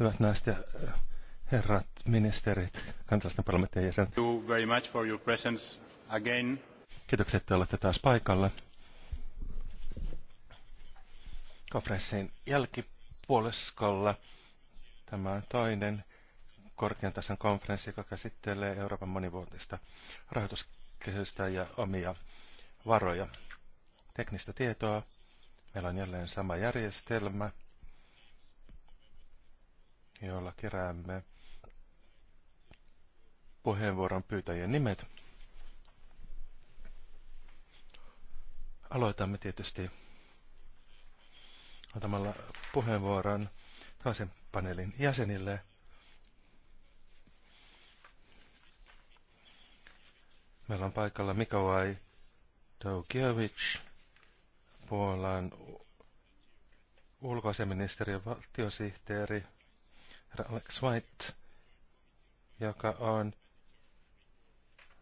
Hyvät naiset ja eh, herrat, ministerit, kansallisten parlamenttien jäsenet. Kiitokset, että olette taas paikalla. Konferenssin jälkipuoliskolla tämä on toinen korkean tason konferenssi, joka käsittelee Euroopan monivuotista rahoituskehystä ja omia varoja teknistä tietoa. Meillä on jälleen sama järjestelmä, jolla keräämme puheenvuoron pyytäjien nimet. Aloitamme tietysti antamalla puheenvuoron toisen paneelin jäsenille. Meillä on paikalla Mikawai Dokiewicz, Puolan ulkoasiaministeriön valtiosihteeri Alex White, joka on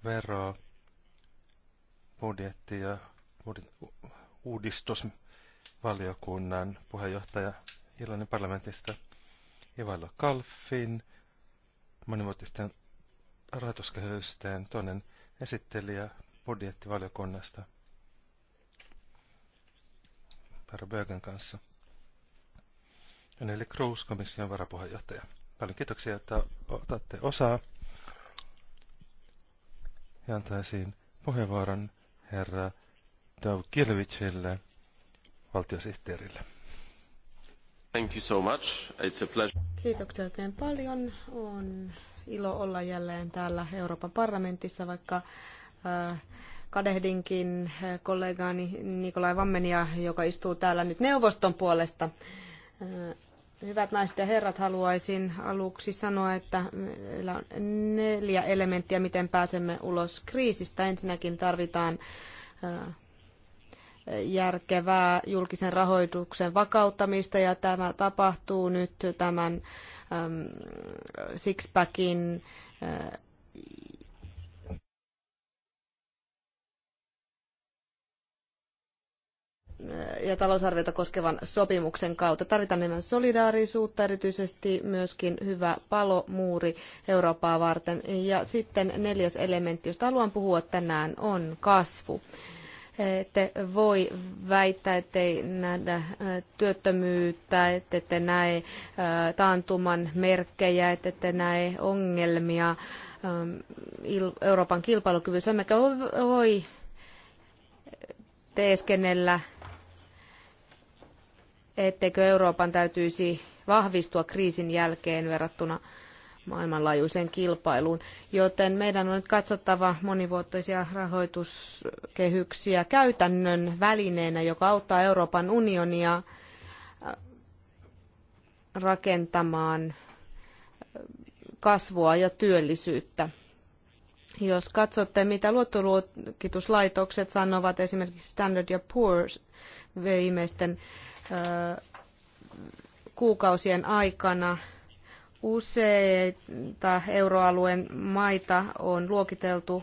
vero, budjetti ja uudistusvaliokunnan puheenjohtaja Irlannin parlamentista Ivailo Kalfin, monimuotisten rahoituskehysten toinen esittelijä budjettivaliokunnasta – herra Bögen kanssa. Eli Cruz, komission varapuheenjohtaja. Paljon kiitoksia, että otatte osaa. Ja antaisin puheenvuoron herra Dov Kilvicille, valtiosihteerille. Thank you so much. It's a pleasure. Kiitoksia oikein paljon. On ilo olla jälleen täällä Euroopan parlamentissa, vaikka äh, Kadehdinkin eh, kollegaani Nikolai Vammenia, joka istuu täällä nyt neuvoston puolesta. Eh, hyvät naiset ja herrat, haluaisin aluksi sanoa, että meillä on neljä elementtiä, miten pääsemme ulos kriisistä. Ensinnäkin tarvitaan eh, järkevää julkisen rahoituksen vakauttamista ja tämä tapahtuu nyt tämän ehm, Sixpackin ja talousarviota koskevan sopimuksen kautta. Tarvitaan enemmän solidaarisuutta, erityisesti myöskin hyvä palomuuri Eurooppaa varten. Ja sitten neljäs elementti, josta haluan puhua tänään, on kasvu. Te voi väittää, ettei nähdä äh, työttömyyttä, ettei näe äh, taantuman merkkejä, ettei näe ongelmia ähm, Euroopan kilpailukyvyssä, emmekä voi teeskennellä etteikö Euroopan täytyisi vahvistua kriisin jälkeen verrattuna maailmanlaajuiseen kilpailuun, joten meidän on nyt katsottava monivuotoisia rahoituskehyksiä käytännön välineenä, joka auttaa Euroopan unionia äh, rakentamaan äh, kasvua ja työllisyyttä. Jos katsotte, mitä luottoluokituslaitokset sanovat esimerkiksi Standard ja Poor's viimeisten kuukausien aikana useita euroalueen maita on luokiteltu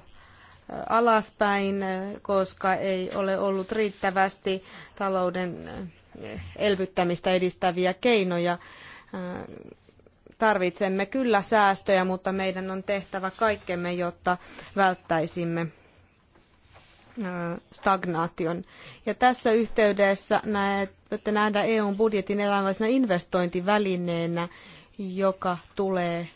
alaspäin, koska ei ole ollut riittävästi talouden elvyttämistä edistäviä keinoja. Tarvitsemme kyllä säästöjä, mutta meidän on tehtävä kaikkemme, jotta välttäisimme stagnaation. Ja tässä yhteydessä voitte nähdä EUn budjetin eräänlaisena investointivälineenä, joka tulee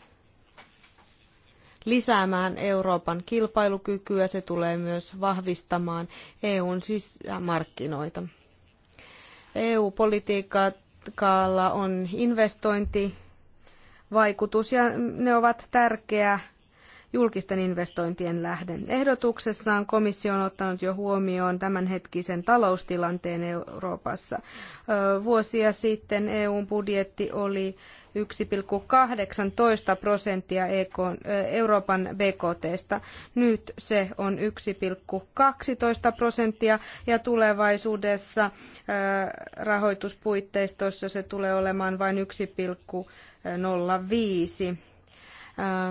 lisäämään Euroopan kilpailukykyä, se tulee myös vahvistamaan EUn sisämarkkinoita. EU-politiikalla on investointivaikutus ja ne ovat tärkeä julkisten investointien lähde. Ehdotuksessaan komissio on ottanut jo huomioon tämänhetkisen taloustilanteen Euroopassa. Vuosia sitten EUn budjetti oli 1,18 prosenttia e Euroopan BKTstä. Nyt se on 1,12 prosenttia ja tulevaisuudessa rahoituspuitteistossa se tulee olemaan vain 1,05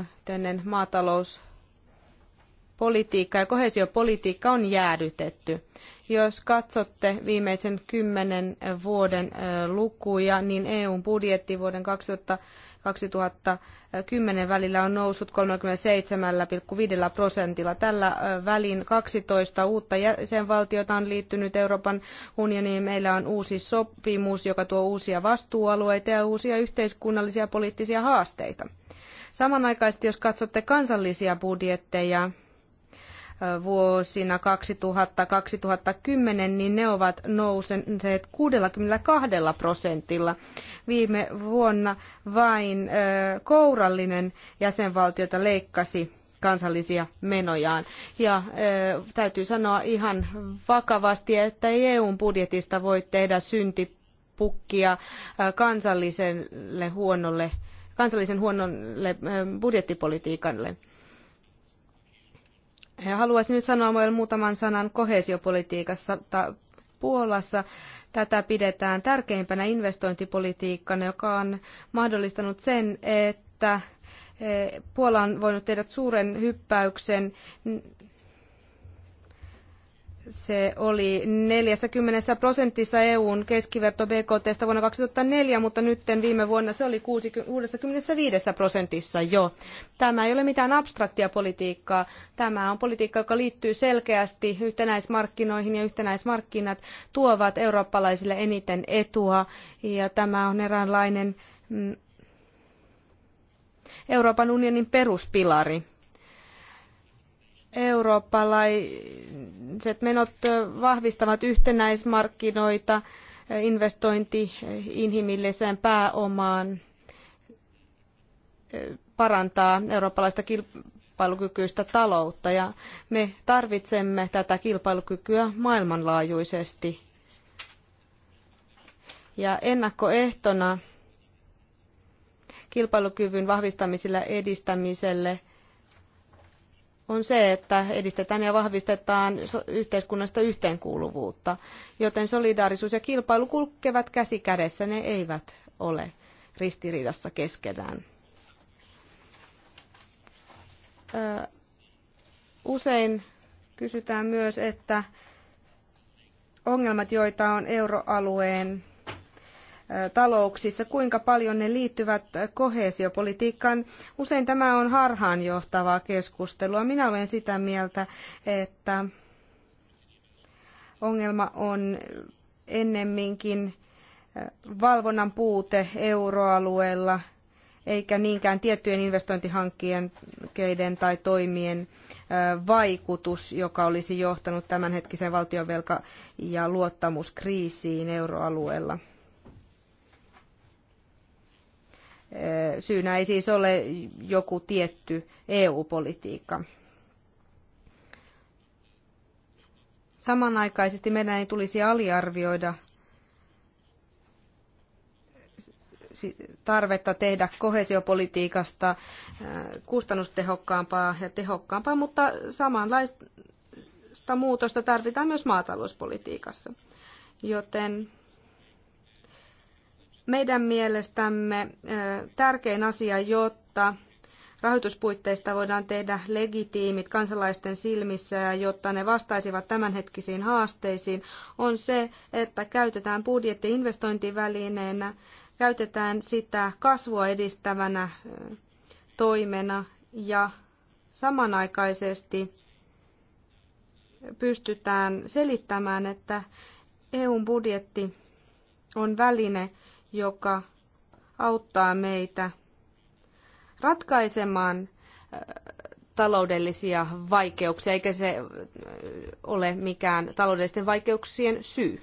yhteinen äh, maatalouspolitiikka ja kohesiopolitiikka on jäädytetty. Jos katsotte viimeisen kymmenen vuoden äh, lukuja, niin EUn budjetti vuoden 2000 2010 välillä on noussut 37,5 prosentilla. Tällä äh, välin 12 uutta jäsenvaltiota on liittynyt Euroopan unioniin. Meillä on uusi sopimus, joka tuo uusia vastuualueita ja uusia yhteiskunnallisia ja poliittisia haasteita. Samanaikaisesti, jos katsotte kansallisia budjetteja vuosina 2000-2010, niin ne ovat nousseet 62 prosentilla. Viime vuonna vain kourallinen jäsenvaltiota leikkasi kansallisia menojaan. Ja täytyy sanoa ihan vakavasti, että EUn budjetista voi tehdä syntipukkia kansalliselle huonolle kansallisen huonolle budjettipolitiikalle. Ja haluaisin nyt sanoa vielä muutaman sanan kohesiopolitiikassa Puolassa. Tätä pidetään tärkeimpänä investointipolitiikkana, joka on mahdollistanut sen, että e, Puola on voinut tehdä suuren hyppäyksen se oli 40 prosentissa EUn keskiverto BKT vuonna 2004, mutta nyt viime vuonna se oli 65 prosentissa jo. Tämä ei ole mitään abstraktia politiikkaa. Tämä on politiikka, joka liittyy selkeästi yhtenäismarkkinoihin ja yhtenäismarkkinat tuovat eurooppalaisille eniten etua ja tämä on eräänlainen mm, Euroopan unionin peruspilari eurooppalaiset menot vahvistavat yhtenäismarkkinoita, investointi inhimilliseen pääomaan eh, parantaa eurooppalaista kilpailukykyistä taloutta ja me tarvitsemme tätä kilpailukykyä maailmanlaajuisesti. Ja ennakkoehtona kilpailukyvyn vahvistamiselle ja edistämiselle – on se, että edistetään ja vahvistetaan yhteiskunnasta yhteenkuuluvuutta, joten solidaarisuus ja kilpailu kulkevat käsi kädessä, ne eivät ole ristiriidassa keskenään. Usein kysytään myös, että ongelmat, joita on euroalueen talouksissa, kuinka paljon ne liittyvät koheesiopolitiikkaan. Usein tämä on harhaanjohtavaa keskustelua. Minä olen sitä mieltä, että ongelma on ennemminkin valvonnan puute euroalueella, eikä niinkään tiettyjen investointihankkeiden tai toimien vaikutus, joka olisi johtanut tämänhetkiseen valtionvelka- ja luottamuskriisiin euroalueella. Syynä ei siis ole joku tietty EU-politiikka. Samanaikaisesti meidän ei tulisi aliarvioida tarvetta tehdä kohesiopolitiikasta kustannustehokkaampaa ja tehokkaampaa, mutta samanlaista muutosta tarvitaan myös maatalouspolitiikassa. Joten meidän mielestämme tärkein asia, jotta rahoituspuitteista voidaan tehdä legitiimit kansalaisten silmissä ja jotta ne vastaisivat tämänhetkisiin haasteisiin, on se, että käytetään budjetti investointivälineenä, käytetään sitä kasvua edistävänä toimena ja samanaikaisesti pystytään selittämään, että EUn budjetti on väline, joka auttaa meitä ratkaisemaan taloudellisia vaikeuksia, eikä se ole mikään taloudellisten vaikeuksien syy.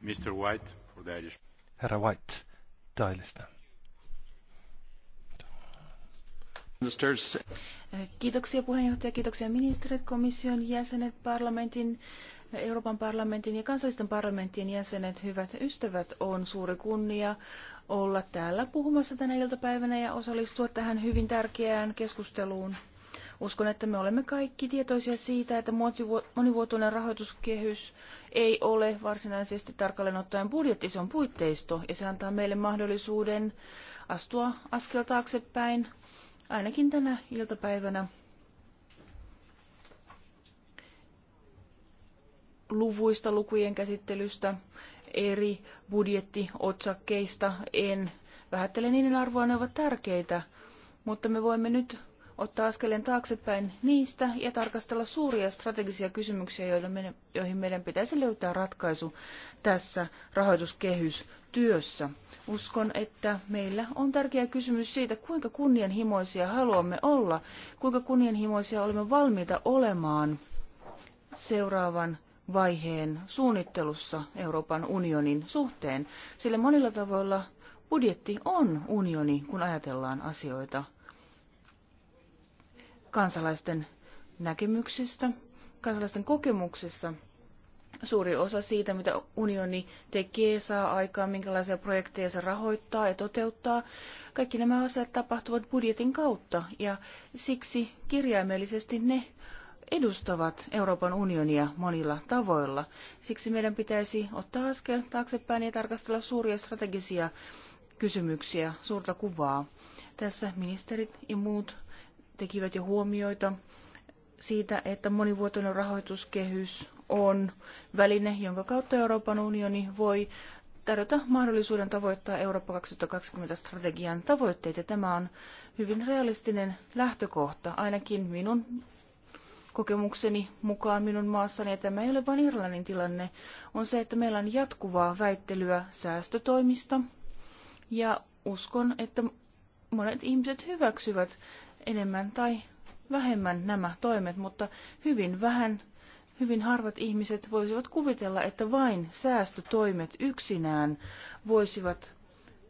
Mr. White, for the Irish. Herra White, Tailista. Kiitoksia puheenjohtaja, kiitoksia ministerit, komission jäsenet, parlamentin Euroopan parlamentin ja kansallisten parlamenttien jäsenet, hyvät ystävät, on suuri kunnia olla täällä puhumassa tänä iltapäivänä ja osallistua tähän hyvin tärkeään keskusteluun. Uskon, että me olemme kaikki tietoisia siitä, että monivuotoinen rahoituskehys ei ole varsinaisesti tarkalleen ottaen budjetti, se on puitteisto ja se antaa meille mahdollisuuden astua askel taaksepäin ainakin tänä iltapäivänä luvuista, lukujen käsittelystä, eri budjettiotsakkeista. En vähättele niiden arvoa, ne ovat tärkeitä, mutta me voimme nyt ottaa askeleen taaksepäin niistä ja tarkastella suuria strategisia kysymyksiä, joihin meidän pitäisi löytää ratkaisu tässä rahoituskehystyössä. Uskon, että meillä on tärkeä kysymys siitä, kuinka kunnianhimoisia haluamme olla, kuinka kunnianhimoisia olemme valmiita olemaan seuraavan vaiheen suunnittelussa Euroopan unionin suhteen, sillä monilla tavoilla budjetti on unioni, kun ajatellaan asioita kansalaisten näkemyksistä, kansalaisten kokemuksissa. Suuri osa siitä, mitä unioni tekee, saa aikaan, minkälaisia projekteja se rahoittaa ja toteuttaa. Kaikki nämä asiat tapahtuvat budjetin kautta ja siksi kirjaimellisesti ne edustavat Euroopan unionia monilla tavoilla. Siksi meidän pitäisi ottaa askel taaksepäin ja tarkastella suuria strategisia kysymyksiä, suurta kuvaa. Tässä ministerit ja muut tekivät jo huomioita siitä, että monivuotinen rahoituskehys on väline, jonka kautta Euroopan unioni voi tarjota mahdollisuuden tavoittaa Eurooppa 2020 strategian tavoitteet. Ja tämä on hyvin realistinen lähtökohta, ainakin minun kokemukseni mukaan minun maassani, ja tämä ei ole vain Irlannin tilanne, on se, että meillä on jatkuvaa väittelyä säästötoimista. Ja uskon, että monet ihmiset hyväksyvät enemmän tai vähemmän nämä toimet, mutta hyvin vähän, hyvin harvat ihmiset voisivat kuvitella, että vain säästötoimet yksinään voisivat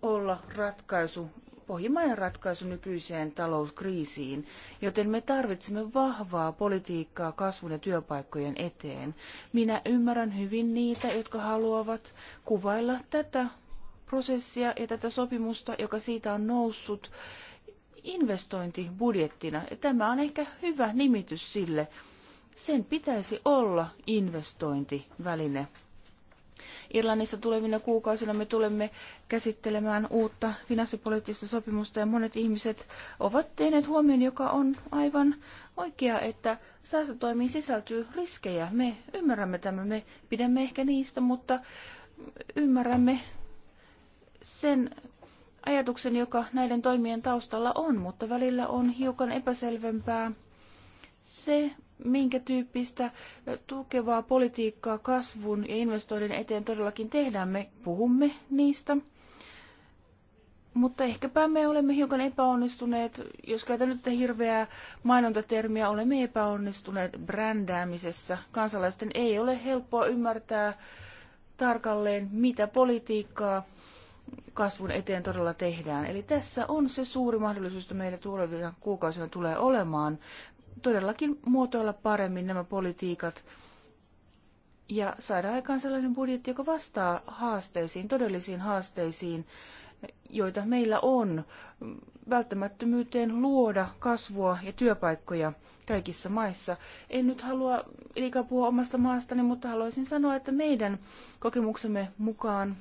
olla ratkaisu pohjimmainen ratkaisu nykyiseen talouskriisiin, joten me tarvitsemme vahvaa politiikkaa kasvun ja työpaikkojen eteen. Minä ymmärrän hyvin niitä, jotka haluavat kuvailla tätä prosessia ja tätä sopimusta, joka siitä on noussut investointibudjettina. Ja tämä on ehkä hyvä nimitys sille. Sen pitäisi olla investointiväline Irlannissa tulevina kuukausina me tulemme käsittelemään uutta finanssipoliittista sopimusta ja monet ihmiset ovat tehneet huomioon, joka on aivan oikea, että säästötoimiin sisältyy riskejä. Me ymmärrämme tämän, me pidämme ehkä niistä, mutta ymmärrämme sen ajatuksen, joka näiden toimien taustalla on, mutta välillä on hiukan epäselvempää se, minkä tyyppistä tukevaa politiikkaa kasvun ja investoinnin eteen todellakin tehdään. Me puhumme niistä, mutta ehkäpä me olemme hiukan epäonnistuneet, jos käytän nyt hirveää mainontatermiä, olemme epäonnistuneet brändäämisessä. Kansalaisten ei ole helppoa ymmärtää tarkalleen, mitä politiikkaa kasvun eteen todella tehdään. Eli tässä on se suuri mahdollisuus, että meillä tulevina kuukausina tulee olemaan todellakin muotoilla paremmin nämä politiikat ja saada aikaan sellainen budjetti, joka vastaa haasteisiin, todellisiin haasteisiin, joita meillä on, välttämättömyyteen luoda kasvua ja työpaikkoja kaikissa maissa. En nyt halua liikaa puhua omasta maastani, mutta haluaisin sanoa, että meidän kokemuksemme mukaan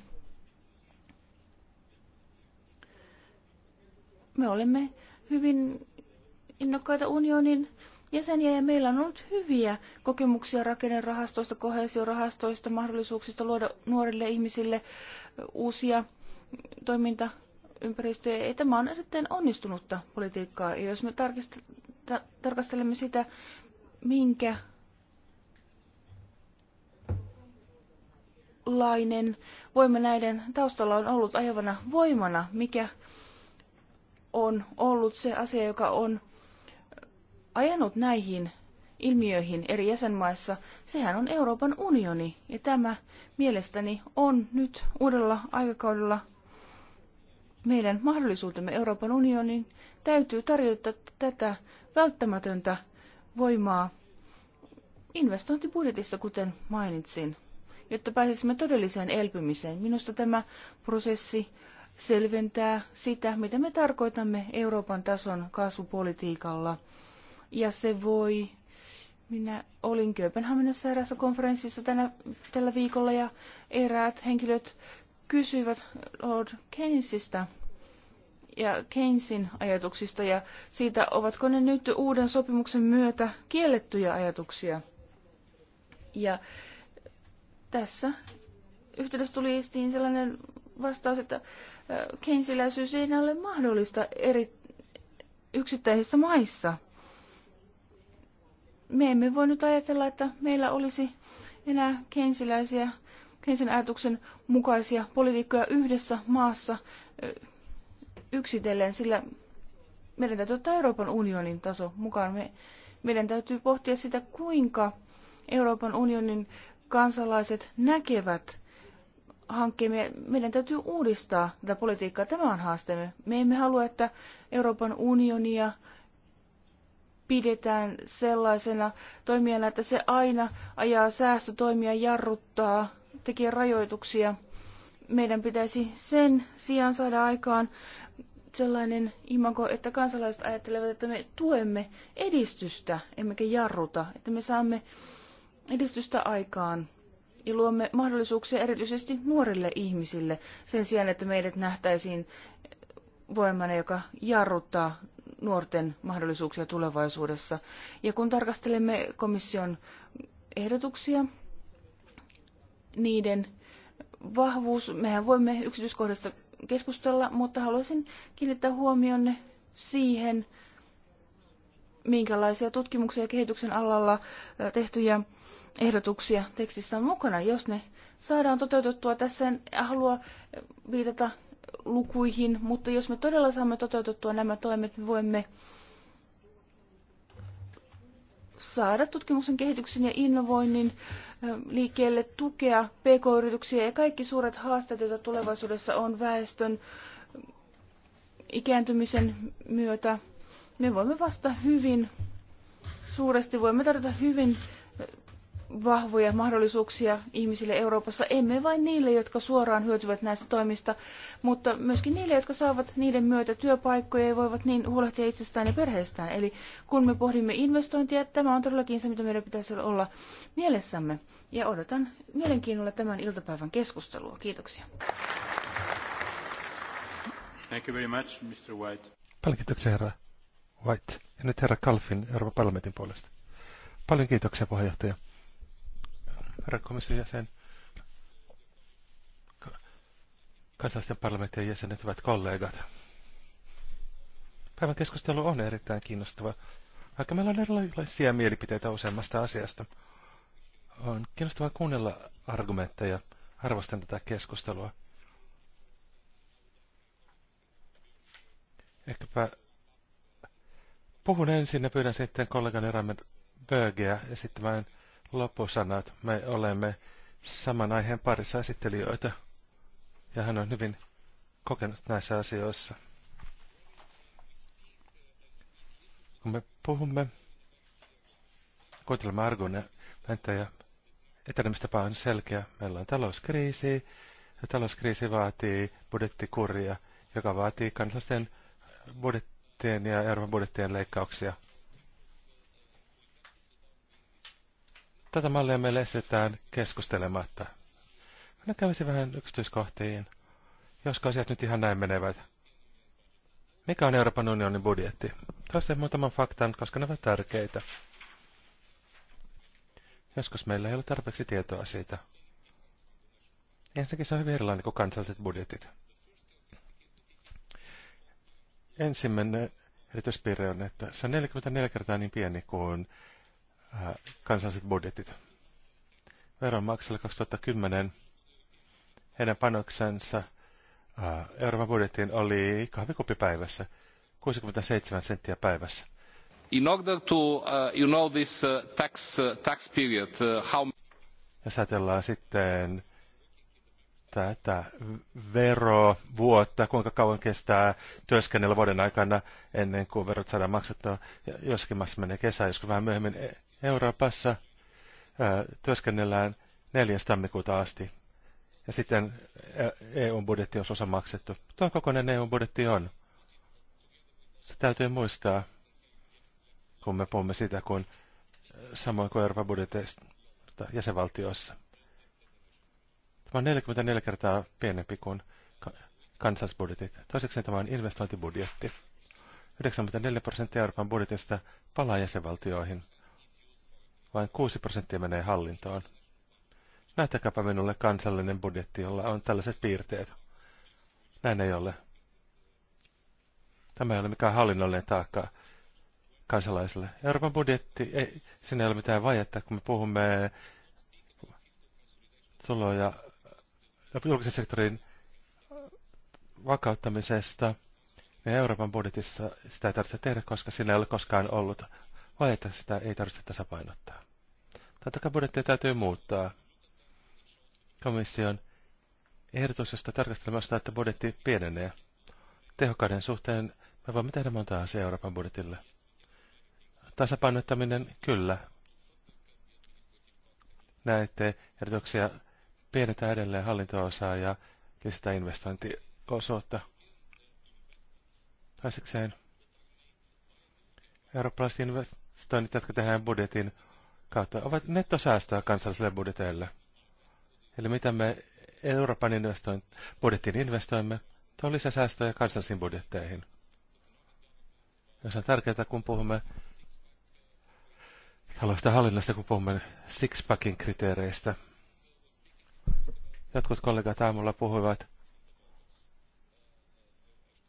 me olemme hyvin innokkaita unionin jäseniä ja meillä on ollut hyviä kokemuksia rakennerahastoista, kohesiorahastoista, mahdollisuuksista luoda nuorille ihmisille uusia toimintaympäristöjä. Tämä on erittäin onnistunutta politiikkaa. Ja jos me tarkastelemme sitä, minkä minkälainen voima näiden taustalla on ollut ajavana voimana, mikä on ollut se asia, joka on ajanut näihin ilmiöihin eri jäsenmaissa, sehän on Euroopan unioni. Ja tämä mielestäni on nyt uudella aikakaudella meidän mahdollisuutemme Euroopan unionin täytyy tarjota tätä välttämätöntä voimaa investointibudjetissa, kuten mainitsin, jotta pääsisimme todelliseen elpymiseen. Minusta tämä prosessi selventää sitä, mitä me tarkoitamme Euroopan tason kasvupolitiikalla – ja se voi... Minä olin Kööpenhaminassa eräässä konferenssissa tänä, tällä viikolla ja eräät henkilöt kysyivät Lord Keynesistä ja Keynesin ajatuksista ja siitä, ovatko ne nyt uuden sopimuksen myötä kiellettyjä ajatuksia. Ja tässä yhteydessä tuli istiin sellainen vastaus, että äh, keynesiläisyys ei enää ole mahdollista eri yksittäisissä maissa – me emme voi nyt ajatella, että meillä olisi enää kensiläisiä, kensin ajatuksen mukaisia poliitikkoja yhdessä maassa yksitellen, sillä meidän täytyy ottaa Euroopan unionin taso mukaan. Me, meidän täytyy pohtia sitä, kuinka Euroopan unionin kansalaiset näkevät hankkeemme. Meidän täytyy uudistaa tätä politiikkaa. Tämä on haasteemme. Me emme halua, että Euroopan unionia pidetään sellaisena toimijana, että se aina ajaa säästötoimia, jarruttaa, tekee rajoituksia. Meidän pitäisi sen sijaan saada aikaan sellainen imago, että kansalaiset ajattelevat, että me tuemme edistystä, emmekä jarruta, että me saamme edistystä aikaan ja luomme mahdollisuuksia erityisesti nuorille ihmisille sen sijaan, että meidät nähtäisiin voimana, joka jarruttaa nuorten mahdollisuuksia tulevaisuudessa. Ja kun tarkastelemme komission ehdotuksia, niiden vahvuus, mehän voimme yksityiskohdista keskustella, mutta haluaisin kiinnittää huomionne siihen, minkälaisia tutkimuksia ja kehityksen alalla tehtyjä ehdotuksia tekstissä on mukana, jos ne saadaan toteutettua. Tässä en halua viitata lukuihin, mutta jos me todella saamme toteutettua nämä toimet, me voimme saada tutkimuksen, kehityksen ja innovoinnin liikkeelle tukea pk-yrityksiä ja kaikki suuret haasteet, joita tulevaisuudessa on väestön ikääntymisen myötä. Me voimme vastata hyvin suuresti, voimme tarjota hyvin vahvoja mahdollisuuksia ihmisille Euroopassa, emme vain niille, jotka suoraan hyötyvät näistä toimista, mutta myöskin niille, jotka saavat niiden myötä työpaikkoja ja voivat niin huolehtia itsestään ja perheestään. Eli kun me pohdimme investointia, tämä on todellakin se, mitä meidän pitäisi olla mielessämme. Ja odotan mielenkiinnolla tämän iltapäivän keskustelua. Kiitoksia. Thank you very much, Mr. White. Palkitoksia, herra White. Ja nyt herra Kalfin Euroopan parlamentin puolesta. Paljon kiitoksia, puheenjohtaja herra komission jäsen, kansallisten parlamenttien jäsenet, hyvät kollegat. Päivän keskustelu on erittäin kiinnostava, vaikka meillä on erilaisia mielipiteitä useammasta asiasta. On kiinnostavaa kuunnella argumentteja. Arvostan tätä keskustelua. Ehkäpä puhun ensin ja pyydän sitten kollegan Ramen Bögeä esittämään loppusanat. Me olemme saman aiheen parissa esittelijöitä ja hän on hyvin kokenut näissä asioissa. Kun me puhumme, kuuntelemme argumentteja ja etenemistapa on selkeä. Meillä on talouskriisi ja talouskriisi vaatii budjettikuria, joka vaatii kansallisten budjettien ja Euroopan budjettien leikkauksia – tätä mallia meille esitetään keskustelematta. Mä kävisin vähän yksityiskohtiin, koska asiat nyt ihan näin menevät. Mikä on Euroopan unionin budjetti? Tästä muutaman faktan, koska ne ovat tärkeitä. Joskus meillä ei ole tarpeeksi tietoa siitä. Ensinnäkin se on hyvin erilainen kuin kansalliset budjetit. Ensimmäinen erityispiirre on, että se on 44 kertaa niin pieni kuin Äh, kansalliset budjetit. Veronmaksajille 2010 heidän panoksensa äh, Euroopan budjettiin oli kahvikuppi päivässä, 67 senttiä päivässä. In order to, uh, you know this uh, tax, uh, tax period, uh, how... Jos ajatellaan sitten tätä verovuotta, kuinka kauan kestää työskennellä vuoden aikana ennen kuin verot saadaan maksettua. Joskin maassa menee kesä, joskus vähän myöhemmin Euroopassa työskennellään 4. tammikuuta asti. Ja sitten EU-budjetti on osa maksettu. Tuo kokoinen EU-budjetti on. Se täytyy muistaa, kun me puhumme sitä, kun samoin kuin Euroopan budjeteista jäsenvaltioissa. Tämä on 44 kertaa pienempi kuin kansallisbudjetit. Toiseksi tämä on investointibudjetti. 94 prosenttia Euroopan budjetista palaa jäsenvaltioihin – vain 6 prosenttia menee hallintoon. Näyttäkääpä minulle kansallinen budjetti, jolla on tällaiset piirteet. Näin ei ole. Tämä ei ole mikään hallinnollinen taakka kansalaisille. Euroopan budjetti, ei, siinä ei ole mitään vajetta, kun me puhumme tuloja julkisen sektorin vakauttamisesta, niin Euroopan budjetissa sitä ei tarvitse tehdä, koska sillä ei ole koskaan ollut vai että sitä ei tarvitse tasapainottaa. Tätä kai budjettia täytyy muuttaa. Komission ehdotus, josta tarkastelemme sitä, että budjetti pienenee. Tehokkaiden suhteen me voimme tehdä monta asiaa Euroopan budjetille. Tasapainottaminen, kyllä. Näette ehdotuksia pienetään edelleen hallinto-osaa ja lisätään investointiosuutta. Toisekseen eurooppalaiset investoinnit investoinnit, jotka tehdään budjetin kautta, ovat nettosäästöä kansalliselle budjetille. Eli mitä me Euroopan investoin, budjettiin investoimme, tuo lisäsäästöjä kansallisiin budjetteihin. Ja se on tärkeää, kun puhumme taloudesta hallinnasta, kun puhumme Sixpackin kriteereistä. Jotkut kollegat aamulla puhuivat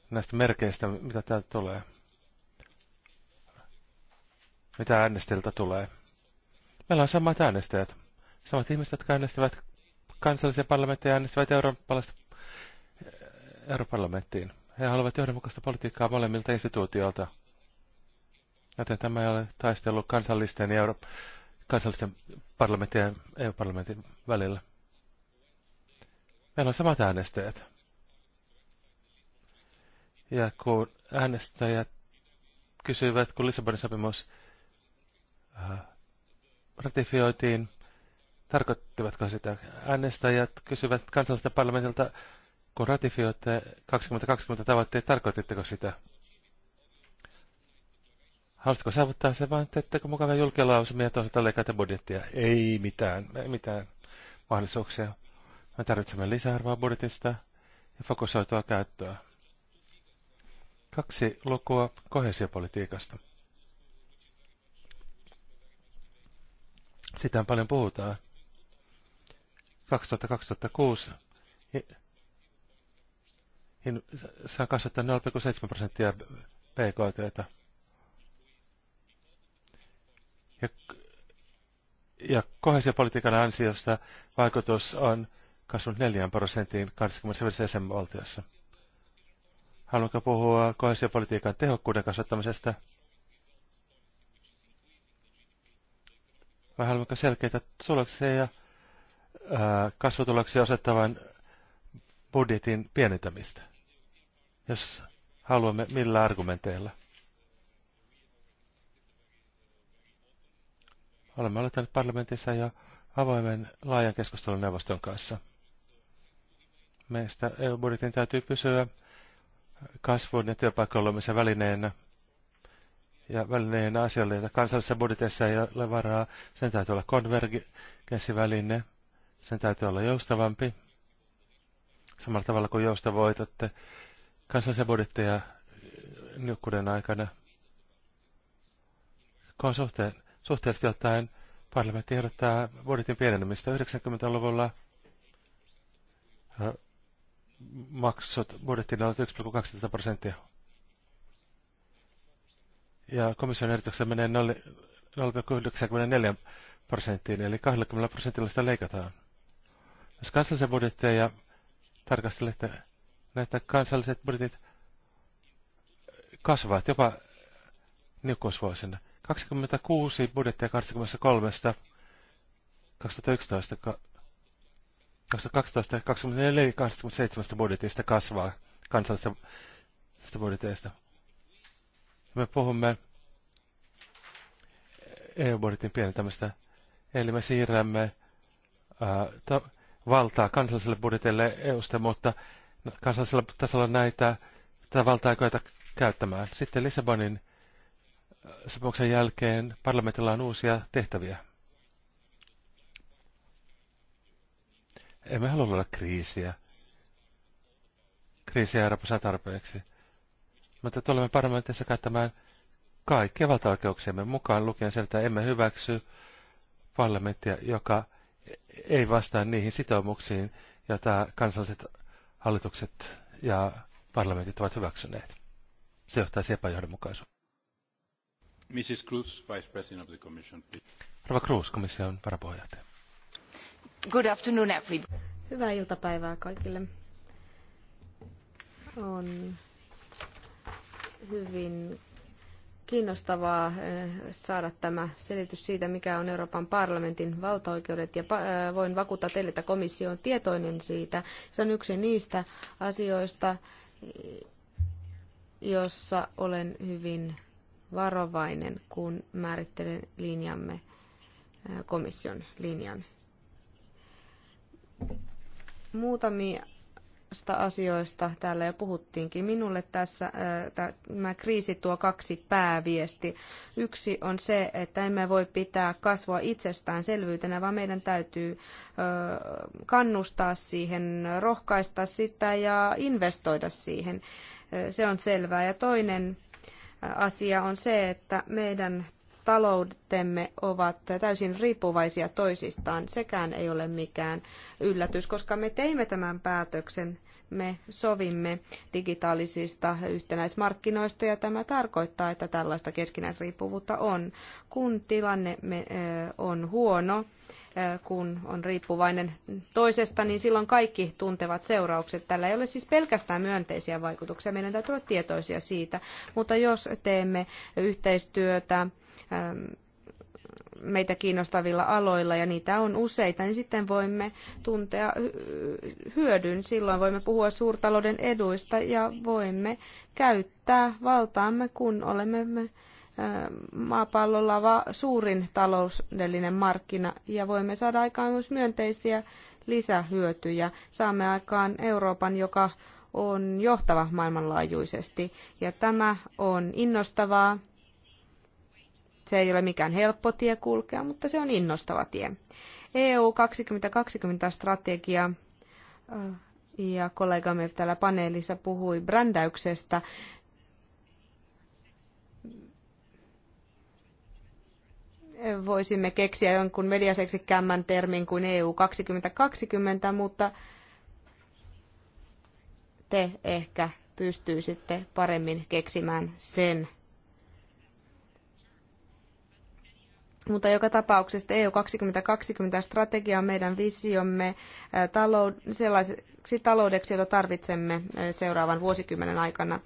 näistä merkeistä, mitä täältä tulee mitä äänestäjiltä tulee. Meillä on samat äänestäjät. Samat ihmiset, jotka äänestävät kansallisia parlamentteja, äänestävät eurooppalaista europarlamenttiin. He haluavat johdonmukaista politiikkaa molemmilta instituutioilta. Joten tämä ei ole taistelu kansallisten ja Euro- kansallisten parlamenttien ja EU-parlamentin välillä. Meillä on samat äänestäjät. Ja kun äänestäjät kysyivät, kun Lissabonin sopimus Äh, ratifioitiin, tarkoittivatko sitä äänestäjät, kysyvät kansalliselta parlamentilta, kun ratifioitte 2020 tavoitteet, tarkoititteko sitä? Haluaisitko saavuttaa se vain, teettekö mukavia julkilausumia toisaalta leikata budjettia? Ei mitään, ei mitään mahdollisuuksia. Me tarvitsemme lisäarvoa budjetista ja fokusoitua käyttöä. Kaksi lukua kohesiopolitiikasta. sitähän paljon puhutaan. 2000-2006 saa kasvattaa 0,7 prosenttia PKT. Ja, ja kohesiopolitiikan ansiosta vaikutus on kasvanut 4 prosenttiin 25 jäsenvaltiossa. Haluanko puhua kohesiopolitiikan tehokkuuden kasvattamisesta – vai haluammeko selkeitä tuloksia ja kasvutuloksia osettavan budjetin pienentämistä, jos haluamme millä argumenteilla. Olemme aloittaneet parlamentissa jo avoimen laajan keskustelun neuvoston kanssa. Meistä EU-budjetin täytyy pysyä kasvun ja työpaikkojen luomisen välineenä – ja välineen asialle, jota kansallisessa budjetissa ei ole varaa. Sen täytyy olla konvergenssiväline, sen täytyy olla joustavampi, samalla tavalla kuin joustavoitatte kansallisia budjetteja niukkuuden aikana. Kun suhteen, suhteellisesti ottaen parlamentti ehdottaa budjetin pienenemistä 90-luvulla maksut budjettiin on 1,12 prosenttia ja komission ehdotuksessa menee 0,94 prosenttiin, eli 20 prosentilla sitä leikataan. Jos kansallisia budjetteja tarkastelette, näitä kansalliset budjetit kasvavat jopa niukkuusvuosina. 26 budjettia 23 2011 2012 ja 24 budjetista kasvaa kansallisista budjeteista. Me puhumme EU-budjetin pienentämistä, eli me siirrämme ää, äh, valtaa kansalliselle budjetille eu mutta kansallisella tasolla näitä tätä valtaa koeta käyttämään. Sitten Lissabonin äh, sopimuksen jälkeen parlamentilla on uusia tehtäviä. Emme halua olla kriisiä. Kriisiä Euroopassa tarpeeksi mutta tulemme parlamentissa käyttämään kaikkia valtaoikeuksiamme mukaan lukien sen, että emme hyväksy parlamenttia, joka ei vastaa niihin sitoumuksiin, joita kansalliset hallitukset ja parlamentit ovat hyväksyneet. Se johtaisi epäjohdonmukaisuuteen. Mrs. Cruz, Vice President of the Commission, please. Rova Cruz, komission varapuheenjohtaja. Good afternoon, everybody. Hyvää iltapäivää kaikille. On hyvin kiinnostavaa eh, saada tämä selitys siitä, mikä on Euroopan parlamentin valtaoikeudet. Ja eh, voin vakuuttaa teille, että komissio on tietoinen siitä. Se on yksi niistä asioista, eh, jossa olen hyvin varovainen, kun määrittelen linjamme, komission linjan. Muutamia Näistä asioista täällä jo puhuttiinkin. Minulle tässä äh, tämä kriisi tuo kaksi pääviesti. Yksi on se, että emme voi pitää kasvua itsestäänselvyytenä, vaan meidän täytyy kannustaa siihen, rohkaista sitä ja investoida siihen. Se on selvää. Ja toinen asia on se, että meidän taloutemme ovat täysin riippuvaisia toisistaan. Sekään ei ole mikään yllätys, koska me teimme tämän päätöksen. Me sovimme digitaalisista yhtenäismarkkinoista ja tämä tarkoittaa, että tällaista keskinäisriippuvuutta on. Kun tilanne on huono, kun on riippuvainen toisesta, niin silloin kaikki tuntevat seuraukset. Tällä ei ole siis pelkästään myönteisiä vaikutuksia, meidän täytyy olla tietoisia siitä. Mutta jos teemme yhteistyötä Ähm, meitä kiinnostavilla aloilla ja niitä on useita, niin sitten voimme tuntea hyödyn. Silloin voimme puhua suurtalouden eduista ja voimme käyttää valtaamme, kun olemme ähm, maapallolla suurin taloudellinen markkina ja voimme saada aikaan myös myönteisiä lisähyötyjä. Saamme aikaan Euroopan, joka on johtava maailmanlaajuisesti ja tämä on innostavaa se ei ole mikään helppo tie kulkea, mutta se on innostava tie. EU 2020-strategia äh, ja kollegamme täällä paneelissa puhui brändäyksestä. Voisimme keksiä jonkun mediaseksikämmän termin kuin EU 2020, mutta te ehkä pystyisitte paremmin keksimään sen Mutta joka tapauksessa EU 2020 strategia on meidän visiomme talou- sellaiseksi taloudeksi, jota tarvitsemme seuraavan vuosikymmenen aikana.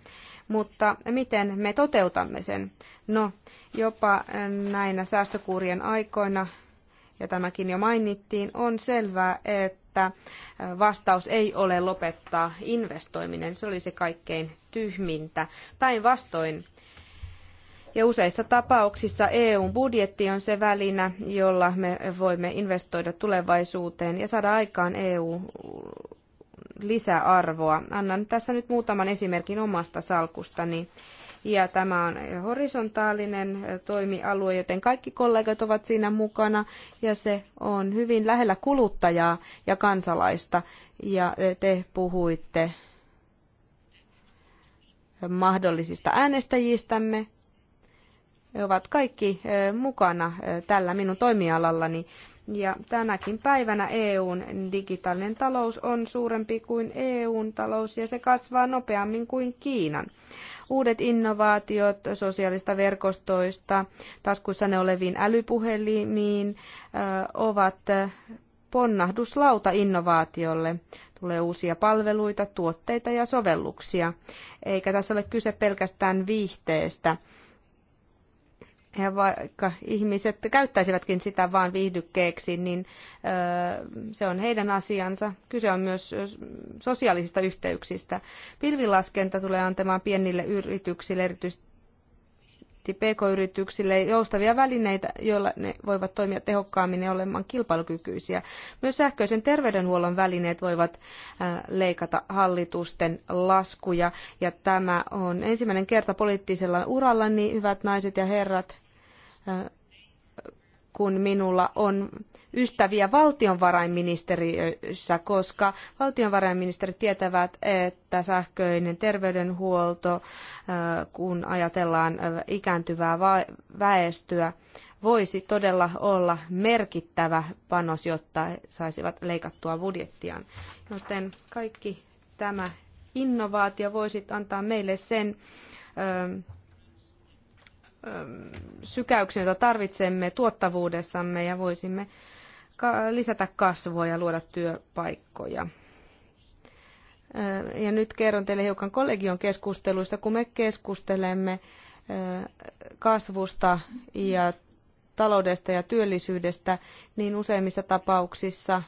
Mutta miten me toteutamme sen? No, jopa näinä säästökuurien aikoina, ja tämäkin jo mainittiin, on selvää, että vastaus ei ole lopettaa investoiminen. Se olisi kaikkein tyhmintä. Päinvastoin ja useissa tapauksissa EUn budjetti on se välinä, jolla me voimme investoida tulevaisuuteen ja saada aikaan EU lisäarvoa. Annan tässä nyt muutaman esimerkin omasta salkustani. Ja tämä on horisontaalinen toimialue, joten kaikki kollegat ovat siinä mukana ja se on hyvin lähellä kuluttajaa ja kansalaista. Ja te puhuitte mahdollisista äänestäjistämme he ovat kaikki mukana tällä minun toimialallani. Ja tänäkin päivänä EUn digitaalinen talous on suurempi kuin EUn talous ja se kasvaa nopeammin kuin Kiinan. Uudet innovaatiot sosiaalista verkostoista, taskuissa ne oleviin älypuhelimiin ovat ponnahduslauta innovaatiolle. Tulee uusia palveluita, tuotteita ja sovelluksia. Eikä tässä ole kyse pelkästään viihteestä ja vaikka ihmiset käyttäisivätkin sitä vain viihdykkeeksi, niin se on heidän asiansa. Kyse on myös sosiaalisista yhteyksistä. Pilvilaskenta tulee antamaan pienille yrityksille, erityisesti paketti pk-yrityksille joustavia välineitä, joilla ne voivat toimia tehokkaammin ja olemaan kilpailukykyisiä. Myös sähköisen terveydenhuollon välineet voivat leikata hallitusten laskuja. Ja tämä on ensimmäinen kerta poliittisella urallani, hyvät naiset ja herrat kun minulla on ystäviä valtionvarainministeriössä, koska valtionvarainministerit tietävät, että sähköinen terveydenhuolto, kun ajatellaan ikääntyvää väestöä, voisi todella olla merkittävä panos, jotta saisivat leikattua budjettiaan. Joten kaikki tämä innovaatio voisit antaa meille sen, Ähm, sykäyksen, jota tarvitsemme tuottavuudessamme ja voisimme lisätä kasvua ja luoda työpaikkoja. Äh, ja nyt kerron teille hiukan kollegion keskusteluista, kun me keskustelemme äh, kasvusta ja taloudesta ja työllisyydestä, niin useimmissa tapauksissa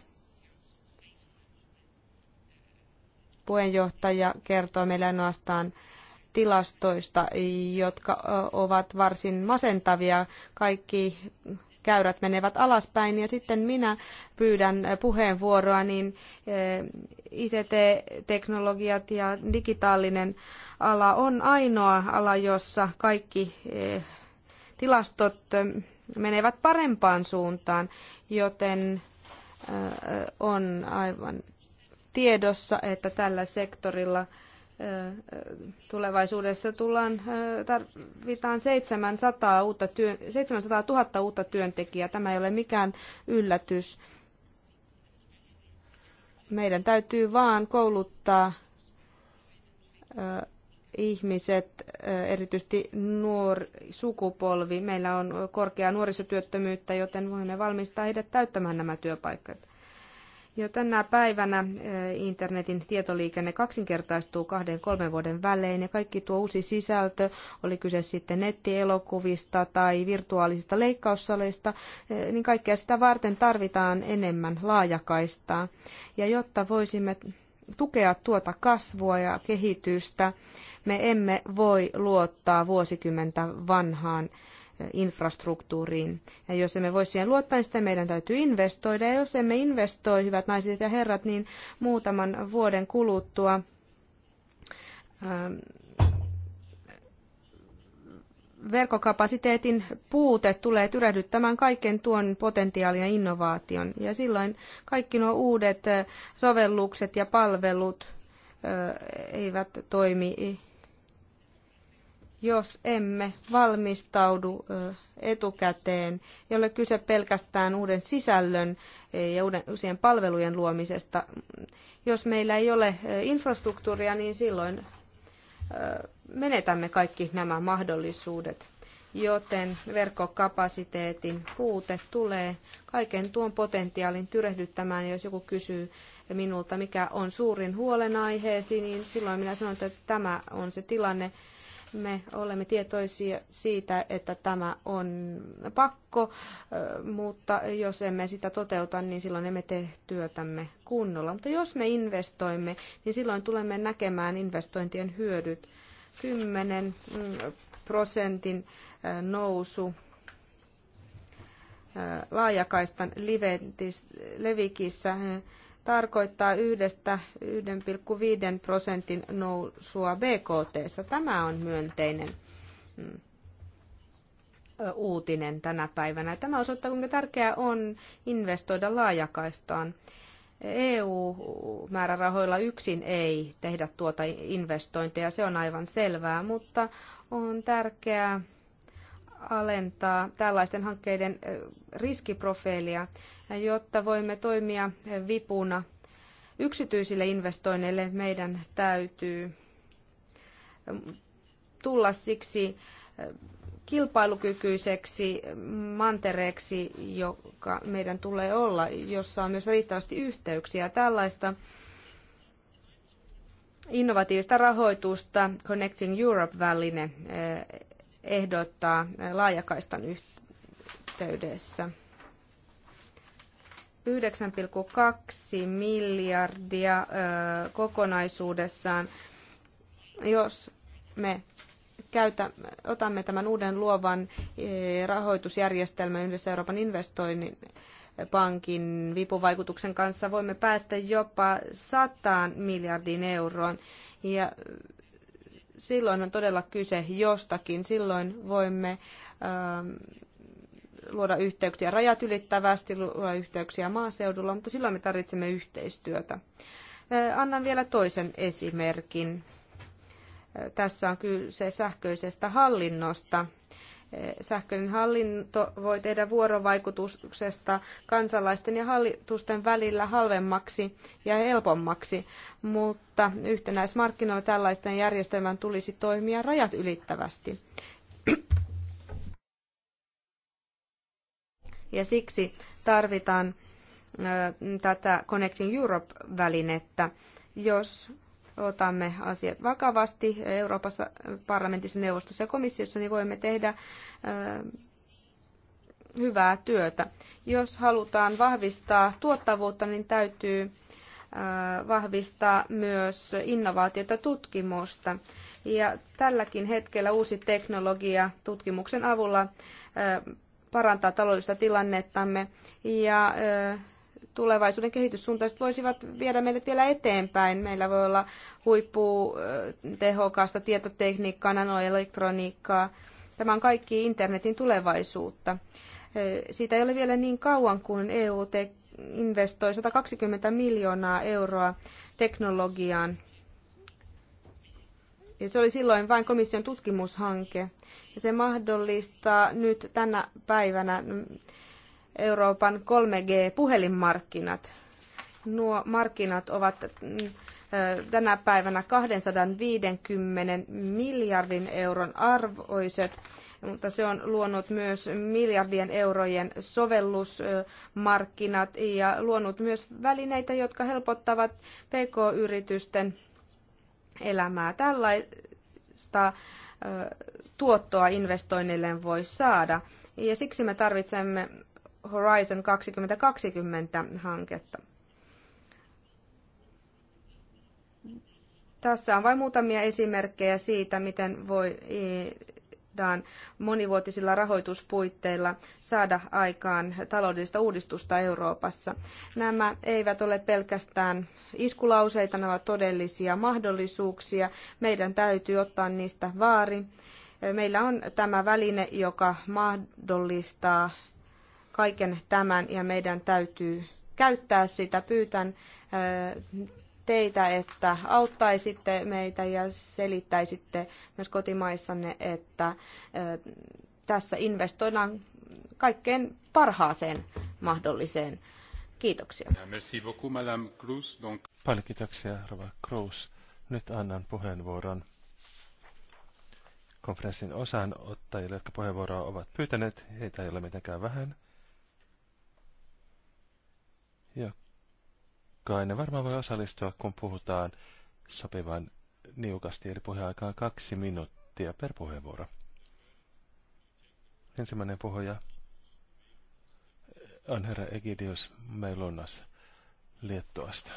puheenjohtaja kertoo meille ainoastaan tilastoista, jotka ovat varsin masentavia. Kaikki käyrät menevät alaspäin ja sitten minä pyydän puheenvuoroa, niin ICT-teknologiat ja digitaalinen ala on ainoa ala, jossa kaikki tilastot menevät parempaan suuntaan, joten on aivan tiedossa, että tällä sektorilla – tulevaisuudessa tullaan, tarvitaan 700, uutta työ, 700 000 uutta työntekijää. Tämä ei ole mikään yllätys. Meidän täytyy vaan kouluttaa ihmiset, erityisesti nuori sukupolvi. Meillä on korkea nuorisotyöttömyyttä, joten voimme valmistaa heidät täyttämään nämä työpaikat. Jo tänä päivänä eh, internetin tietoliikenne kaksinkertaistuu kahden kolmen vuoden välein ja kaikki tuo uusi sisältö, oli kyse sitten nettielokuvista tai virtuaalisista leikkaussaleista, eh, niin kaikkea sitä varten tarvitaan enemmän laajakaistaa. Ja jotta voisimme tukea tuota kasvua ja kehitystä, me emme voi luottaa vuosikymmentä vanhaan infrastruktuuriin. Ja jos emme voi siihen luottaa, niin sitten meidän täytyy investoida. Ja jos emme investoi, hyvät naiset ja herrat, niin muutaman vuoden kuluttua ähm, verkkokapasiteetin puute tulee tyrehdyttämään kaiken tuon potentiaalin ja innovaation. Ja silloin kaikki nuo uudet äh, sovellukset ja palvelut äh, eivät toimi jos emme valmistaudu etukäteen, jolle kyse pelkästään uuden sisällön ja uuden, uusien palvelujen luomisesta. Jos meillä ei ole infrastruktuuria, niin silloin menetämme kaikki nämä mahdollisuudet, joten verkkokapasiteetin puute tulee kaiken tuon potentiaalin tyrehdyttämään. Jos joku kysyy minulta, mikä on suurin huolenaiheesi, niin silloin minä sanon, että tämä on se tilanne, me olemme tietoisia siitä, että tämä on pakko, mutta jos emme sitä toteuta, niin silloin emme tee työtämme kunnolla. Mutta jos me investoimme, niin silloin tulemme näkemään investointien hyödyt. 10 mm, prosentin nousu laajakaistan levikissä tarkoittaa yhdestä 1,5 prosentin nousua BKT. Tämä on myönteinen mm, uutinen tänä päivänä. Tämä osoittaa, kuinka tärkeää on investoida laajakaistaan. EU-määrärahoilla yksin ei tehdä tuota investointia, se on aivan selvää, mutta on tärkeää alentaa tällaisten hankkeiden riskiprofiilia, jotta voimme toimia vipuna yksityisille investoinneille meidän täytyy tulla siksi kilpailukykyiseksi mantereeksi, joka meidän tulee olla, jossa on myös riittävästi yhteyksiä. Tällaista innovatiivista rahoitusta Connecting Europe-väline ehdottaa laajakaistan yhteydessä. 9,2 miljardia kokonaisuudessaan, jos me käytä, otamme tämän uuden luovan rahoitusjärjestelmän yhdessä Euroopan investoinnin pankin vipuvaikutuksen kanssa voimme päästä jopa 100 miljardiin euroon. Ja silloin on todella kyse jostakin. Silloin voimme ähm, luoda yhteyksiä rajat ylittävästi, luoda yhteyksiä maaseudulla, mutta silloin me tarvitsemme yhteistyötä. Äh, annan vielä toisen esimerkin. Äh, tässä on kyse sähköisestä hallinnosta. Sähköinen hallinto voi tehdä vuorovaikutuksesta kansalaisten ja hallitusten välillä halvemmaksi ja helpommaksi, mutta yhtenäismarkkinoilla tällaisten järjestelmän tulisi toimia rajat ylittävästi. Ja siksi tarvitaan tätä Connecting Europe-välinettä, jos otamme asiat vakavasti Euroopassa parlamentissa, neuvostossa ja komissiossa, niin voimme tehdä hyvää työtä. Jos halutaan vahvistaa tuottavuutta, niin täytyy vahvistaa myös innovaatiota tutkimusta. Ja tälläkin hetkellä uusi teknologia tutkimuksen avulla parantaa taloudellista tilannettamme ja tulevaisuuden kehityssuuntaiset voisivat viedä meidät vielä eteenpäin. Meillä voi olla huipputehokasta tietotekniikkaa, nanoelektroniikkaa. Tämä on kaikki internetin tulevaisuutta. Siitä ei ole vielä niin kauan, kun EU investoi 120 miljoonaa euroa teknologiaan. Ja se oli silloin vain komission tutkimushanke. Ja se mahdollistaa nyt tänä päivänä Euroopan 3G-puhelinmarkkinat. Nuo markkinat ovat mm, tänä päivänä 250 miljardin euron arvoiset, mutta se on luonut myös miljardien eurojen sovellusmarkkinat ja luonut myös välineitä, jotka helpottavat pk-yritysten elämää. Tällaista tuottoa investoinnille voi saada. Ja siksi me tarvitsemme Horizon 2020-hanketta. Tässä on vain muutamia esimerkkejä siitä, miten voidaan monivuotisilla rahoituspuitteilla saada aikaan taloudellista uudistusta Euroopassa. Nämä eivät ole pelkästään iskulauseita, nämä ovat todellisia mahdollisuuksia. Meidän täytyy ottaa niistä vaari meillä on tämä väline, joka mahdollistaa kaiken tämän ja meidän täytyy käyttää sitä. Pyytän teitä, että auttaisitte meitä ja selittäisitte myös kotimaissanne, että tässä investoidaan kaikkein parhaaseen mahdolliseen. Kiitoksia. Merci beaucoup, Madame Cruz. Donc... Paljon kiitoksia, Rova Cruz. Nyt annan puheenvuoron konferenssin ottajille, jotka puheenvuoroa ovat pyytäneet. Heitä ei ole mitenkään vähän ne varmaan voi osallistua, kun puhutaan sopivan niukasti, eli puheaikaan kaksi minuuttia per puheenvuoro. Ensimmäinen puhuja on herra Egidius Meilunas, Liettuasta.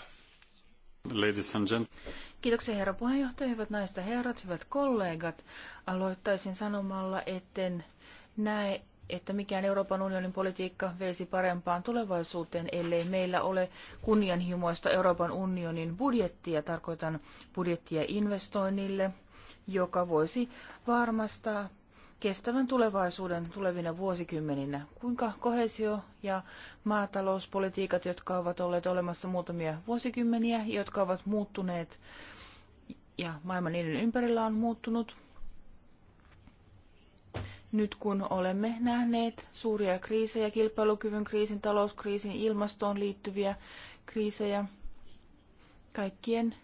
Ladies and gentlemen. Kiitoksia herra puheenjohtaja, hyvät naiset herrat, hyvät kollegat. Aloittaisin sanomalla, etten näe että mikään Euroopan unionin politiikka veisi parempaan tulevaisuuteen, ellei meillä ole kunnianhimoista Euroopan unionin budjettia, tarkoitan budjettia investoinnille, joka voisi varmistaa kestävän tulevaisuuden tulevina vuosikymmeninä. Kuinka kohesio- ja maatalouspolitiikat, jotka ovat olleet olemassa muutamia vuosikymmeniä, jotka ovat muuttuneet ja maailman niiden ympärillä on muuttunut, nyt kun olemme nähneet suuria kriisejä, kilpailukyvyn kriisin, talouskriisin, ilmastoon liittyviä kriisejä, kaikkien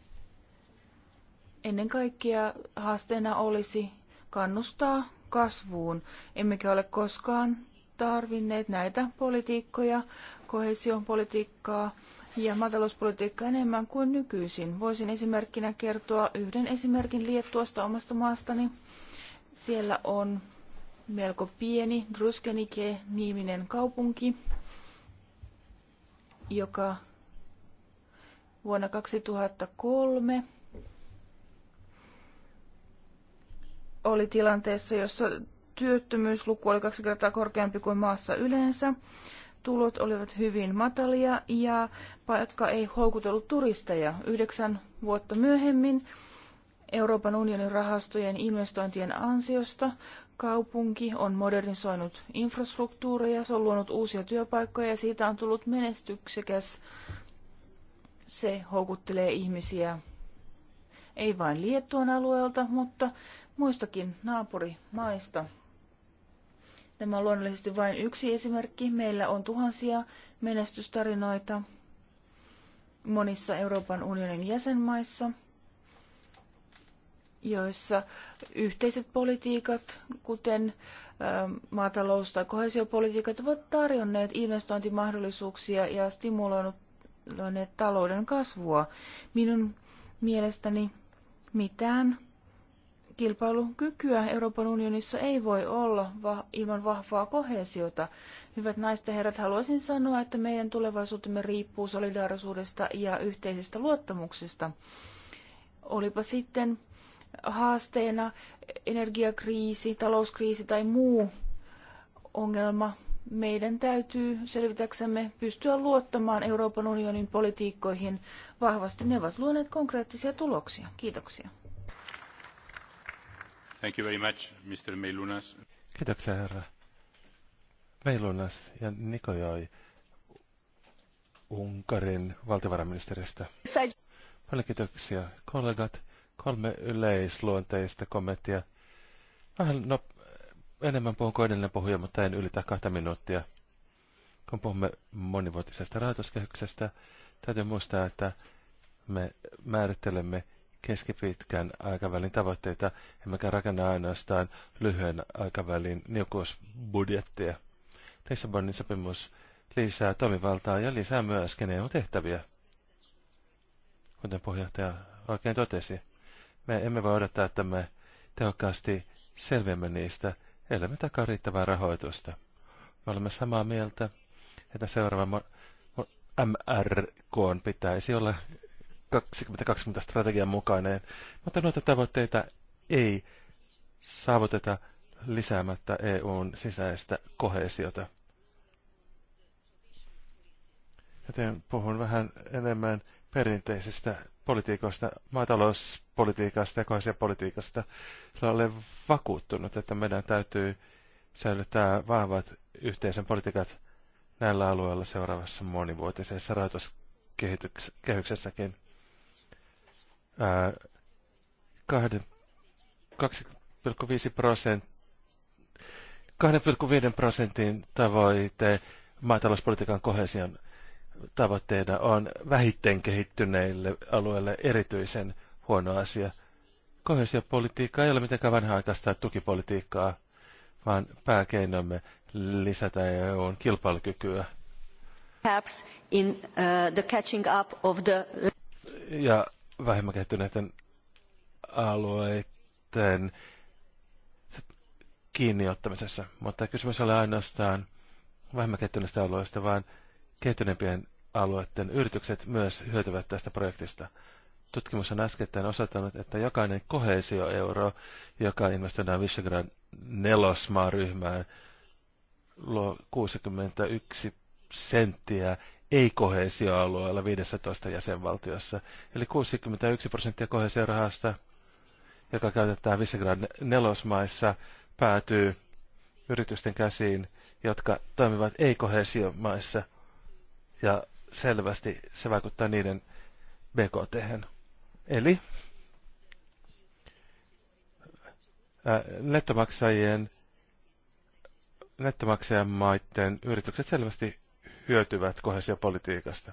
ennen kaikkea haasteena olisi kannustaa kasvuun. Emmekä ole koskaan tarvinneet näitä politiikkoja, kohesiopolitiikkaa ja maatalouspolitiikkaa enemmän kuin nykyisin. Voisin esimerkkinä kertoa yhden esimerkin Liettuasta omasta maastani. Siellä on melko pieni druskenike niminen kaupunki, joka vuonna 2003 oli tilanteessa, jossa työttömyysluku oli kaksi kertaa korkeampi kuin maassa yleensä. Tulot olivat hyvin matalia ja paikka ei houkutellut turisteja. Yhdeksän vuotta myöhemmin Euroopan unionin rahastojen investointien ansiosta kaupunki on modernisoinut infrastruktuuria, se on luonut uusia työpaikkoja ja siitä on tullut menestyksekäs. Se houkuttelee ihmisiä ei vain Liettuan alueelta, mutta muistakin naapurimaista. Tämä on luonnollisesti vain yksi esimerkki. Meillä on tuhansia menestystarinoita monissa Euroopan unionin jäsenmaissa – joissa yhteiset politiikat, kuten maatalous- tai kohesiopolitiikat, ovat tarjonneet investointimahdollisuuksia ja stimuloineet talouden kasvua. Minun mielestäni mitään kilpailukykyä Euroopan unionissa ei voi olla ilman vahvaa kohesiota. Hyvät naiset ja herrat, haluaisin sanoa, että meidän tulevaisuutemme riippuu solidaarisuudesta ja yhteisestä luottamuksesta. Olipa sitten haasteena energiakriisi, talouskriisi tai muu ongelma, meidän täytyy selvitäksemme pystyä luottamaan Euroopan unionin politiikkoihin vahvasti. Ne ovat luoneet konkreettisia tuloksia. Kiitoksia. Thank you very much, Mr. Meilunas. Kiitoksia, herra. Meilunas ja Nikojoi Unkarin valtiovarainministeristä. Paljon kiitoksia, kollegat. Kolme yleisluonteista kommenttia. Vähän no, enemmän puhun kuin edellinen puhuja, mutta en ylitä kahta minuuttia. Kun puhumme monivuotisesta rahoituskehyksestä, täytyy muistaa, että me määrittelemme keskipitkän aikavälin tavoitteita, emmekä rakenna ainoastaan lyhyen aikavälin niukkuusbudjettia. Lissabonin sopimus lisää toimivaltaa ja lisää myös EU-tehtäviä, kuten puheenjohtaja oikein totesi. Me emme voi odottaa, että me tehokkaasti selviämme niistä, ellei me takaa riittävää rahoitusta. Me olemme samaa mieltä, että seuraava MRK pitäisi olla 2020 strategian mukainen, mutta noita tavoitteita ei saavuteta lisäämättä EUn sisäistä kohesiota. Joten puhun vähän enemmän perinteisestä politiikoista, maatalouspolitiikasta ja kohesiopolitiikasta. Sillä olen vakuuttunut, että meidän täytyy säilyttää vahvat yhteisen politiikat näillä alueilla seuraavassa monivuotisessa rahoituskehyksessäkin. Ää, kahden, 2,5 prosent, 2,5 prosentin tavoite maatalouspolitiikan kohesion tavoitteena on vähiten kehittyneille alueille erityisen huono asia. Kohesiopolitiikka ei ole mitenkään vanha-aikaista tukipolitiikkaa, vaan pääkeinomme lisätä EUn kilpailukykyä. Perhaps in, uh, the catching up of the... Ja vähemmän kehittyneiden alueiden kiinniottamisessa, mutta kysymys ei ole ainoastaan vähemmän kehittyneistä alueista, vaan kehittyneempien alueiden yritykset myös hyötyvät tästä projektista. Tutkimus on äskettäin osoittanut, että jokainen kohesioeuro, joka investoidaan Visegrad nelosmaaryhmään, luo 61 senttiä ei-kohesioalueella 15 jäsenvaltiossa. Eli 61 prosenttia kohesiorahasta, joka käytetään Visegrad nelosmaissa, päätyy yritysten käsiin, jotka toimivat ei-kohesiomaissa – ja selvästi se vaikuttaa niiden BKT. -hän. Eli nettomaksajien maiden yritykset selvästi hyötyvät kohesiopolitiikasta.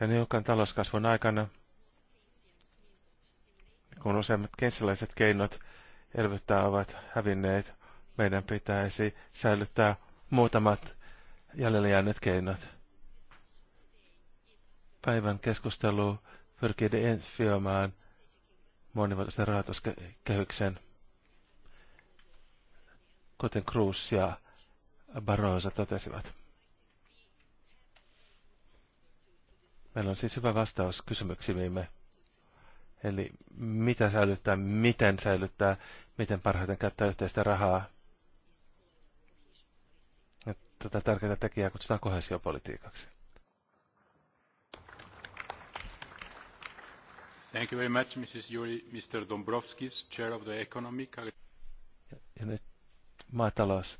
Ja niukan talouskasvun aikana, kun useimmat kensilaiset keinot elvyttää ovat hävinneet, meidän pitäisi säilyttää muutamat jäljellä jääneet keinot päivän keskustelu pyrkii ensioimaan monivuotisen rahoituskehyksen, kuten Cruz ja Barosa totesivat. Meillä on siis hyvä vastaus kysymyksiimme. Eli mitä säilyttää, miten säilyttää, miten parhaiten käyttää yhteistä rahaa. Ja tätä tärkeää tekijää kutsutaan kohesiopolitiikaksi. Thank you very much, Mr. Dombrovskis, Chair of the Economic... Ja, ja nyt maatalous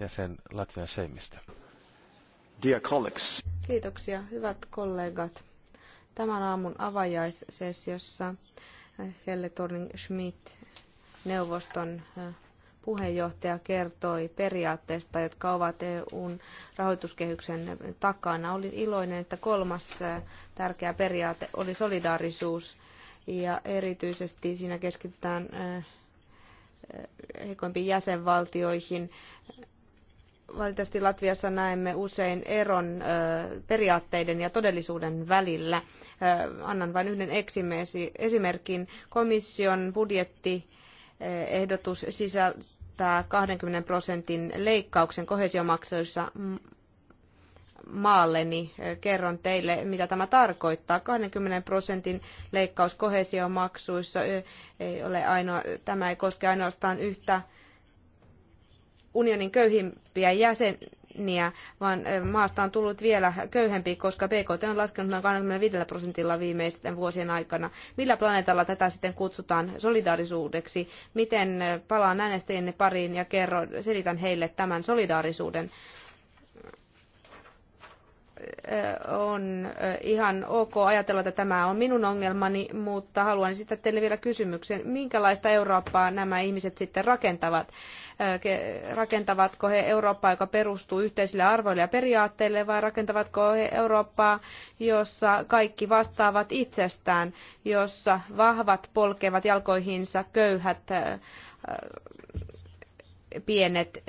jäsen Latvian Seimistä. Dear colleagues. Kiitoksia, hyvät kollegat. Tämän aamun avajaissessiossa Helle Torning-Schmidt, neuvoston äh, puheenjohtaja kertoi periaatteista, jotka ovat EUn rahoituskehyksen takana. Olin iloinen, että kolmas tärkeä periaate oli solidaarisuus ja erityisesti siinä keskitytään heikoimpiin jäsenvaltioihin. Valitettavasti Latviassa näemme usein eron periaatteiden ja todellisuuden välillä. Annan vain yhden esimerkin. Komission budjetti sisältää sisältää 20 prosentin leikkauksen koheesiomaksuissa maalle, niin kerron teille, mitä tämä tarkoittaa. 20 prosentin leikkaus kohesiomaksuissa ei ole ainoa, tämä ei koske ainoastaan yhtä unionin köyhimpiä jäsen, pieniä, vaan maasta on tullut vielä köyhempi, koska BKT on laskenut noin 25 prosentilla viimeisten vuosien aikana. Millä planeetalla tätä sitten kutsutaan solidaarisuudeksi? Miten palaan äänestäjienne pariin ja kerron, selitän heille tämän solidaarisuuden? on ihan ok ajatella, että tämä on minun ongelmani, mutta haluan esittää teille vielä kysymyksen. Minkälaista Eurooppaa nämä ihmiset sitten rakentavat? rakentavatko he Eurooppaa, joka perustuu yhteisille arvoille ja periaatteille, vai rakentavatko he Eurooppaa, jossa kaikki vastaavat itsestään, jossa vahvat polkevat jalkoihinsa köyhät, pienet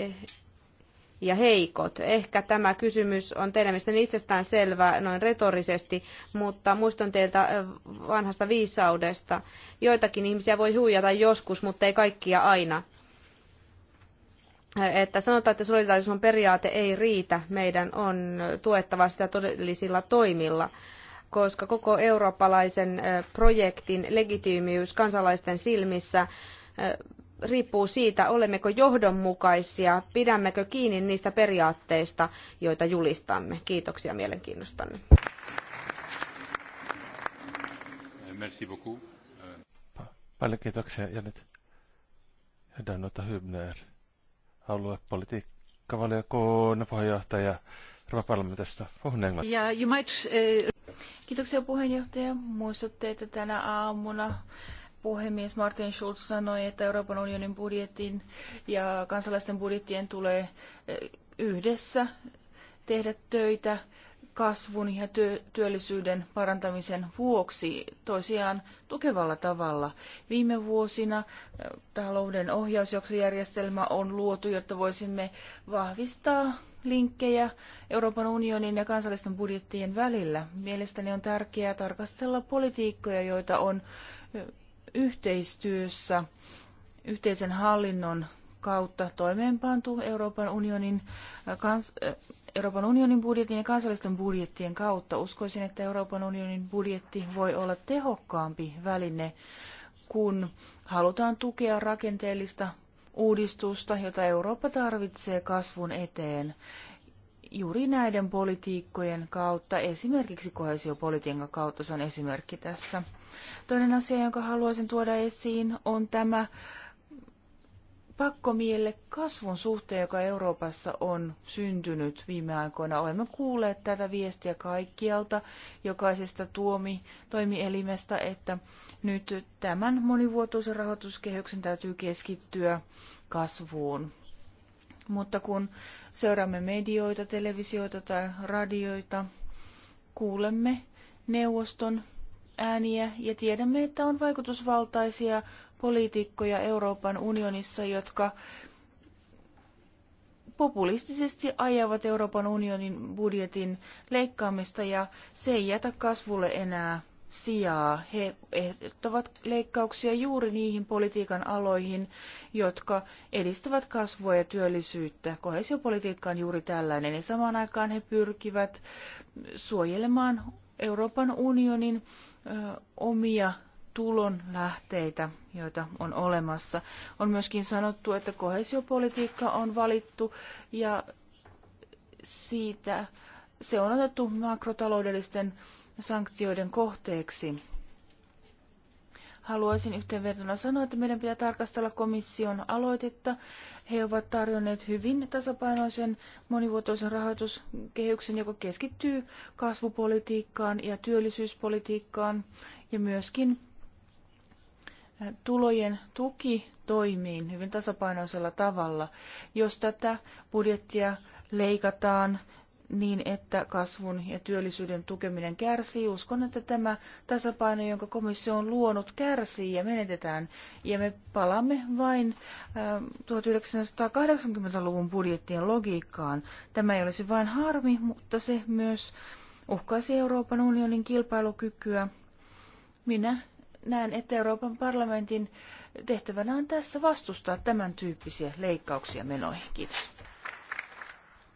ja heikot. Ehkä tämä kysymys on teidän mielestäni itsestään selvä noin retorisesti, mutta muistan teiltä vanhasta viisaudesta. Joitakin ihmisiä voi huijata joskus, mutta ei kaikkia aina että sanotaan, että solidaarisuuden periaate ei riitä, meidän on tuettava sitä todellisilla toimilla, koska koko eurooppalaisen projektin legitiimiys kansalaisten silmissä riippuu siitä, olemmeko johdonmukaisia, pidämmekö kiinni niistä periaatteista, joita julistamme. Kiitoksia mielenkiinnostanne. Merci Paljon kiitoksia ja nyt Danuta Hübner aluepolitiikkavaliokunnan puheenjohtaja Euroopan parlamentista. Puhun englantia. Ja you might, uh... Kiitoksia puheenjohtaja. Muistatte, että tänä aamuna puhemies Martin Schulz sanoi, että Euroopan unionin budjetin ja kansalaisten budjettien tulee eh, yhdessä tehdä töitä kasvun ja työllisyyden parantamisen vuoksi toisiaan tukevalla tavalla. Viime vuosina äh, talouden ohjausjaksojärjestelmä on luotu, jotta voisimme vahvistaa linkkejä Euroopan unionin ja kansallisten budjettien välillä. Mielestäni on tärkeää tarkastella politiikkoja, joita on yhteistyössä yhteisen hallinnon kautta toimeenpantu Euroopan unionin äh, kans- äh, Euroopan unionin budjetin ja kansallisten budjettien kautta. Uskoisin, että Euroopan unionin budjetti voi olla tehokkaampi väline, kun halutaan tukea rakenteellista uudistusta, jota Eurooppa tarvitsee kasvun eteen. Juuri näiden politiikkojen kautta, esimerkiksi kohesiopolitiikan kautta, se on esimerkki tässä. Toinen asia, jonka haluaisin tuoda esiin, on tämä pakkomielle kasvun suhteen, joka Euroopassa on syntynyt viime aikoina. Olemme kuulleet tätä viestiä kaikkialta, jokaisesta tuomi, toimielimestä, että nyt tämän monivuotuisen rahoituskehyksen täytyy keskittyä kasvuun. Mutta kun seuraamme medioita, televisioita tai radioita, kuulemme neuvoston ääniä ja tiedämme, että on vaikutusvaltaisia poliitikkoja Euroopan unionissa, jotka populistisesti ajavat Euroopan unionin budjetin leikkaamista ja se ei jätä kasvulle enää sijaa. He ehdottavat leikkauksia juuri niihin politiikan aloihin, jotka edistävät kasvua ja työllisyyttä. Kohesiopolitiikka on juuri tällainen ja samaan aikaan he pyrkivät suojelemaan Euroopan unionin ö, omia tulonlähteitä, joita on olemassa. On myöskin sanottu, että kohesiopolitiikka on valittu ja siitä se on otettu makrotaloudellisten sanktioiden kohteeksi. Haluaisin yhteenvetona sanoa, että meidän pitää tarkastella komission aloitetta. He ovat tarjonneet hyvin tasapainoisen monivuotoisen rahoituskehyksen, joka keskittyy kasvupolitiikkaan ja työllisyyspolitiikkaan ja myöskin tulojen tuki toimiin hyvin tasapainoisella tavalla. Jos tätä budjettia leikataan niin, että kasvun ja työllisyyden tukeminen kärsii, uskon, että tämä tasapaino, jonka komissio on luonut, kärsii ja menetetään. Ja me palaamme vain 1980-luvun äh, budjettien logiikkaan. Tämä ei olisi vain harmi, mutta se myös uhkaisi Euroopan unionin kilpailukykyä. Minä näen, että Euroopan parlamentin tehtävänä on tässä vastustaa tämän tyyppisiä leikkauksia menoihin. Kiitos.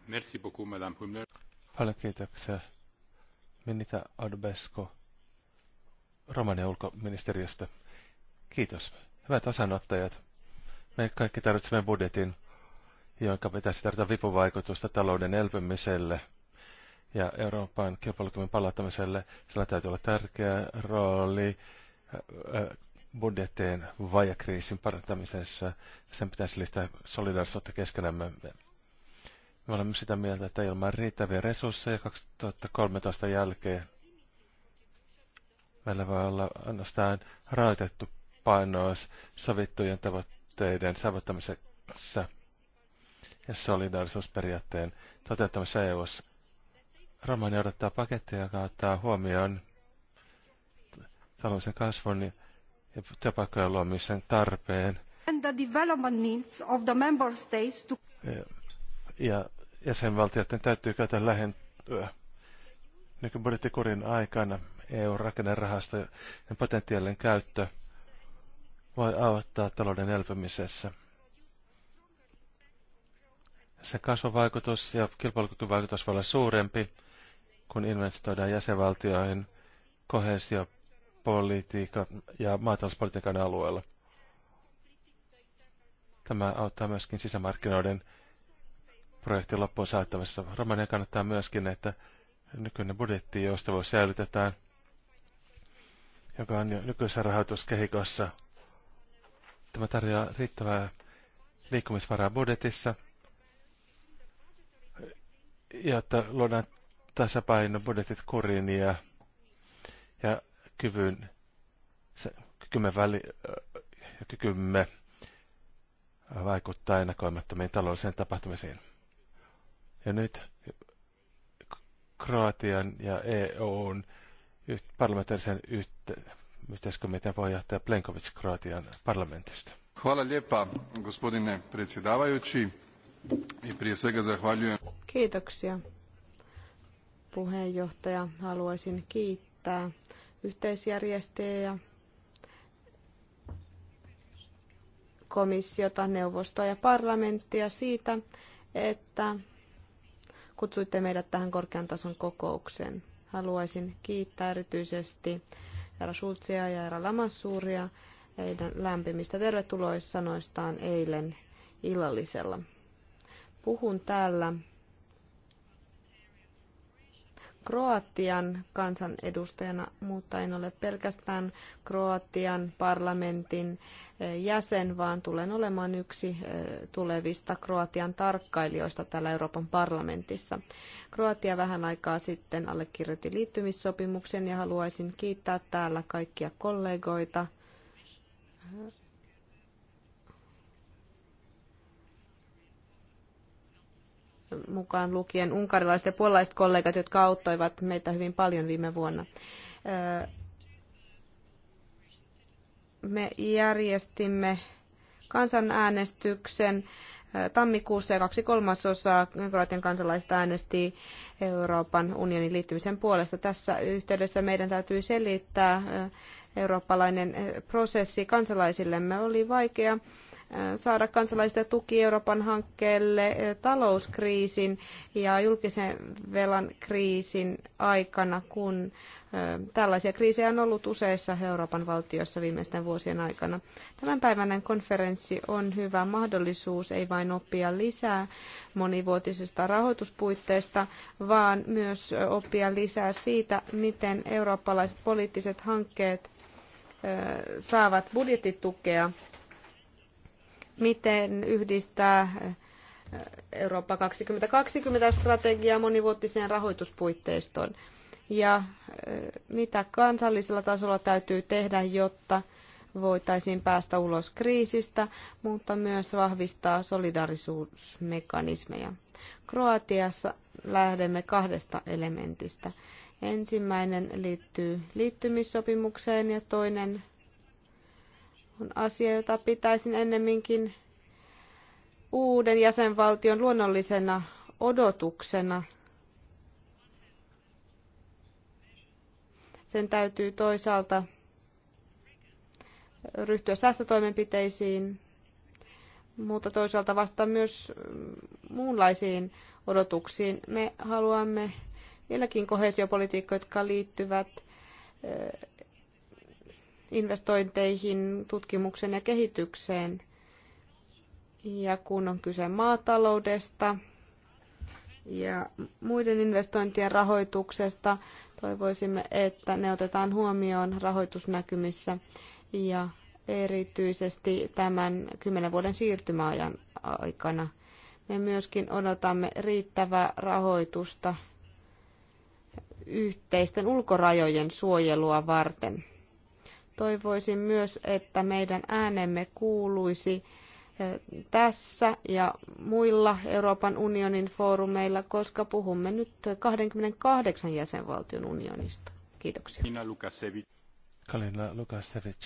Merci beaucoup, Madame Pumler. Paljon kiitoksia. Adbesko, Romanian ulkoministeriöstä. Kiitos. Hyvät osanottajat. Me kaikki tarvitsemme budjetin, jonka pitäisi tarjota vipuvaikutusta talouden elpymiselle ja Euroopan kilpailukyvyn palauttamiselle. Sillä täytyy olla tärkeä rooli budjettien vajakriisin parantamisessa. Sen pitäisi lisätä solidarisuutta keskenämme. Me olemme sitä mieltä, että ilman riittäviä resursseja 2013 jälkeen meillä voi olla ainoastaan rajoitettu painoas sovittujen tavoitteiden saavuttamisessa ja solidarisuusperiaatteen toteuttamisessa eu -ssa. Romani odottaa pakettia, joka ottaa huomioon taloudellisen kasvun ja, työpaikkojen luomisen tarpeen. And the development needs of the member states to... ja, jäsenvaltioiden täytyy käytä lähentyä. Nykybudjettikurin aikana eu ja potentiaalinen käyttö voi auttaa talouden elpymisessä. Se kasvavaikutus ja kilpailukykyvaikutus voi olla suurempi, kun investoidaan jäsenvaltioihin kohesio- politiikan ja maatalouspolitiikan alueella. Tämä auttaa myöskin sisämarkkinoiden projektin loppuun saattavassa. Romania kannattaa myöskin, että nykyinen budjetti, josta voi säilytetään, joka on jo nykyisessä rahoituskehikossa. Tämä tarjoaa riittävää liikkumisvaraa budjetissa, jotta luodaan tasapaino budjetit kuriin ja, ja kyvyn, se, kykymme, väli, ja kykymme vaikuttaa ennakoimattomiin taloudelliseen tapahtumisiin. Ja nyt Kroatian ja EUn parlamentaarisen yhteiskomitean puheenjohtaja Plenkovic Kroatian parlamentista. Hvala lijepa, gospodine predsjedavajući. I prije svega zahvaljujem. Kiitoksia. Puheenjohtaja, haluaisin kiittää ja komissiota, neuvostoa ja parlamenttia siitä, että kutsuitte meidät tähän korkean tason kokoukseen. Haluaisin kiittää erityisesti Jara Schulzia ja Jara Lamassuuria heidän lämpimistä tervetuloissanoistaan eilen illallisella. Puhun täällä Kroatian kansanedustajana, mutta en ole pelkästään Kroatian parlamentin eh, jäsen, vaan tulen olemaan yksi eh, tulevista Kroatian tarkkailijoista täällä Euroopan parlamentissa. Kroatia vähän aikaa sitten allekirjoitti liittymissopimuksen ja haluaisin kiittää täällä kaikkia kollegoita mukaan lukien unkarilaiset ja puolalaiset kollegat, jotka auttoivat meitä hyvin paljon viime vuonna. Me järjestimme kansanäänestyksen tammikuussa ja kaksi kolmasosaa Kroatian kansalaista äänesti Euroopan unionin liittymisen puolesta. Tässä yhteydessä meidän täytyy selittää eurooppalainen prosessi kansalaisillemme. Oli vaikea saada kansalaisten tuki Euroopan hankkeelle eh, talouskriisin ja julkisen velan kriisin aikana, kun eh, tällaisia kriisejä on ollut useissa Euroopan valtioissa viimeisten vuosien aikana. Tämänpäiväinen konferenssi on hyvä mahdollisuus ei vain oppia lisää monivuotisesta rahoituspuitteista, vaan myös oppia lisää siitä, miten eurooppalaiset poliittiset hankkeet eh, saavat budjettitukea miten yhdistää eh, Eurooppa 2020 strategiaa monivuotiseen rahoituspuitteistoon ja eh, mitä kansallisella tasolla täytyy tehdä, jotta voitaisiin päästä ulos kriisistä, mutta myös vahvistaa solidarisuusmekanismeja. Kroatiassa lähdemme kahdesta elementistä. Ensimmäinen liittyy liittymissopimukseen ja toinen on asia, jota pitäisin ennemminkin uuden jäsenvaltion luonnollisena odotuksena. Sen täytyy toisaalta ryhtyä säästötoimenpiteisiin, mutta toisaalta vastata myös muunlaisiin odotuksiin. Me haluamme vieläkin kohesiopolitiikkoja, jotka liittyvät investointeihin, tutkimukseen ja kehitykseen. Ja kun on kyse maataloudesta ja muiden investointien rahoituksesta, toivoisimme, että ne otetaan huomioon rahoitusnäkymissä ja erityisesti tämän kymmenen vuoden siirtymäajan aikana. Me myöskin odotamme riittävää rahoitusta yhteisten ulkorajojen suojelua varten. Toivoisin myös, että meidän äänemme kuuluisi eh, tässä ja muilla Euroopan unionin foorumeilla, koska puhumme nyt 28 jäsenvaltion unionista. Kiitoksia. Kalina Lukasevic. Kalina Lukasevic,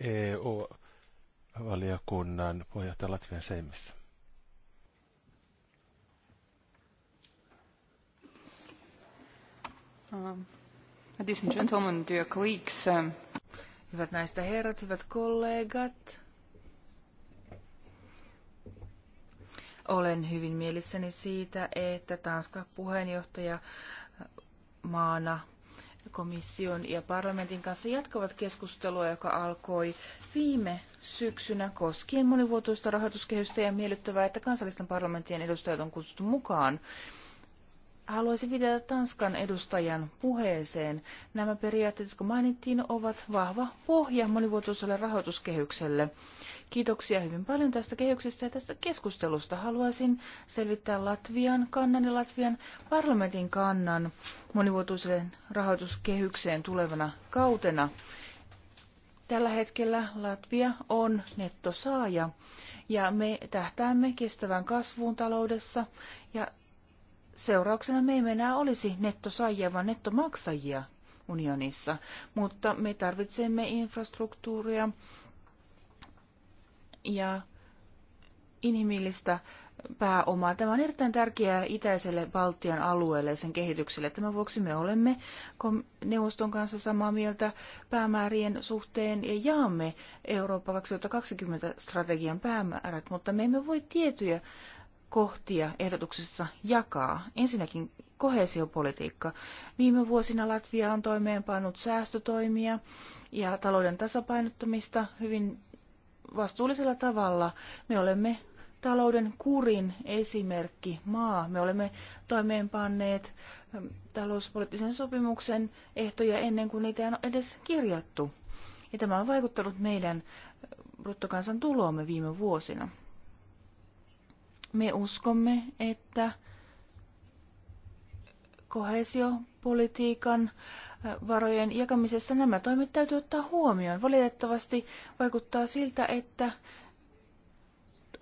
EU-valiokunnan puheenjohtaja Latvian seimissä. Um, ladies and gentlemen, dear colleagues. Um... Hyvät naiset herrat, hyvät kollegat. Olen hyvin mielissäni siitä, että Tanska puheenjohtaja maana komission ja parlamentin kanssa jatkavat keskustelua, joka alkoi viime syksynä koskien monivuotoista rahoituskehystä ja miellyttävää, että kansallisten parlamenttien edustajat on kutsuttu mukaan Haluaisin viitata Tanskan edustajan puheeseen. Nämä periaatteet, jotka mainittiin, ovat vahva pohja monivuotoiselle rahoituskehykselle. Kiitoksia hyvin paljon tästä kehyksestä ja tästä keskustelusta. Haluaisin selvittää Latvian kannan ja Latvian parlamentin kannan monivuotoiseen rahoituskehykseen tulevana kautena. Tällä hetkellä Latvia on nettosaaja ja me tähtäämme kestävään kasvuun taloudessa ja seurauksena me emme enää olisi nettosaajia, vaan nettomaksajia unionissa, mutta me tarvitsemme infrastruktuuria ja inhimillistä pääomaa. Tämä on erittäin tärkeää itäiselle Baltian alueelle ja sen kehitykselle. Tämän vuoksi me olemme neuvoston kanssa samaa mieltä päämäärien suhteen ja jaamme Eurooppa 2020 strategian päämäärät, mutta me emme voi tietyjä kohtia ehdotuksessa jakaa. Ensinnäkin kohesiopolitiikka. Viime vuosina Latvia on toimeenpannut säästötoimia ja talouden tasapainottamista hyvin vastuullisella tavalla. Me olemme talouden kurin esimerkki maa. Me olemme toimeenpanneet ähm, talouspoliittisen sopimuksen ehtoja ennen kuin niitä on edes kirjattu. Ja tämä on vaikuttanut meidän äh, bruttokansantuloomme viime vuosina. Me uskomme, että kohesiopolitiikan varojen jakamisessa nämä toimet täytyy ottaa huomioon. Valitettavasti vaikuttaa siltä, että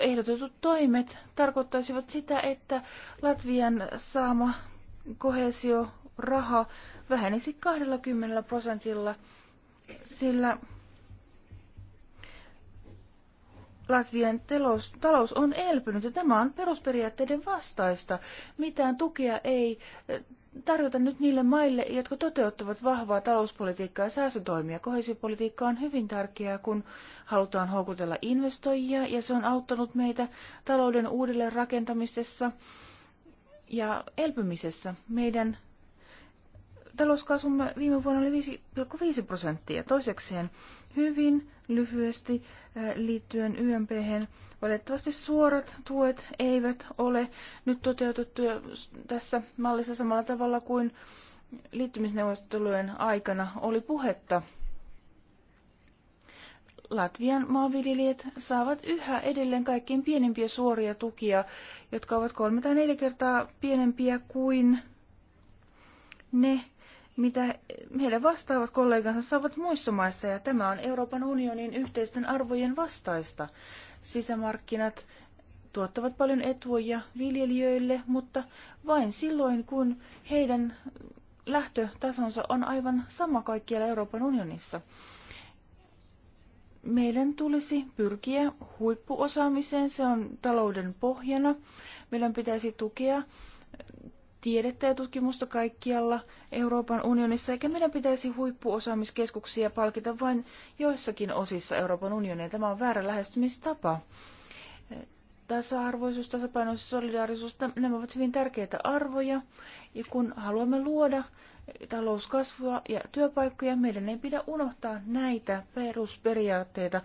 ehdotetut toimet tarkoittaisivat sitä, että Latvian saama kohesioraha vähenisi 20 prosentilla, sillä Latvian talous, talous on elpynyt ja tämä on perusperiaatteiden vastaista. Mitään tukea ei eh, tarjota nyt niille maille, jotka toteuttavat vahvaa talouspolitiikkaa ja säästötoimia. Kohesiopolitiikka on hyvin tärkeää, kun halutaan houkutella investoijia ja se on auttanut meitä talouden uudelleen rakentamisessa ja elpymisessä. Meidän talouskasvumme viime vuonna oli 5,5 prosenttia. Toisekseen hyvin lyhyesti äh, liittyen YMP. -hän. Valitettavasti suorat tuet eivät ole nyt toteutettu tässä mallissa samalla tavalla kuin liittymisneuvottelujen aikana oli puhetta. Latvian maanviljelijät saavat yhä edelleen kaikkein pienimpiä suoria tukia, jotka ovat kolme tai neljä kertaa pienempiä kuin ne mitä heidän vastaavat kollegansa saavat muissa maissa, ja tämä on Euroopan unionin yhteisten arvojen vastaista. Sisämarkkinat tuottavat paljon etuja viljelijöille, mutta vain silloin, kun heidän lähtötasonsa on aivan sama kaikkialla Euroopan unionissa. Meidän tulisi pyrkiä huippuosaamiseen, se on talouden pohjana. Meidän pitäisi tukea tiedettä ja tutkimusta kaikkialla Euroopan unionissa, eikä meidän pitäisi huippuosaamiskeskuksia palkita vain joissakin osissa Euroopan unionia. Tämä on väärä lähestymistapa. Tasa-arvoisuus, tasapainoisuus, solidaarisuus, nämä ovat hyvin tärkeitä arvoja. Ja kun haluamme luoda talouskasvua ja työpaikkoja, meidän ei pidä unohtaa näitä perusperiaatteita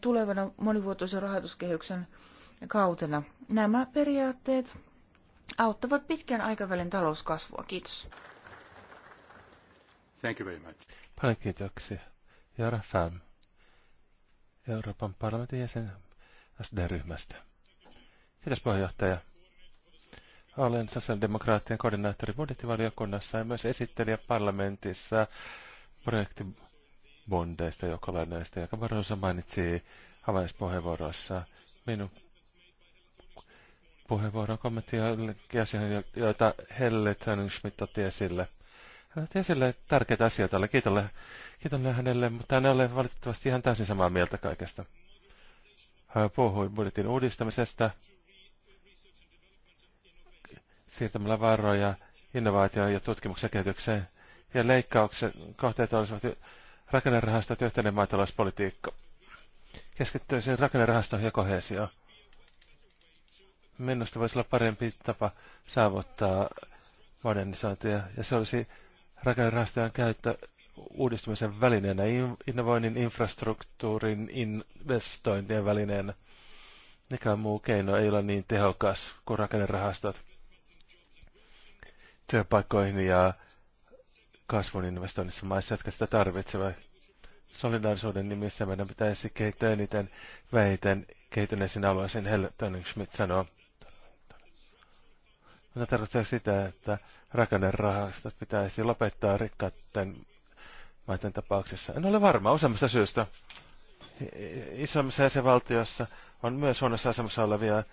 tulevana monivuotoisen rahoituskehyksen kautena. Nämä periaatteet auttavat pitkän aikavälin talouskasvua. Kiitos. Thank you very much. Paljon kiitoksia. Jara Fan, Euroopan parlamentin jäsen SD-ryhmästä. Kiitos puheenjohtaja. Olen sosiaalidemokraattien koordinaattori budjettivaliokunnassa ja myös esittelijä parlamentissa projektibondeista, joka näistä, joka Barroso mainitsi avaispuheenvuorossa. Minun puheenvuoroa kommenttia asioihin, joita Helle Tönningsmit otti esille. Hän otti esille tärkeitä asioita, oli kiitolle, kiitolle hänelle, mutta hän ei ole valitettavasti ihan täysin samaa mieltä kaikesta. Hän puhui budjetin uudistamisesta, siirtämällä varoja innovaatioon ja tutkimuksen kehitykseen, ja leikkauksen kohteet olisivat rakennerahastot ja yhteinen maatalouspolitiikka. Keskittyisin rakennerahastoihin ja kohesioon Minusta voisi olla parempi tapa saavuttaa modernisointia, ja se olisi rakennerahastojen käyttö uudistumisen välineenä, innovoinnin, infrastruktuurin, investointien välineenä. Mikään muu keino ei ole niin tehokas kuin rakennerahastot työpaikkoihin ja kasvun investoinnissa maissa, jotka sitä tarvitsevat. Solidaarisuuden nimissä meidän pitäisi kehittyä eniten vähiten kehittyneisiin alueisiin, Helle Tönning-Schmidt sanoo. Mutta tarkoittaa sitä, että rakennerahasta pitäisi lopettaa rikkaiden maiden tapauksessa. En ole varma useammasta syystä. Isommissa jäsenvaltioissa on myös huonossa asemassa olevia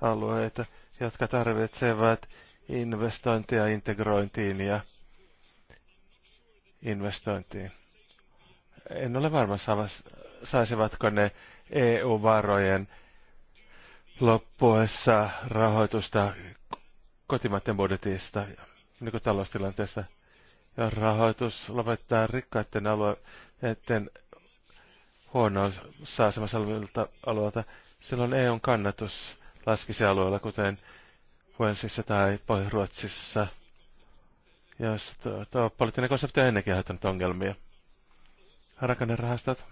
alueita, jotka tarvitsevat investointia integrointiin ja investointiin. En ole varma, saisivatko ne EU-varojen loppuessa rahoitusta kotimaiden budjetista taloustilanteesta, Ja rahoitus lopettaa rikkaiden alueiden huonossa asemassa olevilta alueelta. Silloin EUn kannatus laskisi alueella, kuten Walesissa tai Pohjois-Ruotsissa, jos tuo poliittinen konsepti on ennenkin aiheuttanut ongelmia. Rakennerahastot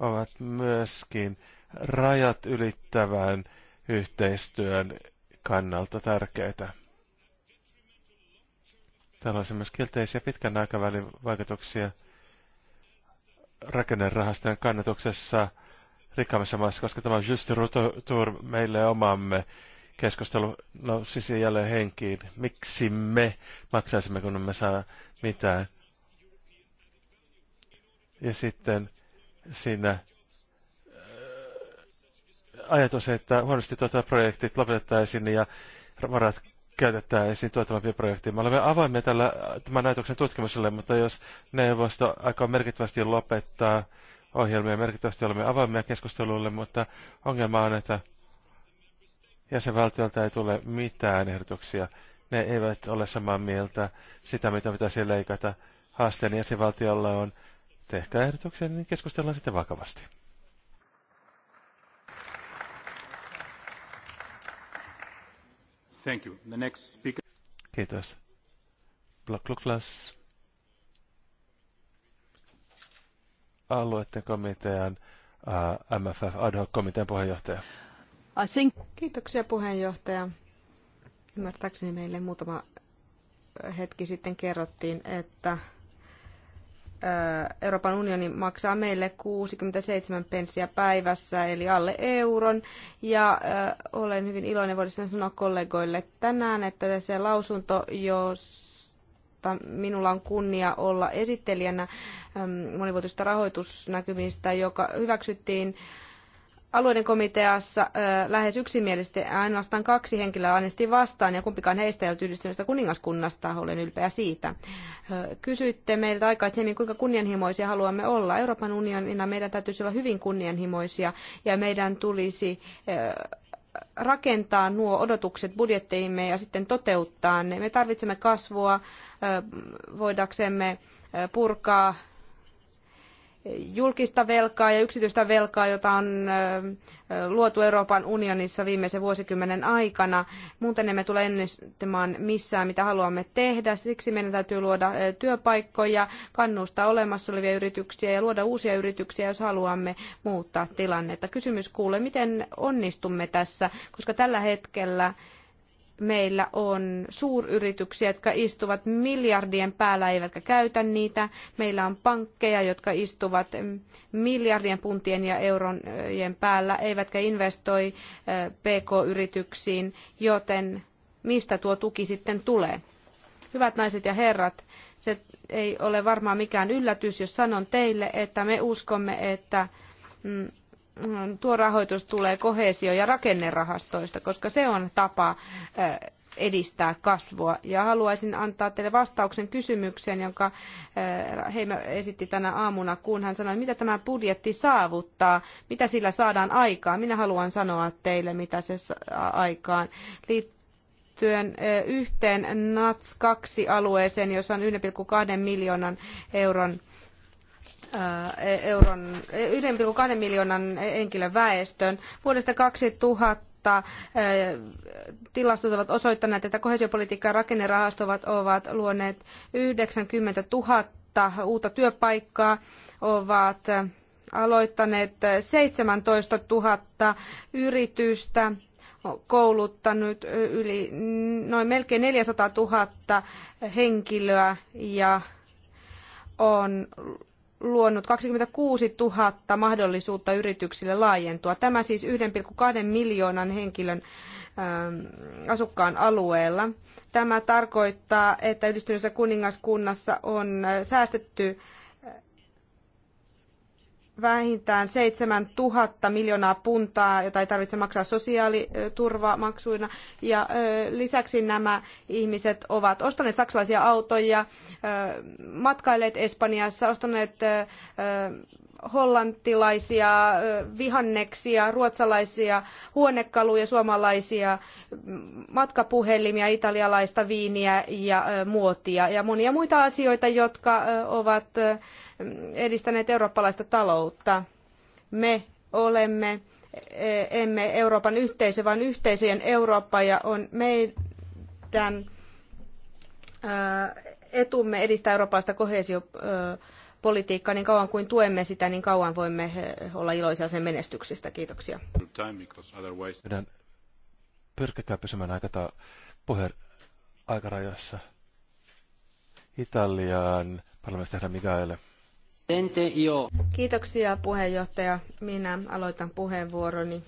ovat myöskin rajat ylittävän yhteistyön kannalta tärkeitä. Täällä on myös kielteisiä pitkän aikavälin vaikutuksia rakennerahastojen kannatuksessa rikkaammissa maissa, koska tämä Just Tour meille omamme keskustelu nousi siis jälleen henkiin. Miksi me maksaisimme, kun me saa mitään? Ja sitten siinä ajatus, että huonosti tuota projektit lopetettaisiin ja varat käytettäisiin tuottavampiin projektiin. Me olemme avoimia tällä, tämän ajatuksen tutkimuselle, mutta jos neuvosto aika merkittävästi lopettaa ohjelmia, merkittävästi olemme avoimia keskustelulle, mutta ongelma on, että jäsenvaltiolta ei tule mitään ehdotuksia. Ne eivät ole samaa mieltä sitä, mitä pitäisi leikata. Haasteen jäsenvaltiolla on, tehkää ehdotuksia, niin keskustellaan sitten vakavasti. Thank you. The next speaker. Kiitos. Bloklas alueiden komitean uh, äh, MFF ad hoc komitean puheenjohtaja. I think... Kiitoksia puheenjohtaja. Ymmärtääkseni meille muutama hetki sitten kerrottiin, että Euroopan unioni maksaa meille 67 penssiä päivässä, eli alle euron. Ja olen hyvin iloinen, voisin sanoa kollegoille tänään, että se lausunto, jos minulla on kunnia olla esittelijänä monivuotisista rahoitusnäkymistä, joka hyväksyttiin alueiden komiteassa lähes yksimielisesti ainoastaan kaksi henkilöä äänesti vastaan ja kumpikaan heistä ei ollut yhdistyneestä kuningaskunnasta. Olen ylpeä siitä. Kysyitte meiltä aikaisemmin, kuinka kunnianhimoisia haluamme olla. Euroopan unionina meidän täytyisi olla hyvin kunnianhimoisia ja meidän tulisi rakentaa nuo odotukset budjetteihimme ja sitten toteuttaa ne. Me tarvitsemme kasvua voidaksemme purkaa julkista velkaa ja yksityistä velkaa, jota on luotu Euroopan unionissa viimeisen vuosikymmenen aikana. Muuten emme tule ennustamaan missään, mitä haluamme tehdä. Siksi meidän täytyy luoda työpaikkoja, kannustaa olemassa olevia yrityksiä ja luoda uusia yrityksiä, jos haluamme muuttaa tilannetta. Kysymys kuulee, miten onnistumme tässä, koska tällä hetkellä meillä on suuryrityksiä, jotka istuvat miljardien päällä eivätkä käytä niitä. Meillä on pankkeja, jotka istuvat miljardien puntien ja eurojen päällä eivätkä investoi PK-yrityksiin, joten mistä tuo tuki sitten tulee? Hyvät naiset ja herrat, se ei ole varmaan mikään yllätys, jos sanon teille, että me uskomme, että mm, Mm, tuo rahoitus tulee kohesio- ja rakennerahastoista, koska se on tapa äh, edistää kasvua. Ja haluaisin antaa teille vastauksen kysymykseen, jonka äh, Heimä esitti tänä aamuna, kun hän sanoi, mitä tämä budjetti saavuttaa, mitä sillä saadaan aikaan. Minä haluan sanoa teille, mitä se saa aikaan. Liittyen yhteen NATS 2-alueeseen, jossa on 1,2 miljoonan euron E- euron, 1,2 e- miljoonan e- henkilön väestön. Vuodesta 2000 tilastot ovat osoittaneet, että kohesiopolitiikka ja rakennerahastovat ovat luoneet 90 000 uutta työpaikkaa, ovat aloittaneet 17 000 yritystä, kouluttanut yli noin melkein 400 000 henkilöä ja on luonut 26 000 mahdollisuutta yrityksille laajentua. Tämä siis 1,2 miljoonan henkilön ähm, asukkaan alueella. Tämä tarkoittaa, että yhdistyneessä kuningaskunnassa on äh, säästetty vähintään seitsemän 000 miljoonaa puntaa, jota ei tarvitse maksaa sosiaaliturvamaksuina. Ja lisäksi nämä ihmiset ovat ostaneet saksalaisia autoja, matkailleet Espanjassa, ostaneet hollantilaisia vihanneksia, ruotsalaisia huonekaluja, suomalaisia matkapuhelimia, italialaista viiniä ja muotia ja monia muita asioita, jotka ovat edistäneet eurooppalaista taloutta. Me olemme e, emme Euroopan yhteisö, vaan yhteisöjen Eurooppa ja on meidän etumme edistää eurooppalaista kohesiopolitiikkaa politiikkaa, niin kauan kuin tuemme sitä, niin kauan voimme eh, olla iloisia sen menestyksistä. Kiitoksia. Meidän pyrkikää pysymään aikata puheen aikarajoissa. Italian parlamentista Mikaele. Kiitoksia puheenjohtaja. Minä aloitan puheenvuoroni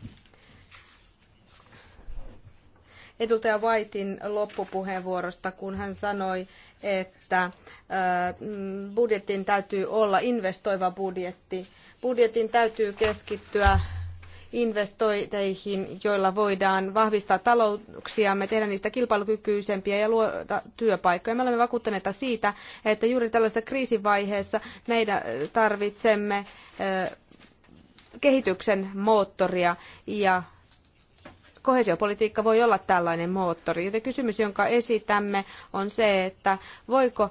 edustaja Whitein loppupuheenvuorosta, kun hän sanoi, että äh, budjetin täytyy olla investoiva budjetti. Budjetin täytyy keskittyä investointeihin, joilla voidaan vahvistaa talouksiamme, tehdä niistä kilpailukykyisempiä ja luoda työpaikkoja. Me olemme vakuuttuneita siitä, että juuri tällaisessa kriisivaiheessa meidän tarvitsemme äh, kehityksen moottoria ja Koheesiopolitiikka voi olla tällainen moottori. Joten kysymys, jonka esitämme, on se, että voiko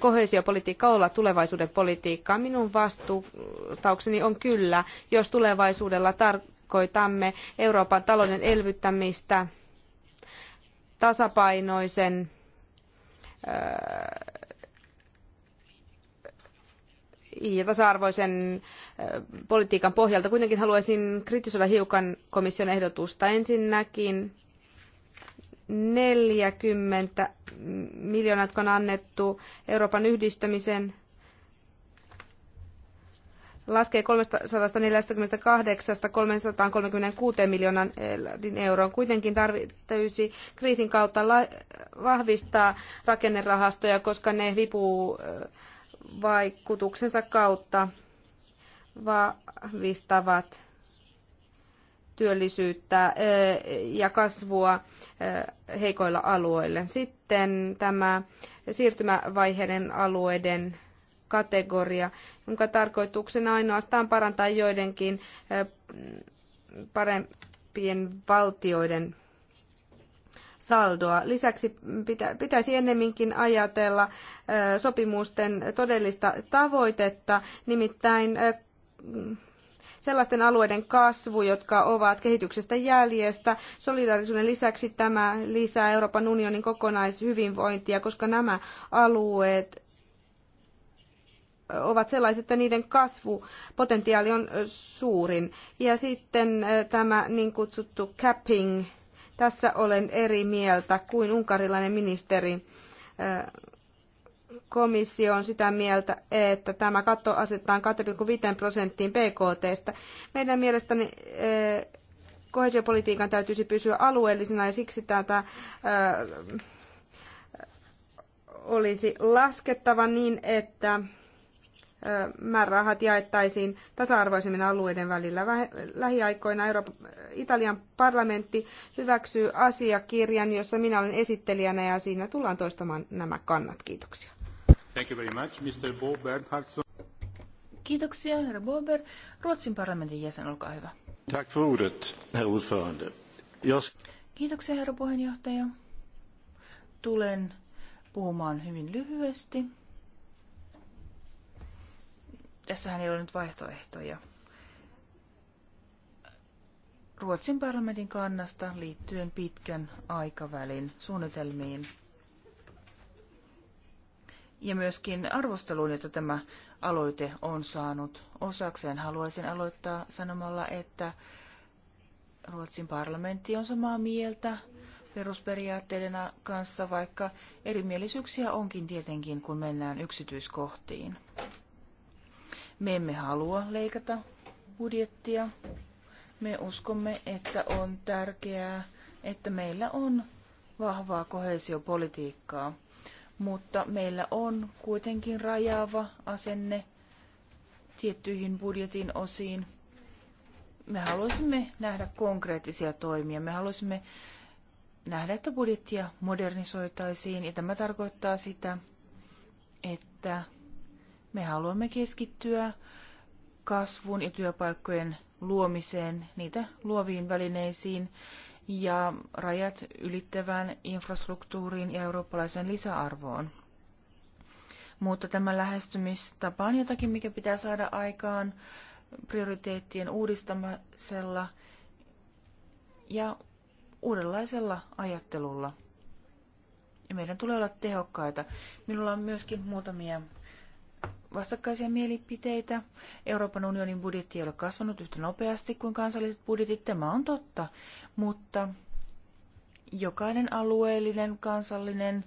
koheesiopolitiikka olla tulevaisuuden politiikkaa? Minun vastaukseni on kyllä, jos tulevaisuudella tarkoitamme Euroopan talouden elvyttämistä, tasapainoisen ja tasa-arvoisen politiikan pohjalta. Kuitenkin haluaisin kritisoida hiukan komission ehdotusta. Ensinnäkin 40 miljoonaa, jotka on annettu Euroopan yhdistämisen laskee 348-336 miljoonan eh, euroon. Kuitenkin tarvitsisi kriisin kautta vahvistaa rakennerahastoja, koska ne vipuu eh, vaikutuksensa kautta vahvistavat työllisyyttä ja kasvua heikoilla alueilla. Sitten tämä siirtymävaiheiden alueiden kategoria, jonka tarkoituksena ainoastaan parantaa joidenkin parempien valtioiden saldoa. Lisäksi pitäisi ennemminkin ajatella sopimusten todellista tavoitetta, nimittäin sellaisten alueiden kasvu, jotka ovat kehityksestä jäljestä. Solidaarisuuden lisäksi tämä lisää Euroopan unionin kokonaishyvinvointia, koska nämä alueet ovat sellaiset, että niiden kasvupotentiaali on suurin. Ja sitten tämä niin kutsuttu capping tässä olen eri mieltä kuin unkarilainen ministeri. Komissio on sitä mieltä, että tämä katto asetetaan 2,5 prosenttiin BKTstä. Meidän mielestäni kohesiopolitiikan täytyisi pysyä alueellisena ja siksi tätä olisi laskettava niin, että määrärahat jaettaisiin tasa-arvoisemmin alueiden välillä. Lähiaikoina Euroopan, Italian parlamentti hyväksyy asiakirjan, jossa minä olen esittelijänä ja siinä tullaan toistamaan nämä kannat. Kiitoksia. Thank you very much, Mr. Bo Bernhardsson. Kiitoksia, herra Bober. Ruotsin parlamentin jäsen, olkaa hyvä. Tack för ordet, herr Jos... Kiitoksia, herra puheenjohtaja. Tulen puhumaan hyvin lyhyesti. Tässähän ei ole nyt vaihtoehtoja. Ruotsin parlamentin kannasta liittyen pitkän aikavälin suunnitelmiin ja myöskin arvosteluun, jota tämä aloite on saanut osakseen. Haluaisin aloittaa sanomalla, että Ruotsin parlamentti on samaa mieltä perusperiaatteiden kanssa, vaikka erimielisyyksiä onkin tietenkin, kun mennään yksityiskohtiin. Me emme halua leikata budjettia. Me uskomme, että on tärkeää, että meillä on vahvaa kohesiopolitiikkaa, mutta meillä on kuitenkin rajaava asenne tiettyihin budjetin osiin. Me haluaisimme nähdä konkreettisia toimia. Me haluaisimme nähdä, että budjettia modernisoitaisiin, ja tämä tarkoittaa sitä, että me haluamme keskittyä kasvun ja työpaikkojen luomiseen, niitä luoviin välineisiin ja rajat ylittävään infrastruktuuriin ja eurooppalaisen lisäarvoon. Mutta tämä lähestymistapa on jotakin, mikä pitää saada aikaan prioriteettien uudistamisella ja uudenlaisella ajattelulla. Ja meidän tulee olla tehokkaita. Minulla on myöskin muutamia vastakkaisia mielipiteitä. Euroopan unionin budjetti ei ole kasvanut yhtä nopeasti kuin kansalliset budjetit, tämä on totta, mutta jokainen alueellinen, kansallinen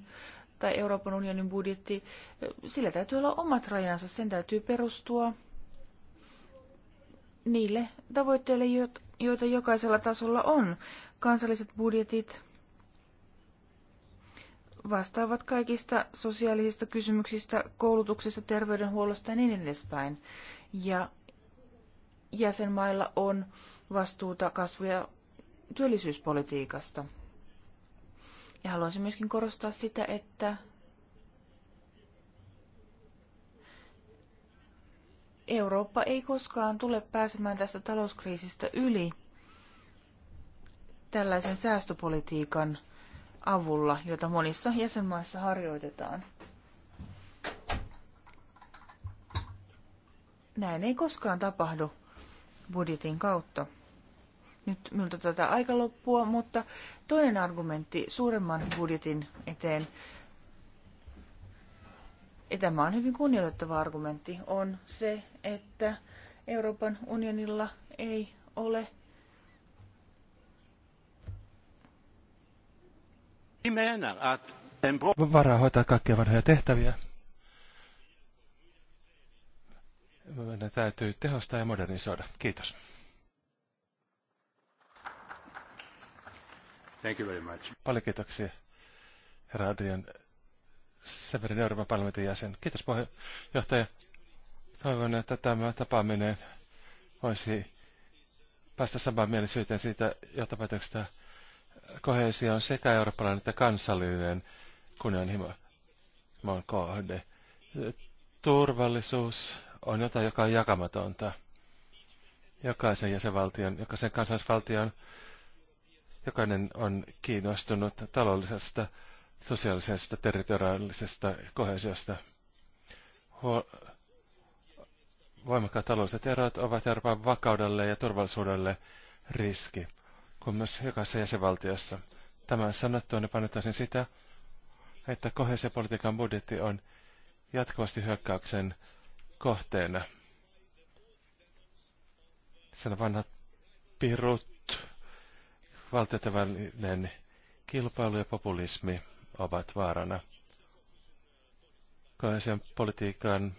tai Euroopan unionin budjetti, sillä täytyy olla omat rajansa, sen täytyy perustua niille tavoitteille, joita jokaisella tasolla on. Kansalliset budjetit vastaavat kaikista sosiaalisista kysymyksistä, koulutuksesta, terveydenhuollosta ja niin edespäin. Ja jäsenmailla on vastuuta kasvu- ja työllisyyspolitiikasta. Ja haluaisin myöskin korostaa sitä, että Eurooppa ei koskaan tule pääsemään tästä talouskriisistä yli tällaisen säästöpolitiikan avulla, jota monissa jäsenmaissa harjoitetaan. Näin ei koskaan tapahdu budjetin kautta. Nyt minulta tätä aika loppua, mutta toinen argumentti suuremman budjetin eteen, ja tämä on hyvin kunnioitettava argumentti, on se, että Euroopan unionilla ei ole Varaa hoitaa kaikkia vanhoja tehtäviä. Meidän täytyy tehostaa ja modernisoida. Kiitos. Thank you very much. Paljon kiitoksia, herra Adrian Severin Euroopan parlamentin jäsen. Kiitos puheenjohtaja. Toivon, että tämä tapaaminen voisi päästä samaan mielisyyteen siitä johtopäätöksestä, koheesio on sekä eurooppalainen että kansallinen kunnianhimo maan kohde. Turvallisuus on jotain, joka on jakamatonta. Jokaisen jäsenvaltion, jokaisen kansallisvaltion, jokainen on kiinnostunut taloudellisesta, sosiaalisesta, territoriaalisesta kohesiosta. Huol- voimakkaat taloudelliset erot ovat Euroopan vakaudelle ja turvallisuudelle riski kuin myös jokaisessa jäsenvaltiossa. Tämän sanottua ne painottaisin sitä, että kohesiopolitiikan budjetti on jatkuvasti hyökkäyksen kohteena. Sen vanhat pirut, valtiotavallinen kilpailu ja populismi ovat vaarana. Kohesion politiikan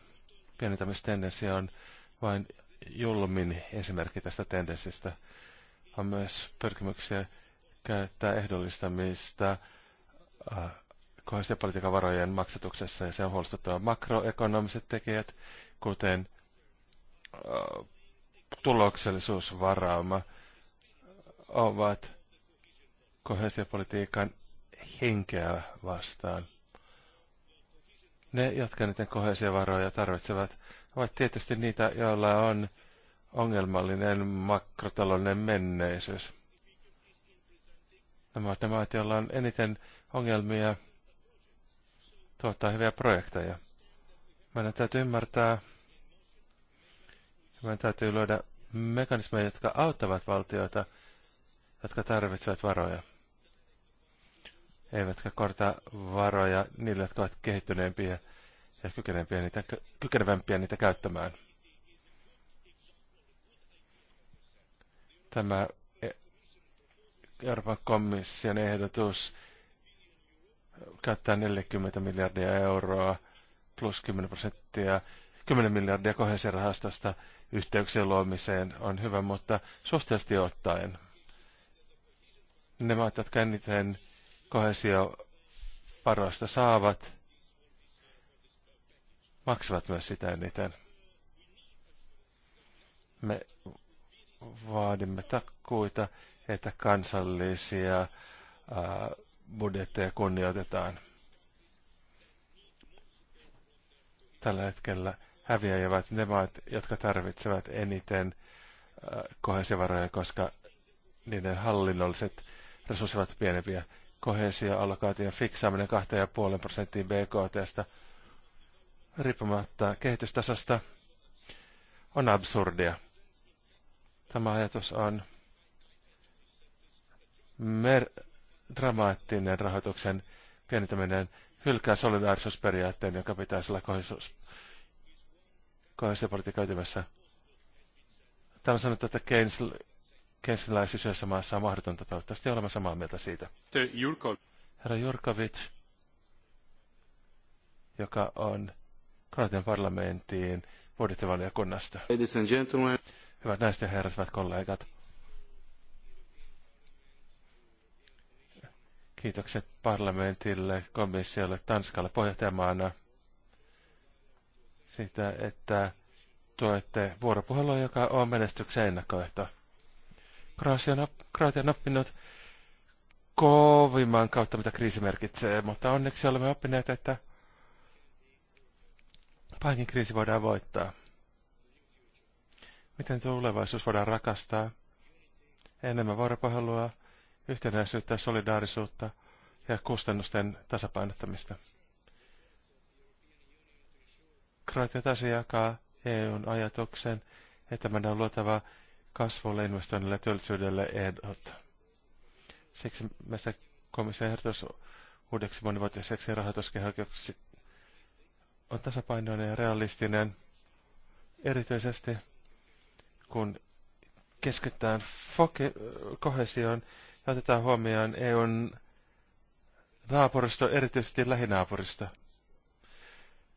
pienentämistendenssi on vain julmin esimerkki tästä tendenssistä – on myös pyrkimyksiä käyttää ehdollistamista äh, varojen maksatuksessa, ja se on huolestuttava makroekonomiset tekijät, kuten äh, tuloksellisuusvarauma, ovat kohesiopolitiikan henkeä vastaan. Ne, jotka niiden kohesiovaroja tarvitsevat, ovat tietysti niitä, joilla on ongelmallinen makrotalouden menneisyys. Nämä ovat ne maat, joilla on eniten ongelmia tuottaa hyviä projekteja. Meidän täytyy ymmärtää, meidän täytyy löydä mekanismeja, jotka auttavat valtioita, jotka tarvitsevat varoja. Eivätkä korta varoja niille, jotka ovat kehittyneempiä ja kykenevämpiä niitä, kykenevämpiä niitä käyttämään. Tämä e- Euroopan komission ehdotus käyttää 40 miljardia euroa plus 10 prosenttia, 10 miljardia kohesirahastosta yhteyksien luomiseen on hyvä, mutta suhteellisesti ottaen ne maat, jotka eniten kohesioparoista saavat, maksavat myös sitä eniten. Me vaadimme takkuita, että kansallisia ää, budjetteja kunnioitetaan. Tällä hetkellä häviäjävät ne maat, jotka tarvitsevat eniten kohesivaroja, koska niiden hallinnolliset resurssit ovat pienempiä. Kohesioallokaation fiksaaminen 2,5 prosenttiin BKT riippumatta kehitystasosta on absurdia. Tämä ajatus on mer- dramaattinen rahoituksen pienentäminen hylkää solidaarisuusperiaatteen, joka pitäisi olla kohdisuus ytimessä. Täällä on sanottu, että Keynes, Keynesiläisyys yhdessä maassa on mahdotonta. Toivottavasti olemme samaa mieltä siitä. Herra Jurkovic, joka on Kroatian parlamentin budjettivaliokunnasta. Ladies and gentlemen. Hyvät naiset ja herrat, hyvät kollegat. Kiitokset parlamentille, komissiolle, Tanskalle puheenjohtajamaana siitä, että tuette vuoropuhelua, joka on menestyksen ennakkoehto. Kroatia on oppinut kovimman kautta, mitä kriisi merkitsee, mutta onneksi olemme oppineet, että pankin kriisi voidaan voittaa. Miten tulevaisuus voidaan rakastaa? Enemmän vuoropuhelua, yhtenäisyyttä, solidaarisuutta ja kustannusten tasapainottamista. Kroatia taas jakaa EUn ajatuksen, että meidän on luotava kasvulle, investoinnille ja työllisyydelle ehdot. Siksi meistä komission ehdotus uudeksi monivuotiseksi rahoituskehokeksi on tasapainoinen ja realistinen, erityisesti kun keskitytään kohesioon ja otetaan huomioon EUn naapuristo, erityisesti lähinaapurista.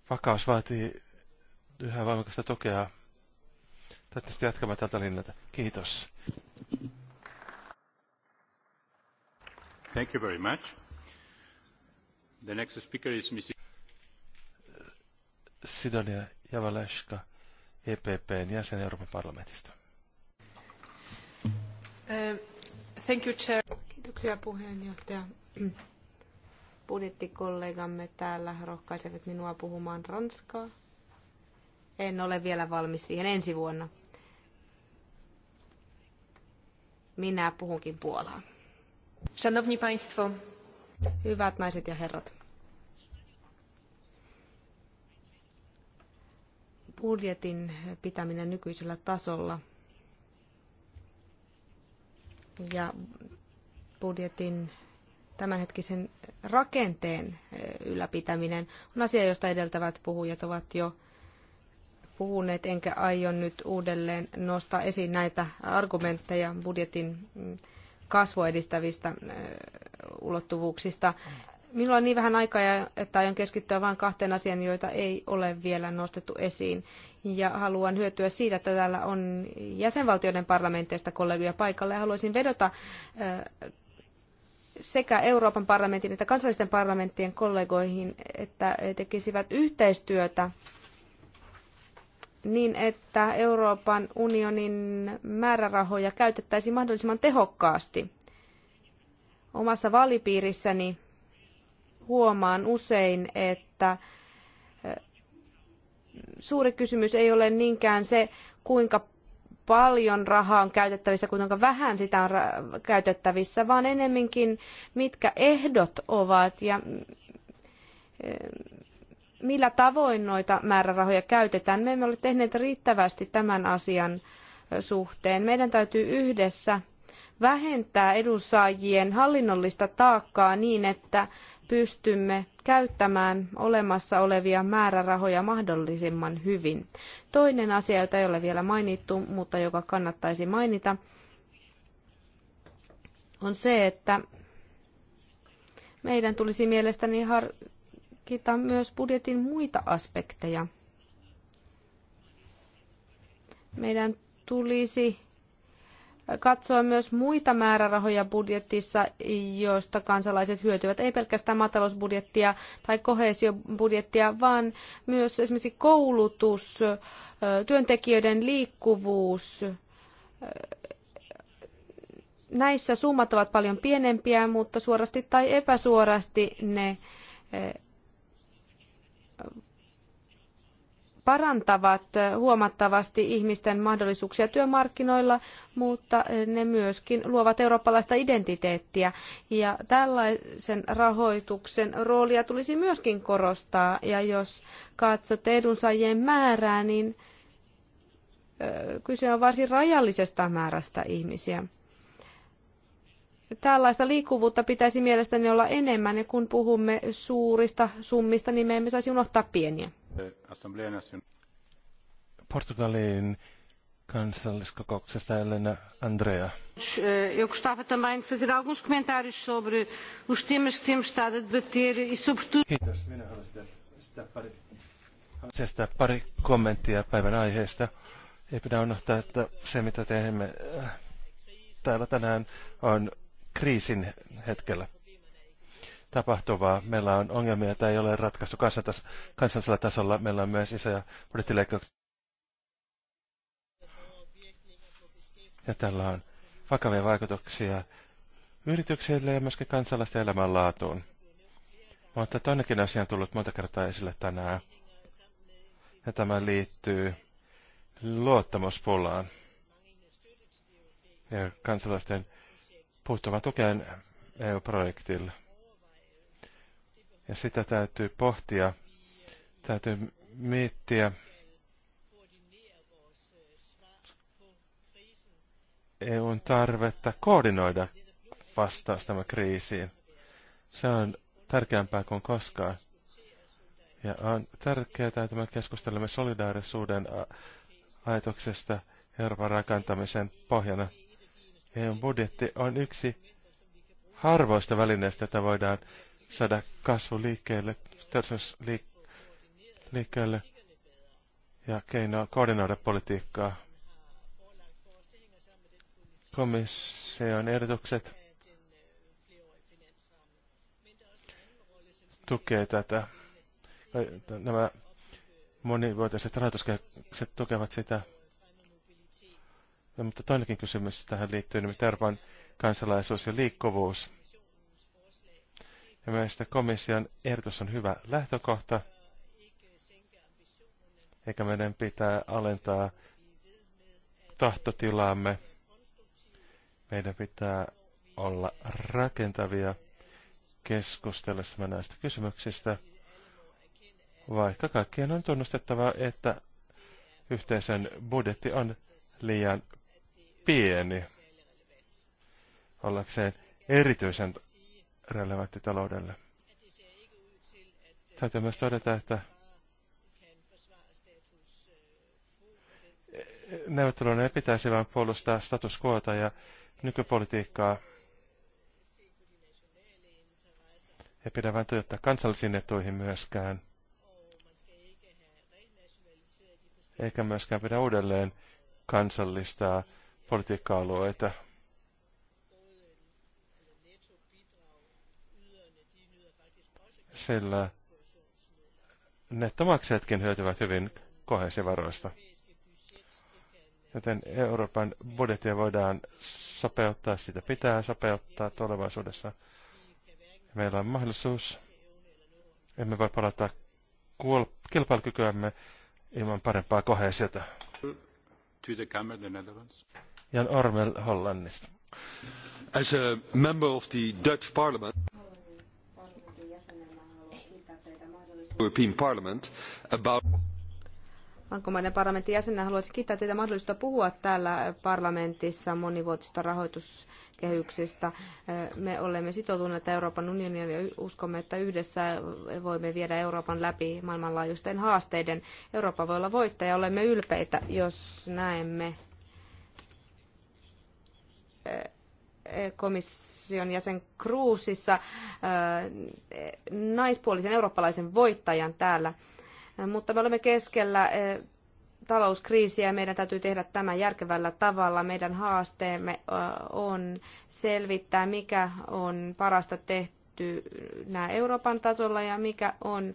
Vakaus vaatii yhä voimakasta tukea. Toivottavasti jatkamme tältä linnalta. Kiitos. Thank you very much. The next speaker is Mrs. Sidonia Javaleska. EPPn jäsen Euroopan parlamentista. Eh, thank you, Chair. Kiitoksia puheenjohtaja. Budjettikollegamme täällä rohkaisevat minua puhumaan ranskaa. En ole vielä valmis siihen ensi vuonna. Minä puhunkin puolaa. Szanowni Państwo. Hyvät naiset ja herrat. budjetin pitäminen nykyisellä tasolla ja budjetin tämänhetkisen rakenteen ylläpitäminen on asia, josta edeltävät puhujat ovat jo puhuneet, enkä aio nyt uudelleen nostaa esiin näitä argumentteja budjetin mm, kasvua edistävistä ulottuvuuksista. Minulla on niin vähän aikaa, että aion keskittyä vain kahteen asiaan, joita ei ole vielä nostettu esiin. Ja haluan hyötyä siitä, että täällä on jäsenvaltioiden parlamenteista kollegoja paikalla. Ja haluaisin vedota sekä Euroopan parlamentin että kansallisten parlamenttien kollegoihin, että tekisivät yhteistyötä niin, että Euroopan unionin määrärahoja käytettäisiin mahdollisimman tehokkaasti. Omassa vaalipiirissäni huomaan usein, että suuri kysymys ei ole niinkään se, kuinka paljon rahaa on käytettävissä, kuinka vähän sitä on käytettävissä, vaan enemminkin mitkä ehdot ovat ja millä tavoin noita määrärahoja käytetään. Me emme ole tehneet riittävästi tämän asian suhteen. Meidän täytyy yhdessä vähentää edunsaajien hallinnollista taakkaa niin, että pystymme käyttämään olemassa olevia määrärahoja mahdollisimman hyvin. Toinen asia, jota ei ole vielä mainittu, mutta joka kannattaisi mainita, on se, että meidän tulisi mielestäni harkita myös budjetin muita aspekteja. Meidän tulisi katsoa myös muita määrärahoja budjetissa, joista kansalaiset hyötyvät. Ei pelkästään maatalousbudjettia tai kohesiobudjettia, vaan myös esimerkiksi koulutus, työntekijöiden liikkuvuus. Näissä summat ovat paljon pienempiä, mutta suorasti tai epäsuorasti ne parantavat huomattavasti ihmisten mahdollisuuksia työmarkkinoilla, mutta ne myöskin luovat eurooppalaista identiteettiä. Ja tällaisen rahoituksen roolia tulisi myöskin korostaa. Ja jos katsotte edunsaajien määrää, niin kyse on varsin rajallisesta määrästä ihmisiä. Tällaista liikkuvuutta pitäisi mielestäni olla enemmän ja kun puhumme suurista summista, niin me emme saisi unohtaa pieniä. Portugalin kansalliskokouksesta Elena Andrea. Eu gostava também de fazer alguns comentários sobre os temas que temos estado a debater e sobretudo... Kiitos. Minä haluaisin sitä pari, pari kommenttia päivän aiheesta. Ei pidä unohtaa, että se mitä teemme äh, täällä tänään on kriisin hetkellä tapahtuvaa. Meillä on ongelmia, joita ei ole ratkaistu kansallisella tasolla. Meillä on myös isoja budjettileikkauksia. Ja tällä on vakavia vaikutuksia yrityksille ja myöskin kansalaisten elämänlaatuun. Mutta toinenkin asia on tullut monta kertaa esille tänään. Ja tämä liittyy luottamuspulaan ja kansalaisten puuttuva tukeen EU-projektille. Ja sitä täytyy pohtia, täytyy miettiä EUn tarvetta koordinoida vastaus tämä kriisiin. Se on tärkeämpää kuin koskaan. Ja on tärkeää, että me keskustelemme solidaarisuuden ajatuksesta Euroopan rakentamisen pohjana meidän budjetti on yksi harvoista välineistä, jota voidaan saada kasvu liikkeelle, liikkeelle ja keino koordinoida politiikkaa. Komission ehdotukset tukee tätä. Nämä monivuotiset rahoituskehykset tukevat sitä. No, mutta toinenkin kysymys tähän liittyy, nimittäin Euroopan kansalaisuus ja liikkuvuus. Ja meistä komission ehdotus on hyvä lähtökohta, eikä meidän pitää alentaa tahtotilaamme. Meidän pitää olla rakentavia keskustellessamme näistä kysymyksistä, vaikka kaikkien on tunnustettava, että yhteisön budjetti on liian pieni ollakseen erityisen relevantti taloudelle. Täytyy myös todeta, että neuvottelun ei pitäisi vain puolustaa status quota ja nykypolitiikkaa. Ei pidä vain tuijottaa kansallisiin etuihin myöskään. Eikä myöskään pidä uudelleen kansallistaa politiikka-alueita. Sillä nettomaksajatkin hyötyvät hyvin kohesivaroista. Joten Euroopan budjettia voidaan sopeuttaa, sitä pitää sopeuttaa tulevaisuudessa. Meillä on mahdollisuus, emme voi palata kilpailukykyämme ilman parempaa kohesiota. To the Camera, the Netherlands. Jan Ormel Hollannista. As a member of the Dutch parliament, European Parliament about parlamentin jäsenenä haluaisin kiittää teitä mahdollisuutta puhua täällä parlamentissa monivuotisesta rahoituskehyksistä. Me olemme sitoutuneita Euroopan unioniin ja uskomme, että yhdessä voimme viedä Euroopan läpi maailmanlaajuisten haasteiden. Eurooppa voi olla voittaja. Olemme ylpeitä, jos näemme komission jäsen Kruusissa äh, naispuolisen eurooppalaisen voittajan täällä. Äh, mutta me olemme keskellä äh, talouskriisiä ja meidän täytyy tehdä tämä järkevällä tavalla. Meidän haasteemme on selvittää, mikä on parasta tehty nämä Euroopan tasolla ja mikä on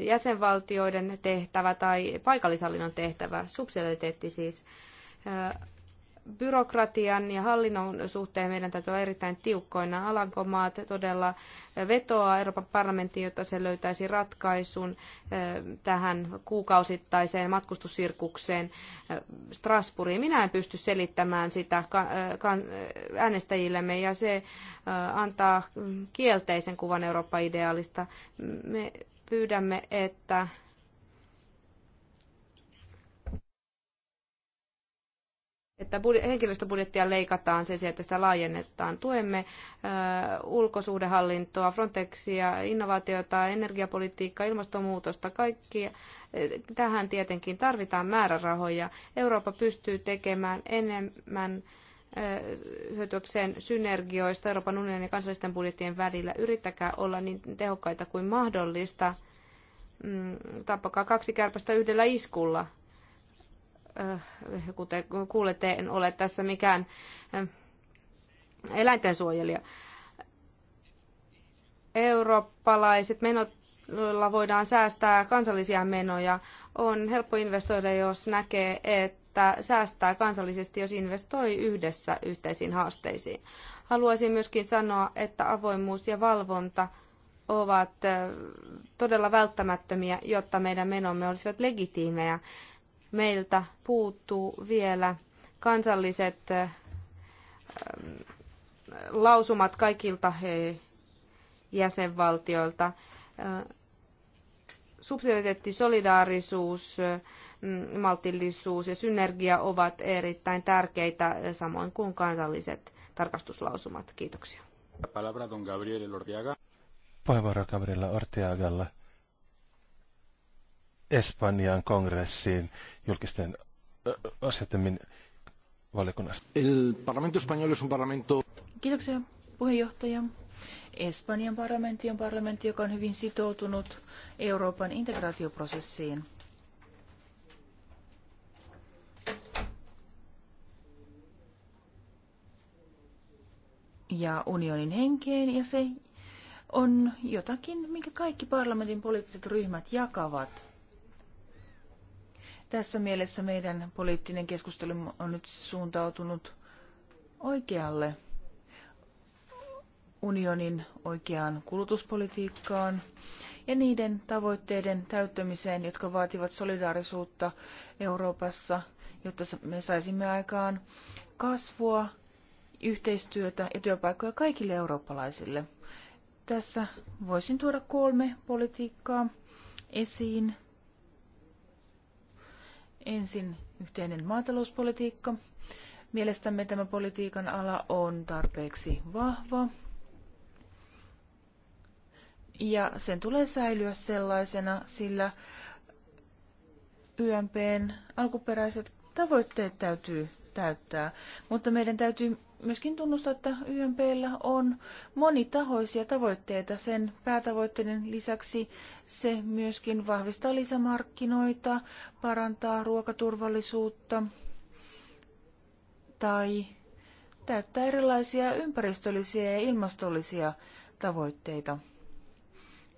jäsenvaltioiden tehtävä tai paikallishallinnon tehtävä, subsidiariteetti siis byrokratian ja hallinnon suhteen meidän täytyy olla erittäin tiukkoina. Alankomaat todella vetoaa Euroopan parlamenttiin, jotta se löytäisi ratkaisun eh, tähän kuukausittaiseen matkustussirkukseen eh, Strasbourgiin. Minä en pysty selittämään sitä eh, äänestäjillemme ja se antaa kielteisen kuvan Eurooppa-ideaalista. Me pyydämme, että että henkilöstöbudjettia leikataan sen sijaan, että sitä laajennetaan. Tuemme ulkosuhdehallintoa, Frontexia, innovaatioita, energiapolitiikkaa, ilmastonmuutosta, kaikki. E, tähän tietenkin tarvitaan määrärahoja. Eurooppa pystyy tekemään enemmän hyötyäkseen synergioista Euroopan unionin ja kansallisten budjettien välillä. Yrittäkää olla niin tehokkaita kuin mahdollista. Mm, tappakaa kaksi kärpästä yhdellä iskulla. Äh, Kuten kuulette, en ole tässä mikään äh, eläintensuojelija. Eurooppalaiset menot joilla voidaan säästää kansallisia menoja, on helppo investoida, jos näkee, että säästää kansallisesti, jos investoi yhdessä yhteisiin haasteisiin. Haluaisin myöskin sanoa, että avoimuus ja valvonta ovat äh, todella välttämättömiä, jotta meidän menomme olisivat legitiimejä meiltä puuttuu vielä kansalliset lausumat kaikilta jäsenvaltioilta. Subsidiariteetti, solidaarisuus, maltillisuus ja synergia ovat erittäin tärkeitä, samoin kuin kansalliset tarkastuslausumat. Kiitoksia. Puheenvuoro Gabriel Ortiagalla. Espanjan kongressiin julkisten asetelmin valiokunnasta. El Parlamento Español es un parlamento... Kiitoksia puheenjohtaja. Espanjan parlamentti on parlamentti, joka on hyvin sitoutunut Euroopan integraatioprosessiin. ja unionin henkeen, ja se on jotakin, minkä kaikki parlamentin poliittiset ryhmät jakavat. Tässä mielessä meidän poliittinen keskustelu on nyt suuntautunut oikealle unionin oikeaan kulutuspolitiikkaan ja niiden tavoitteiden täyttämiseen, jotka vaativat solidaarisuutta Euroopassa, jotta me saisimme aikaan kasvua, yhteistyötä ja työpaikkoja kaikille eurooppalaisille. Tässä voisin tuoda kolme politiikkaa esiin. Ensin yhteinen maatalouspolitiikka. Mielestämme tämä politiikan ala on tarpeeksi vahva. Ja sen tulee säilyä sellaisena, sillä YMPn alkuperäiset tavoitteet täytyy täyttää. Mutta meidän täytyy myöskin tunnustaa, että YMPllä on monitahoisia tavoitteita. Sen päätavoitteiden lisäksi se myöskin vahvistaa lisämarkkinoita, parantaa ruokaturvallisuutta tai täyttää erilaisia ympäristöllisiä ja ilmastollisia tavoitteita.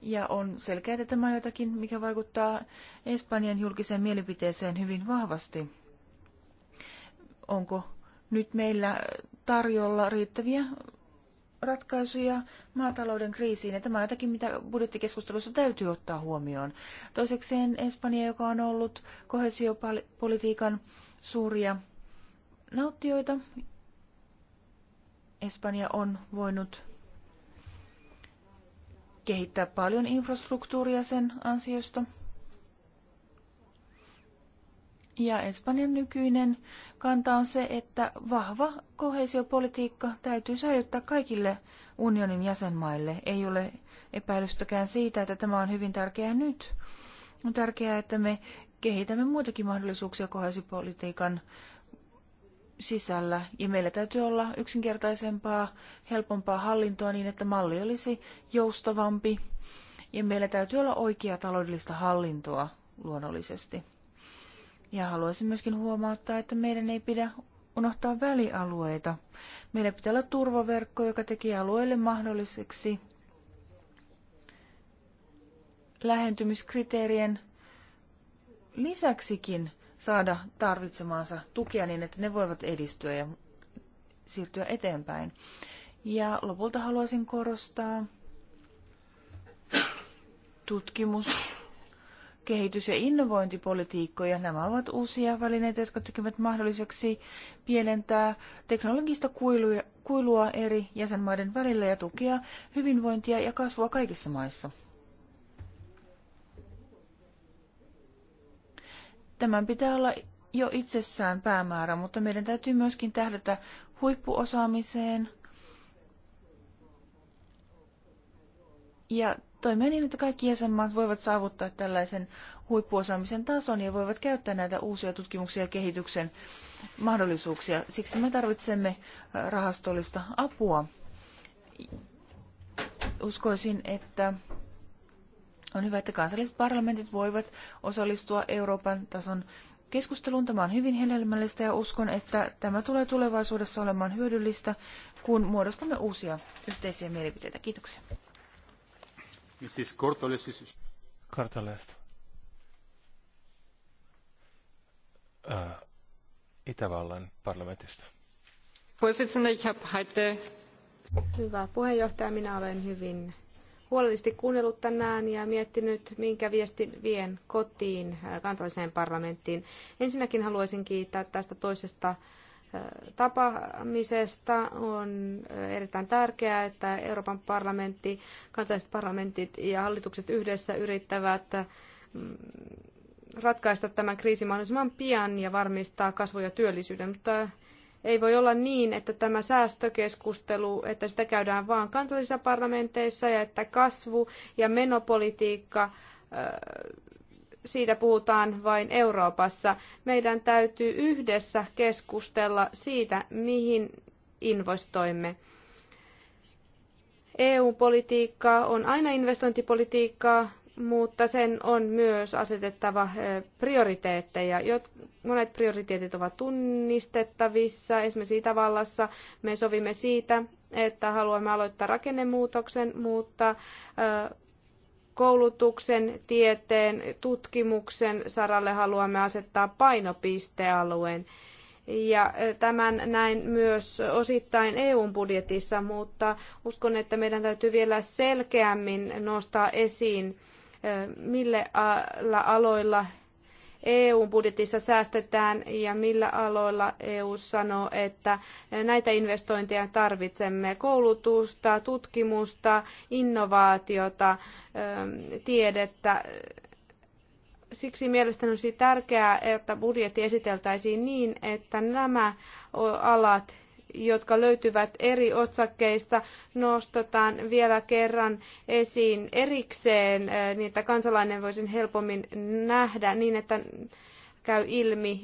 Ja on selkeää, että tämä on jotakin, mikä vaikuttaa Espanjan julkiseen mielipiteeseen hyvin vahvasti onko nyt meillä tarjolla riittäviä ratkaisuja maatalouden kriisiin, ja tämä on jotakin, mitä budjettikeskustelussa täytyy ottaa huomioon. Toisekseen Espanja, joka on ollut kohesiopolitiikan suuria nauttijoita, Espanja on voinut kehittää paljon infrastruktuuria sen ansiosta – ja Espanjan nykyinen kanta on se, että vahva kohesiopolitiikka täytyy säilyttää kaikille unionin jäsenmaille. Ei ole epäilystäkään siitä, että tämä on hyvin tärkeää nyt. On tärkeää, että me kehitämme muitakin mahdollisuuksia kohesiopolitiikan sisällä. Ja meillä täytyy olla yksinkertaisempaa, helpompaa hallintoa niin, että malli olisi joustavampi. Ja meillä täytyy olla oikeaa taloudellista hallintoa luonnollisesti. Ja haluaisin myöskin huomauttaa, että meidän ei pidä unohtaa välialueita. Meillä pitää olla turvaverkko, joka tekee alueelle mahdolliseksi lähentymiskriteerien lisäksikin saada tarvitsemaansa tukea niin, että ne voivat edistyä ja siirtyä eteenpäin. Ja lopulta haluaisin korostaa tutkimus kehitys- ja innovointipolitiikkoja. Nämä ovat uusia välineitä, jotka tekevät mahdolliseksi pienentää teknologista kuilua, kuilua eri jäsenmaiden välillä ja tukea hyvinvointia ja kasvua kaikissa maissa. Tämän pitää olla jo itsessään päämäärä, mutta meidän täytyy myöskin tähdätä huippuosaamiseen – ja toimia niin, että kaikki jäsenmaat voivat saavuttaa tällaisen huippuosaamisen tason ja voivat käyttää näitä uusia tutkimuksia ja kehityksen mahdollisuuksia. Siksi me tarvitsemme rahastollista apua. Uskoisin, että on hyvä, että kansalliset parlamentit voivat osallistua Euroopan tason keskusteluun. Tämä on hyvin hedelmällistä ja uskon, että tämä tulee tulevaisuudessa olemaan hyödyllistä, kun muodostamme uusia yhteisiä mielipiteitä. Kiitoksia. Mrs. Kortoles is... Kortoles. Äh, Itävallan parlamentista. Hyvä puheenjohtaja, minä olen hyvin huolellisesti kuunnellut tänään ja miettinyt, minkä viestin vien kotiin äh, kansalliseen parlamenttiin. Ensinnäkin haluaisin kiittää tästä toisesta tapaamisesta. On äh, erittäin tärkeää, että Euroopan parlamentti, kansalliset parlamentit ja hallitukset yhdessä yrittävät äh, mm, ratkaista tämän kriisin mahdollisimman pian ja varmistaa kasvu- ja työllisyyden, mutta äh, ei voi olla niin, että tämä säästökeskustelu, että sitä käydään vain kansallisissa parlamenteissa ja että kasvu- ja menopolitiikka siitä puhutaan vain Euroopassa. Meidän täytyy yhdessä keskustella siitä, mihin investoimme. EU-politiikka on aina investointipolitiikkaa, mutta sen on myös asetettava prioriteetteja. Monet prioriteetit ovat tunnistettavissa. Esimerkiksi Itävallassa me sovimme siitä, että haluamme aloittaa rakennemuutoksen, mutta koulutuksen, tieteen, tutkimuksen saralle haluamme asettaa painopistealueen. Ja tämän näin myös osittain eu budjetissa, mutta uskon, että meidän täytyy vielä selkeämmin nostaa esiin, millä aloilla EU-budjetissa säästetään ja millä aloilla EU sanoo, että näitä investointeja tarvitsemme. Koulutusta, tutkimusta, innovaatiota, ähm, tiedettä. Siksi mielestäni olisi tärkeää, että budjetti esiteltäisiin niin, että nämä alat jotka löytyvät eri otsakkeista, nostetaan vielä kerran esiin erikseen, niin että kansalainen voi sen helpommin nähdä, niin että käy ilmi,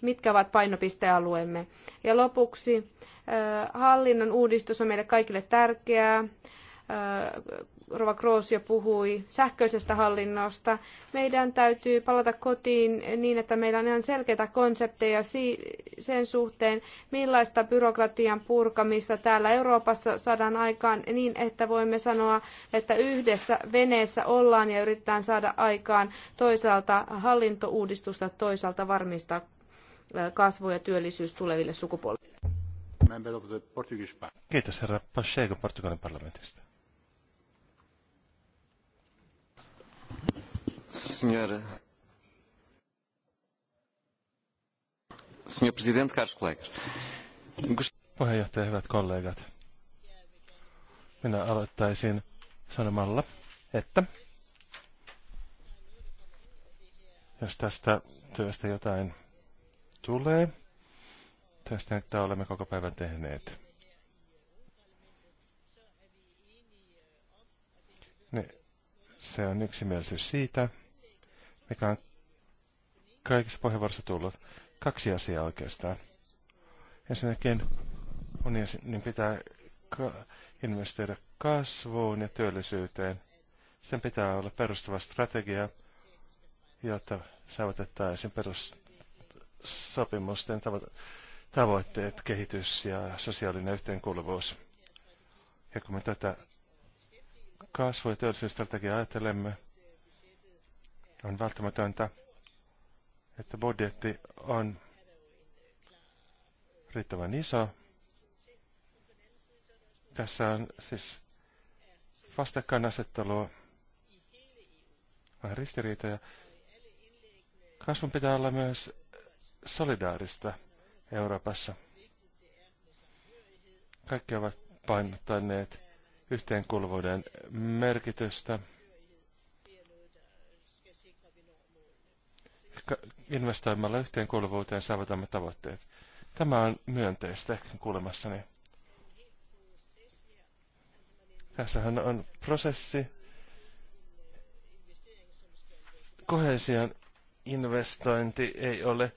mitkä ovat painopistealueemme. Ja lopuksi hallinnon uudistus on meille kaikille tärkeää Rova Kroos jo puhui sähköisestä hallinnosta. Meidän täytyy palata kotiin niin, että meillä on ihan selkeitä konsepteja sen suhteen, millaista byrokratian purkamista täällä Euroopassa saadaan aikaan niin, että voimme sanoa, että yhdessä veneessä ollaan ja yritetään saada aikaan toisaalta hallintouudistusta, toisaalta varmistaa kasvu ja työllisyys tuleville sukupolville. Kiitos herra Pacheco Portugalin parlamentista. Senhora. Senhor Presidente, caros colegas. Puheenjohtaja, hyvät kollegat. Minä aloittaisin sanomalla, että jos tästä työstä jotain tulee, tästä että olemme koko päivän tehneet. Niin, se on yksimielisyys siitä, mikä on kaikissa puheenvuorossa tullut. Kaksi asiaa oikeastaan. Ensinnäkin on niin pitää investoida kasvuun ja työllisyyteen. Sen pitää olla perustuva strategia, jotta saavutettaisiin perussopimusten tavo- tavoitteet, kehitys ja sosiaalinen yhteenkuuluvuus. Ja kun me tätä kasvu- ja työllisyysstrategiaa ajattelemme, on välttämätöntä, että budjetti on riittävän iso. Tässä on siis vastakkainasettelua, vähän ristiriitoja. Kasvun pitää olla myös solidaarista Euroopassa. Kaikki ovat painottaneet yhteenkuuluvuuden merkitystä – investoimalla kuuluvuuteen saavutamme tavoitteet. Tämä on myönteistä kuulemassani. Tässähän on prosessi kohesion investointi ei ole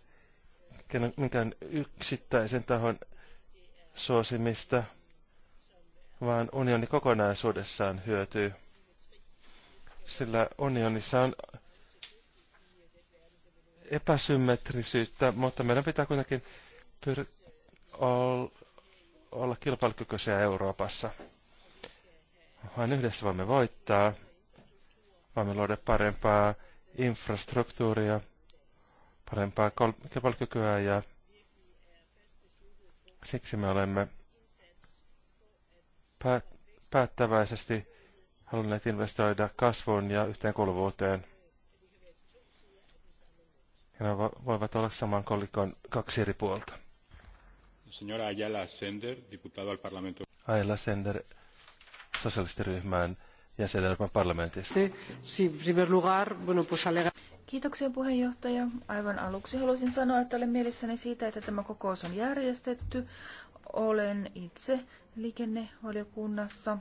minkään yksittäisen tahon suosimista, vaan unioni kokonaisuudessaan hyötyy. Sillä unionissa on epäsymmetrisyyttä, mutta meidän pitää kuitenkin pyr- olla kilpailukykyisiä Euroopassa. Vain yhdessä voimme voittaa, voimme luoda parempaa infrastruktuuria, parempaa kilpailukykyä ja siksi me olemme päättäväisesti halunneet investoida kasvuun ja yhteenkuuluvuuteen. Ja ne voivat olla saman kolikon kaksi eri puolta. Señora Ayala Sender, diputado al Parlamento. Ayala Sender, sosialistiryhmän jäsen Euroopan parlamentista. Sí, primer lugar, bueno, pues alega... Kiitoksia puheenjohtaja. Aivan aluksi haluaisin sanoa, että olen mielessäni siitä, että tämä kokous on järjestetty. Olen itse liikennevaliokunnassa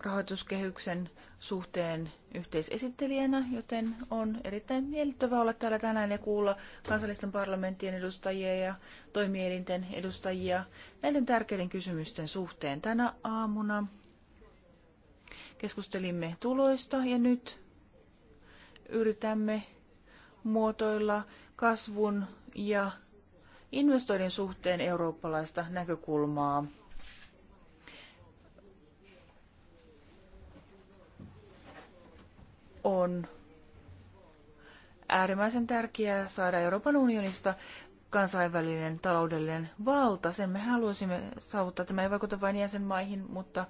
rahoituskehyksen suhteen yhteisesittelijänä, joten on erittäin miellyttävää olla täällä tänään ja kuulla kansallisten parlamenttien edustajia ja toimielinten edustajia näiden tärkeiden kysymysten suhteen. Tänä aamuna keskustelimme tuloista ja nyt yritämme muotoilla kasvun ja investoinnin suhteen eurooppalaista näkökulmaa. on äärimmäisen tärkeää saada Euroopan unionista kansainvälinen taloudellinen valta. Sen me haluaisimme saavuttaa. Tämä ei vaikuta vain jäsenmaihin, mutta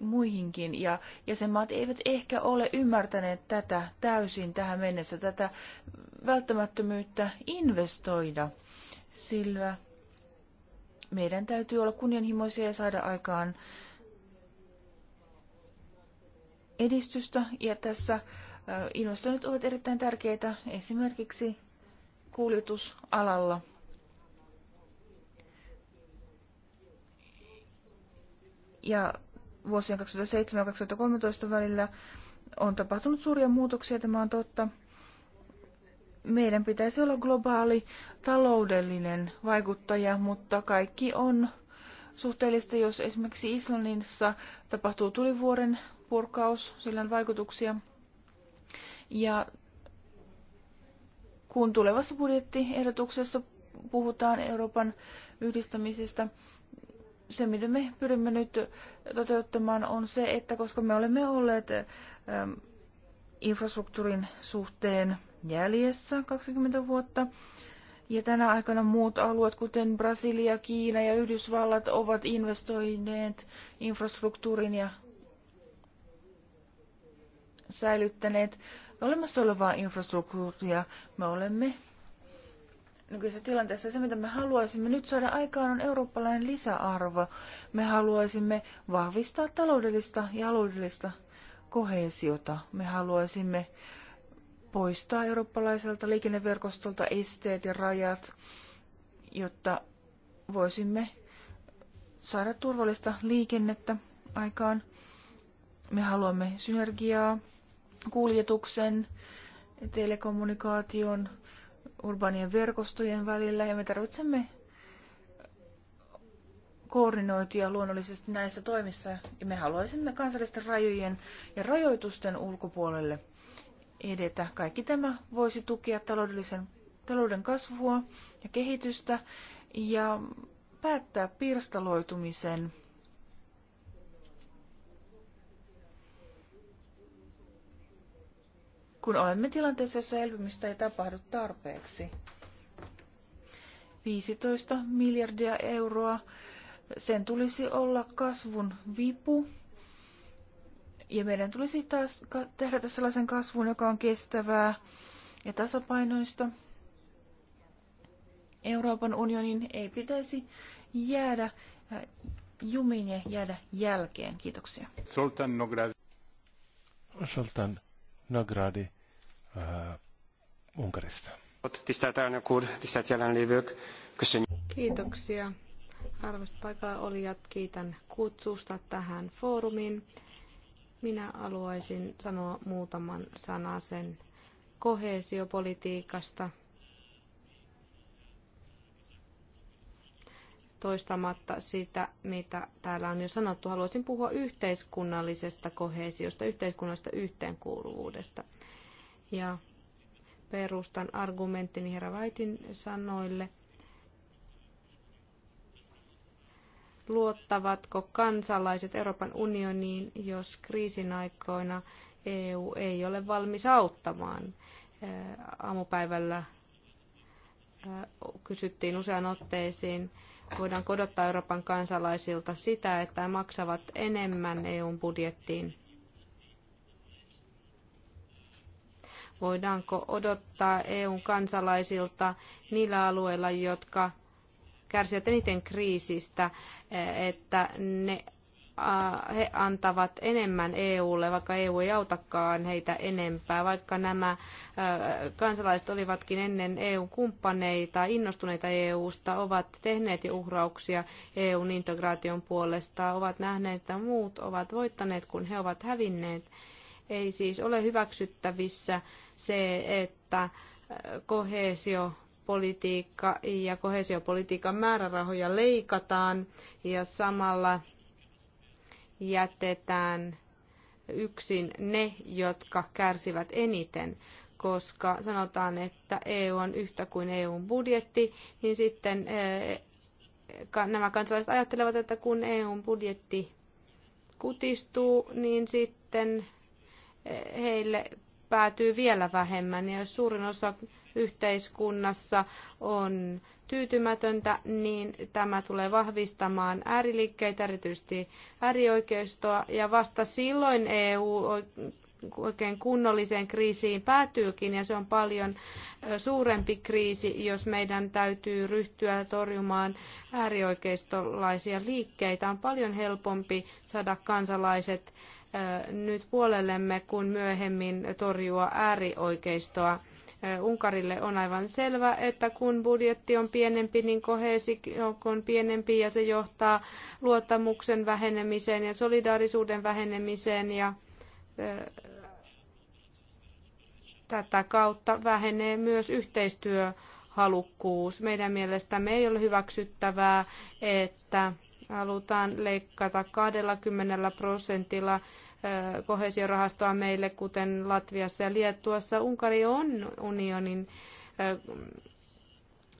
muihinkin. Ja jäsenmaat eivät ehkä ole ymmärtäneet tätä täysin tähän mennessä, tätä välttämättömyyttä investoida, sillä meidän täytyy olla kunnianhimoisia ja saada aikaan edistystä. Ja tässä Investoinnit ovat erittäin tärkeitä esimerkiksi kuljetusalalla. Ja vuosien 2007 ja 2013 välillä on tapahtunut suuria muutoksia, tämä on totta. Meidän pitäisi olla globaali taloudellinen vaikuttaja, mutta kaikki on suhteellista, jos esimerkiksi Islannissa tapahtuu tulivuoren purkaus, sillä on vaikutuksia – ja kun tulevassa budjettiehdotuksessa puhutaan Euroopan yhdistämisestä, se, mitä me pyrimme nyt toteuttamaan, on se, että koska me olemme olleet ähm, infrastruktuurin suhteen jäljessä 20 vuotta, ja tänä aikana muut alueet, kuten Brasilia, Kiina ja Yhdysvallat, ovat investoineet infrastruktuurin ja säilyttäneet olemassa olevaa infrastruktuuria. Me olemme nykyisessä tilanteessa se, mitä me haluaisimme nyt saada aikaan, on eurooppalainen lisäarvo. Me haluaisimme vahvistaa taloudellista ja alueellista kohesiota. Me haluaisimme poistaa eurooppalaiselta liikenneverkostolta esteet ja rajat, jotta voisimme saada turvallista liikennettä aikaan. Me haluamme synergiaa kuljetuksen, telekommunikaation, urbanien verkostojen välillä ja me tarvitsemme koordinointia luonnollisesti näissä toimissa ja me haluaisimme kansallisten rajojen ja rajoitusten ulkopuolelle edetä. Kaikki tämä voisi tukea taloudellisen, talouden kasvua ja kehitystä ja päättää pirstaloitumisen kun olemme tilanteessa, jossa elpymistä ei tapahdu tarpeeksi. 15 miljardia euroa. Sen tulisi olla kasvun vipu. Ja meidän tulisi taas tehdä tässä sellaisen kasvun, joka on kestävää ja tasapainoista. Euroopan unionin ei pitäisi jäädä äh, jumiin ja jäädä jälkeen. Kiitoksia. Sultan Nograd. Sultan Nagradi äh, eh, Unkarista. Tisztelt elnök úr, tisztelt jelenlévők, köszönjük. Kiitoksia. Arvoisat paikalla olijat, kiitän kutsusta tähän foorumiin. Minä haluaisin sanoa muutaman sanasen sen toistamatta sitä, mitä täällä on jo sanottu. Haluaisin puhua yhteiskunnallisesta kohesiosta, yhteiskunnallisesta yhteenkuuluvuudesta. Ja perustan argumenttini herra Vaitin sanoille. Luottavatko kansalaiset Euroopan unioniin, jos kriisin aikoina EU ei ole valmis auttamaan? Aamupäivällä kysyttiin usean otteisiin voidaan odottaa Euroopan kansalaisilta sitä, että he maksavat enemmän EUn budjettiin? Voidaanko odottaa EUn kansalaisilta niillä alueilla, jotka kärsivät eniten kriisistä, että ne he antavat enemmän EUlle, vaikka EU ei autakaan heitä enempää, vaikka nämä kansalaiset olivatkin ennen EU-kumppaneita, innostuneita EUsta, ovat tehneet jo uhrauksia EUn integraation puolesta, ovat nähneet, että muut ovat voittaneet, kun he ovat hävinneet. Ei siis ole hyväksyttävissä se, että kohesio politiikka ja kohesiopolitiikan määrärahoja leikataan ja samalla jätetään yksin ne, jotka kärsivät eniten, koska sanotaan, että EU on yhtä kuin EUn budjetti, niin sitten eh, nämä kansalaiset ajattelevat, että kun EUn budjetti kutistuu, niin sitten eh, heille päätyy vielä vähemmän. Ja jos suurin osa yhteiskunnassa on tyytymätöntä, niin tämä tulee vahvistamaan ääriliikkeitä, erityisesti äärioikeistoa, ja vasta silloin EU oikein kunnolliseen kriisiin päätyykin, ja se on paljon suurempi kriisi, jos meidän täytyy ryhtyä torjumaan äärioikeistolaisia liikkeitä. On paljon helpompi saada kansalaiset nyt puolellemme kuin myöhemmin torjua äärioikeistoa. Unkarille on aivan selvä, että kun budjetti on pienempi, niin kohesi on pienempi ja se johtaa luottamuksen vähenemiseen ja solidaarisuuden vähenemiseen ja tätä kautta vähenee myös yhteistyöhalukkuus. Meidän mielestämme ei ole hyväksyttävää, että halutaan leikata 20 prosentilla kohesiorahastoa meille, kuten Latviassa ja Liettuassa. Unkari on unionin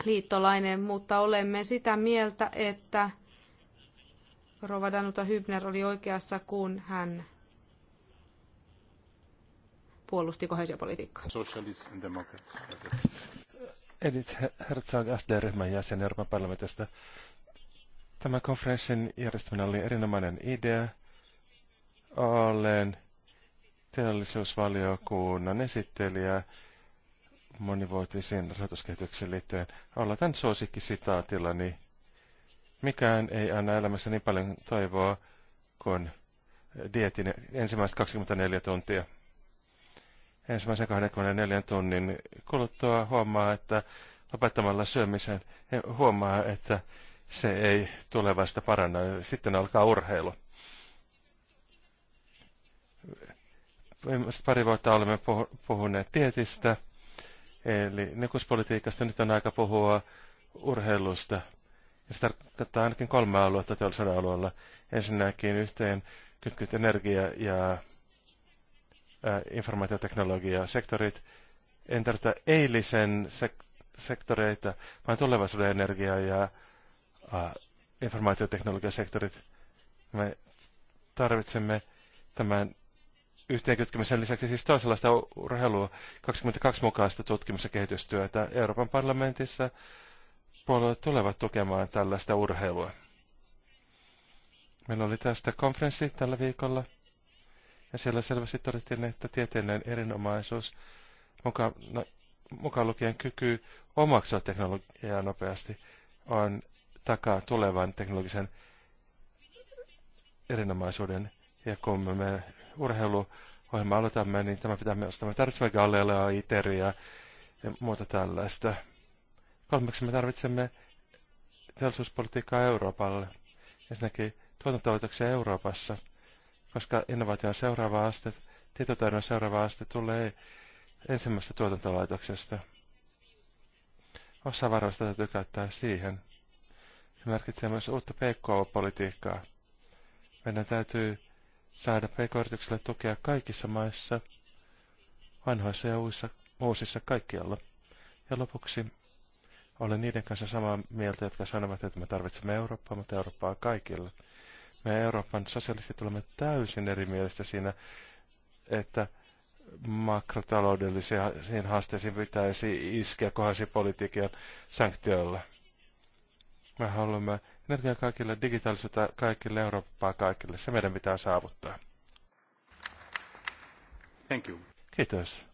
liittolainen, mutta olemme sitä mieltä, että Rova Danuta Hybner oli oikeassa, kun hän puolusti kohesiopolitiikkaa. Edith Herzog, SD-ryhmän jäsen Euroopan parlamentista. Tämä konferenssin järjestäminen oli erinomainen idea. Aalleen teollisuusvaliokunnan esittelijä monivuotisiin rahoituskehitykseen liittyen. Aloitan suosikkisitaatillani. Mikään ei anna elämässä niin paljon toivoa kuin dietin ensimmäiset 24 tuntia. Ensimmäisen 24 tunnin kuluttua huomaa, että lopettamalla syömisen huomaa, että se ei tulevasta paranna. Sitten alkaa urheilu. pari vuotta olemme puhuneet tietistä, eli nykyispolitiikasta nyt on aika puhua urheilusta. Ja se tarkoittaa ainakin kolme aluetta teollisuuden alueella. Ensinnäkin yhteen kytkyt energia- ja informaatioteknologia-sektorit. En tarkoita eilisen sek- sektoreita, vaan tulevaisuuden energia- ja ää, informaatioteknologiasektorit. Me tarvitsemme tämän yhteenkytkemisen lisäksi siis toisenlaista urheilua 22 mukaista tutkimus- ja kehitystyötä Euroopan parlamentissa. Puolueet tulevat tukemaan tällaista urheilua. Meillä oli tästä konferenssi tällä viikolla, ja siellä selvästi todettiin, että tieteellinen erinomaisuus, mukaan, no, mukaan lukien kyky omaksua teknologiaa nopeasti, on takaa tulevan teknologisen erinomaisuuden. Ja kun me urheiluohjelma aloitamme, niin tämä pitää myös. Me tarvitsemme Galileoa, Iteria ja muuta tällaista. Kolmeksi me tarvitsemme teollisuuspolitiikkaa Euroopalle. Ensinnäkin tuotantolaitoksia Euroopassa, koska innovaatio on seuraava aste, tietotaidon seuraava aste tulee ensimmäisestä tuotantolaitoksesta. Osa varoista täytyy käyttää siihen. Se merkitsee myös uutta PK-politiikkaa. Meidän täytyy saada pk-yritykselle tukea kaikissa maissa, vanhoissa ja uusissa, uusissa kaikkialla. Ja lopuksi olen niiden kanssa samaa mieltä, jotka sanovat, että me tarvitsemme Eurooppaa, mutta Eurooppaa kaikille. Me Euroopan sosialistit olemme täysin eri mielestä siinä, että makrotaloudellisiin haasteisiin pitäisi iskeä kohdallisiin politiikan sanktioilla. Me haluamme Energiaa kaikille, digitaalisuutta kaikille, Eurooppaa kaikille. Se meidän pitää saavuttaa. Thank you. Kiitos.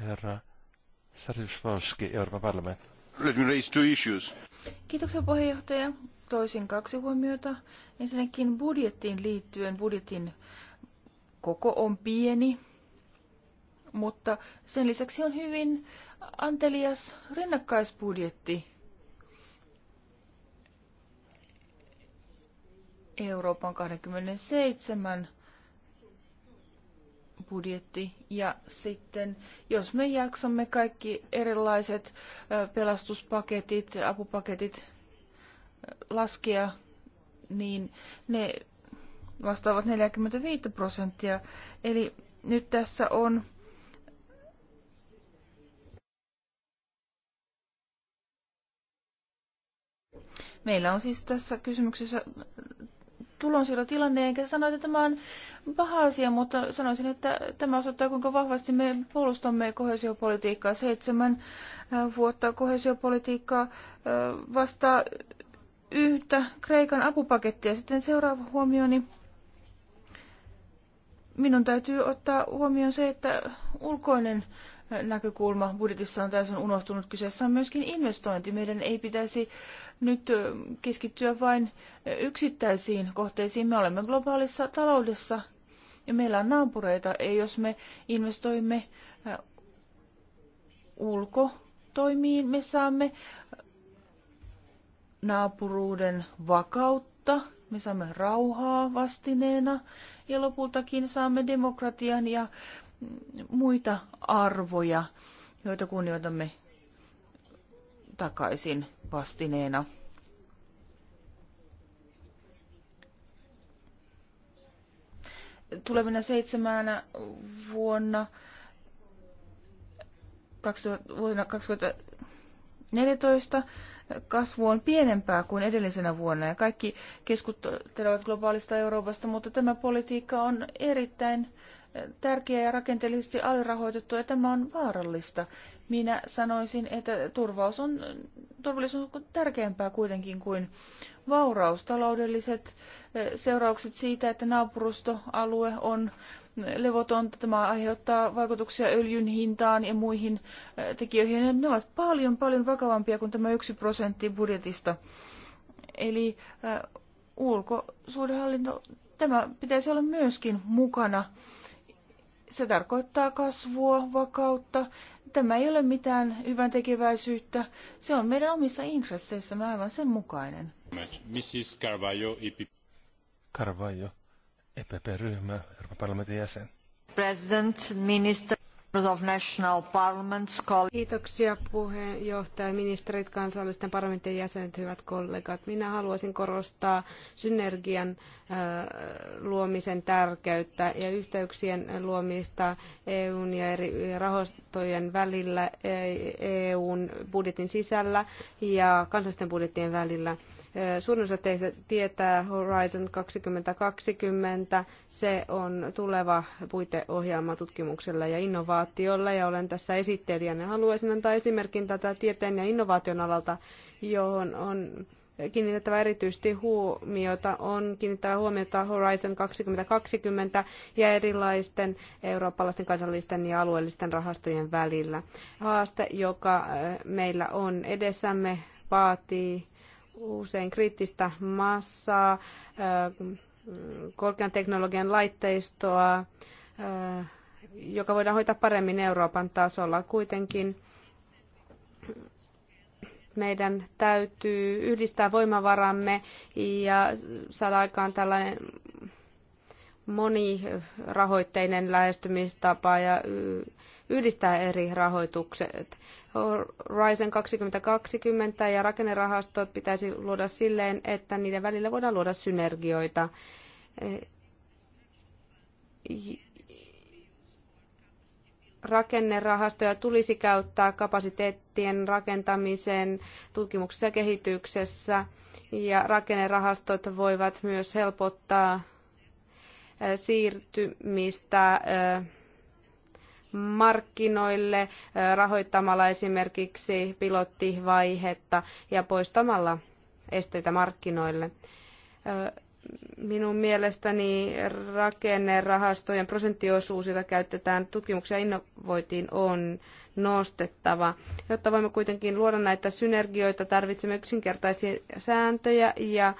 Herra Sarjusvonski, Euroopan parlamentti. Let me raise two issues. Kiitoksia puheenjohtaja. Toisin kaksi huomiota. Ensinnäkin budjettiin liittyen budjetin koko on pieni, mutta sen lisäksi on hyvin antelias rinnakkaisbudjetti Euroopan 27 budjetti. Ja sitten, jos me jaksamme kaikki erilaiset pelastuspaketit, apupaketit laskea, niin ne vastaavat 45 prosenttia. Eli nyt tässä on Meillä on siis tässä kysymyksessä tulonsiirrotilanne, enkä sano, että tämä on paha asia, mutta sanoisin, että tämä osoittaa, kuinka vahvasti me puolustamme kohesiopolitiikkaa. Seitsemän vuotta kohesiopolitiikkaa vastaa yhtä Kreikan apupakettia. Sitten seuraava huomioni. Minun täytyy ottaa huomioon se, että ulkoinen näkökulma budjetissa on täysin unohtunut. Kyseessä on myöskin investointi. Meidän ei pitäisi nyt keskittyä vain yksittäisiin kohteisiin. Me olemme globaalissa taloudessa ja meillä on naapureita. ei jos me investoimme ulkotoimiin, me saamme naapuruuden vakautta, me saamme rauhaa vastineena ja lopultakin saamme demokratian ja mm, muita arvoja, joita kunnioitamme takaisin vastineena. Tulevina seitsemänä vuonna 2014 kasvu on pienempää kuin edellisenä vuonna ja kaikki keskustelevat globaalista Euroopasta, mutta tämä politiikka on erittäin tärkeä ja rakenteellisesti alirahoitettu ja tämä on vaarallista minä sanoisin, että turvaus on, turvallisuus on tärkeämpää kuitenkin kuin vauraus. Taloudelliset eh, seuraukset siitä, että naapurustoalue on levotonta, tämä aiheuttaa vaikutuksia öljyn hintaan ja muihin eh, tekijöihin. Ne ovat paljon, paljon vakavampia kuin tämä yksi prosentti budjetista. Eli eh, ulkosuhdehallinto, tämä pitäisi olla myöskin mukana. Se tarkoittaa kasvua, vakautta Tämä ei ole mitään hyvän tekeväisyyttä. Se on meidän omissa intresseissämme aivan sen mukainen. Mrs. Carvalho, EPP. Carvalho, EPP-ryhmä, Euroopan parlamentin jäsen. President, minister arvoisa puhemies ministerit, kansallisten parlamenttien jäsenet, hyvät kollegat. Minä haluaisin korostaa synergian äh, luomisen tärkeyttä ja yhteyksien luomista EUn ja eri rahastojen välillä, e- e- EUn budjetin sisällä ja kansallisten budjettien välillä Suurin osa teistä tietää Horizon 2020. Se on tuleva puiteohjelma tutkimuksella ja innovaatiolla ja olen tässä esittelijänä. Haluaisin antaa esimerkin tätä tieteen ja innovaation alalta, johon on kiinnitettävä erityisesti huomiota on kiinnittävä huomiota Horizon 2020 ja erilaisten eurooppalaisten kansallisten ja alueellisten rahastojen välillä. Haaste, joka eh, meillä on edessämme, vaatii usein kriittistä massaa, korkean teknologian laitteistoa, joka voidaan hoitaa paremmin Euroopan tasolla. Kuitenkin meidän täytyy yhdistää voimavaramme ja saada aikaan tällainen monirahoitteinen lähestymistapa ja yhdistää eri rahoitukset. Horizon 2020 ja rakennerahastot pitäisi luoda silleen, että niiden välillä voidaan luoda synergioita. Rakennerahastoja tulisi käyttää kapasiteettien rakentamiseen tutkimuksessa ja kehityksessä, ja rakennerahastot voivat myös helpottaa siirtymistä markkinoille rahoittamalla esimerkiksi pilottivaihetta ja poistamalla esteitä markkinoille. Minun mielestäni rakennerahastojen prosenttiosuus, jota käytetään tutkimuksia innovointiin, on nostettava. Jotta voimme kuitenkin luoda näitä synergioita, tarvitsemme yksinkertaisia sääntöjä ja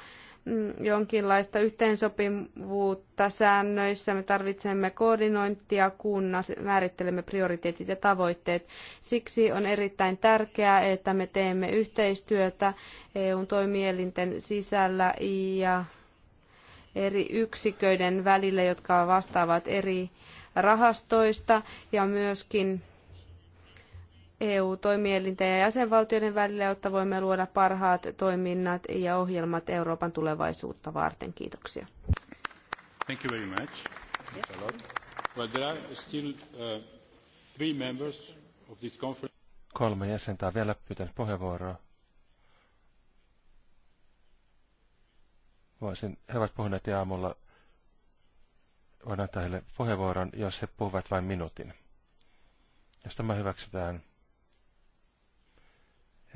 Mm, jonkinlaista yhteensopivuutta säännöissä. Me tarvitsemme koordinointia, kun määrittelemme prioriteetit ja tavoitteet. Siksi on erittäin tärkeää, että me teemme yhteistyötä EUn toimielinten sisällä ja eri yksiköiden välillä, jotka vastaavat eri rahastoista ja myöskin EU-toimielinten ja jäsenvaltioiden välillä, jotta voimme luoda parhaat toiminnat ja ohjelmat Euroopan tulevaisuutta varten. Kiitoksia. Thank you very much. Well, there are still, uh, three members of this conference. Kolme jäsentä on vielä pyytänyt puheenvuoroa. Voisin, he ovat puhuneet ja aamulla. Voin antaa heille puheenvuoron, jos he puhuvat vain minuutin. Jos tämä hyväksytään,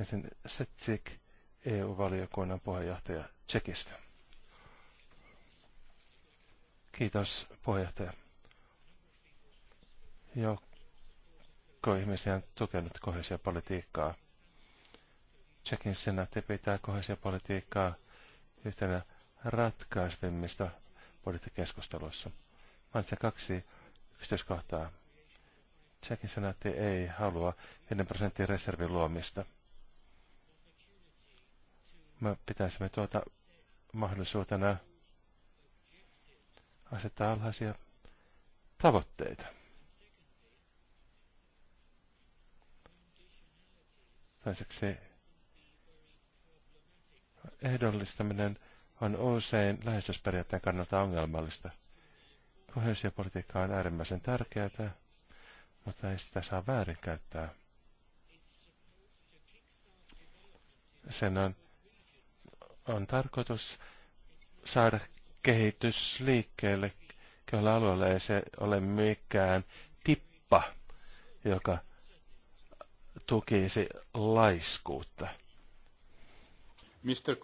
Ensin Setsik, EU-valiokunnan puheenjohtaja Tsekistä. Kiitos puheenjohtaja. Joukko ihmisiä on tukenut kohesiopolitiikkaa. Tsekin senaatti pitää kohesiopolitiikkaa yhtenä ratkaisvimmista budjettikeskusteluissa. Mainitsen kaksi yksityiskohtaa. Tsekin senaatti ei halua 1 prosentin reservin luomista – me pitäisimme tuota mahdollisuutena asettaa alhaisia tavoitteita. Toiseksi ehdollistaminen on usein läheisyysperiaatteen kannalta ongelmallista. Kohesiopolitiikka on äärimmäisen tärkeää, mutta ei sitä saa väärinkäyttää. Sen on on tarkoitus saada kehitys liikkeelle köyhällä alueella. Ei se ole mikään tippa, joka tukisi laiskuutta. Mr.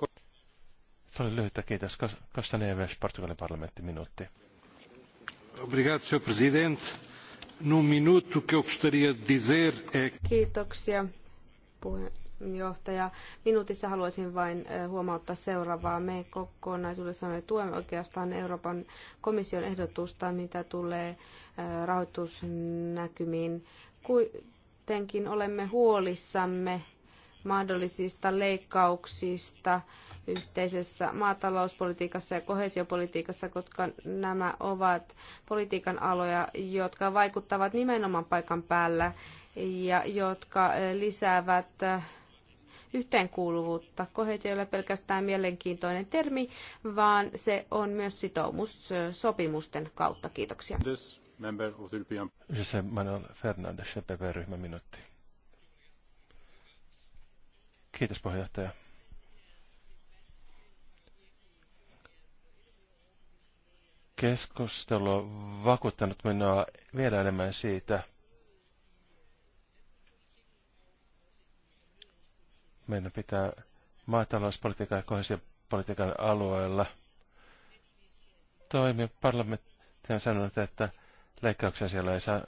se oli lyhyttä, kiitos. Kosta Neves, Portugalin parlamentti, minuutti. Obrigado, senhor presidente. minuto que eu gostaria de dizer é... Kiitoksia, puhe- johtaja. Minuutissa haluaisin vain huomauttaa seuraavaa. Me kokonaisuudessaan me tuemme oikeastaan Euroopan komission ehdotusta, mitä tulee rahoitusnäkymiin. Kuitenkin olemme huolissamme mahdollisista leikkauksista yhteisessä maatalouspolitiikassa ja kohesiopolitiikassa, koska nämä ovat politiikan aloja, jotka vaikuttavat nimenomaan paikan päällä ja jotka lisäävät yhteenkuuluvuutta. Kohesio ei ole pelkästään mielenkiintoinen termi, vaan se on myös sitoumus sopimusten kautta. Kiitoksia. Fernandes, Kiitos puheenjohtaja. Keskustelu on vakuuttanut minua vielä enemmän siitä, Meidän pitää maatalouspolitiikan ja kohesiopolitiikan alueella toimia. Parlamentti on sanonut, että leikkauksia siellä ei saa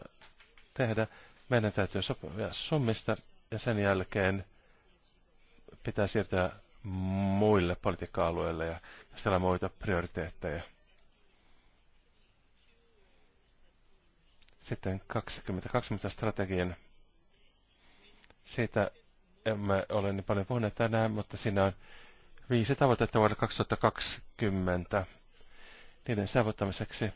tehdä. Meidän täytyy sopia summista ja sen jälkeen pitää siirtyä muille politiikka-alueille ja siellä muita prioriteetteja. Sitten 2020 strategian. Siitä emme ole niin paljon puhuneet tänään, mutta siinä on viisi tavoitetta vuodelle 2020. Niiden saavuttamiseksi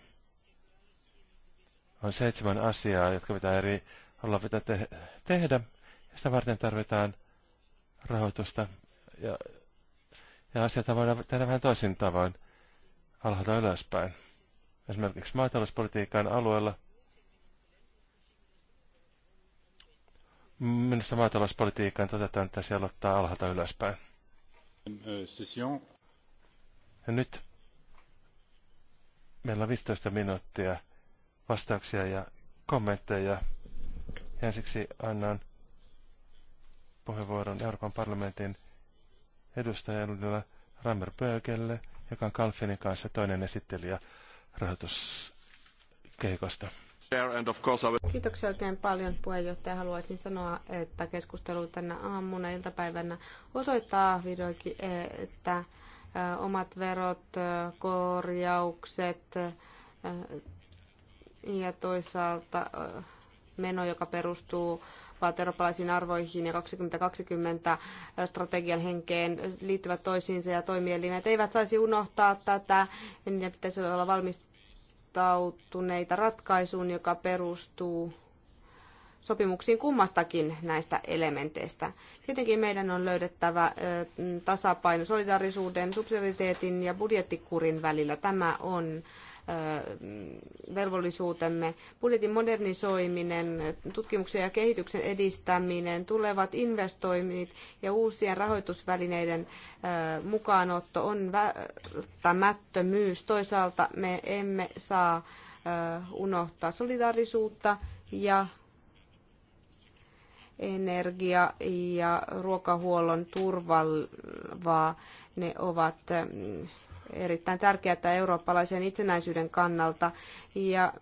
on seitsemän asiaa, jotka pitää eri olla pitää te- tehdä. Ja sitä varten tarvitaan rahoitusta ja, ja asioita voidaan tehdä vähän toisin tavoin alhaalta ylöspäin. Esimerkiksi maatalouspolitiikan alueella – Minusta maatalouspolitiikan toteutetaan tässä aloittaa alhaalta ylöspäin. Ja nyt meillä on 15 minuuttia vastauksia ja kommentteja. Ja ensiksi annan puheenvuoron Euroopan parlamentin edustajalle Rammer Bögelle, joka on Kalfinin kanssa toinen esittelijä rahoituskehikosta. Kiitoksia oikein paljon puheenjohtaja. Haluaisin sanoa, että keskustelu tänä aamuna iltapäivänä osoittaa vihdoinkin, että omat verot, korjaukset ja toisaalta meno, joka perustuu vaatii eurooppalaisiin arvoihin ja 2020 strategian henkeen liittyvät toisiinsa ja toimielimet eivät saisi unohtaa tätä. Niiden pitäisi olla valmis valmistautuneita ratkaisuun, joka perustuu sopimuksiin kummastakin näistä elementeistä. Tietenkin meidän on löydettävä tasapaino solidaarisuuden, subsidiariteetin ja budjettikurin välillä. Tämä on velvollisuutemme. Budjetin modernisoiminen, tutkimuksen ja kehityksen edistäminen, tulevat investoinnit ja uusien rahoitusvälineiden mukaanotto on välttämättömyys. Toisaalta me emme saa unohtaa solidaarisuutta ja energia- ja ruokahuollon turvaa. Ne ovat erittäin tärkeää eurooppalaisen itsenäisyyden kannalta. Ja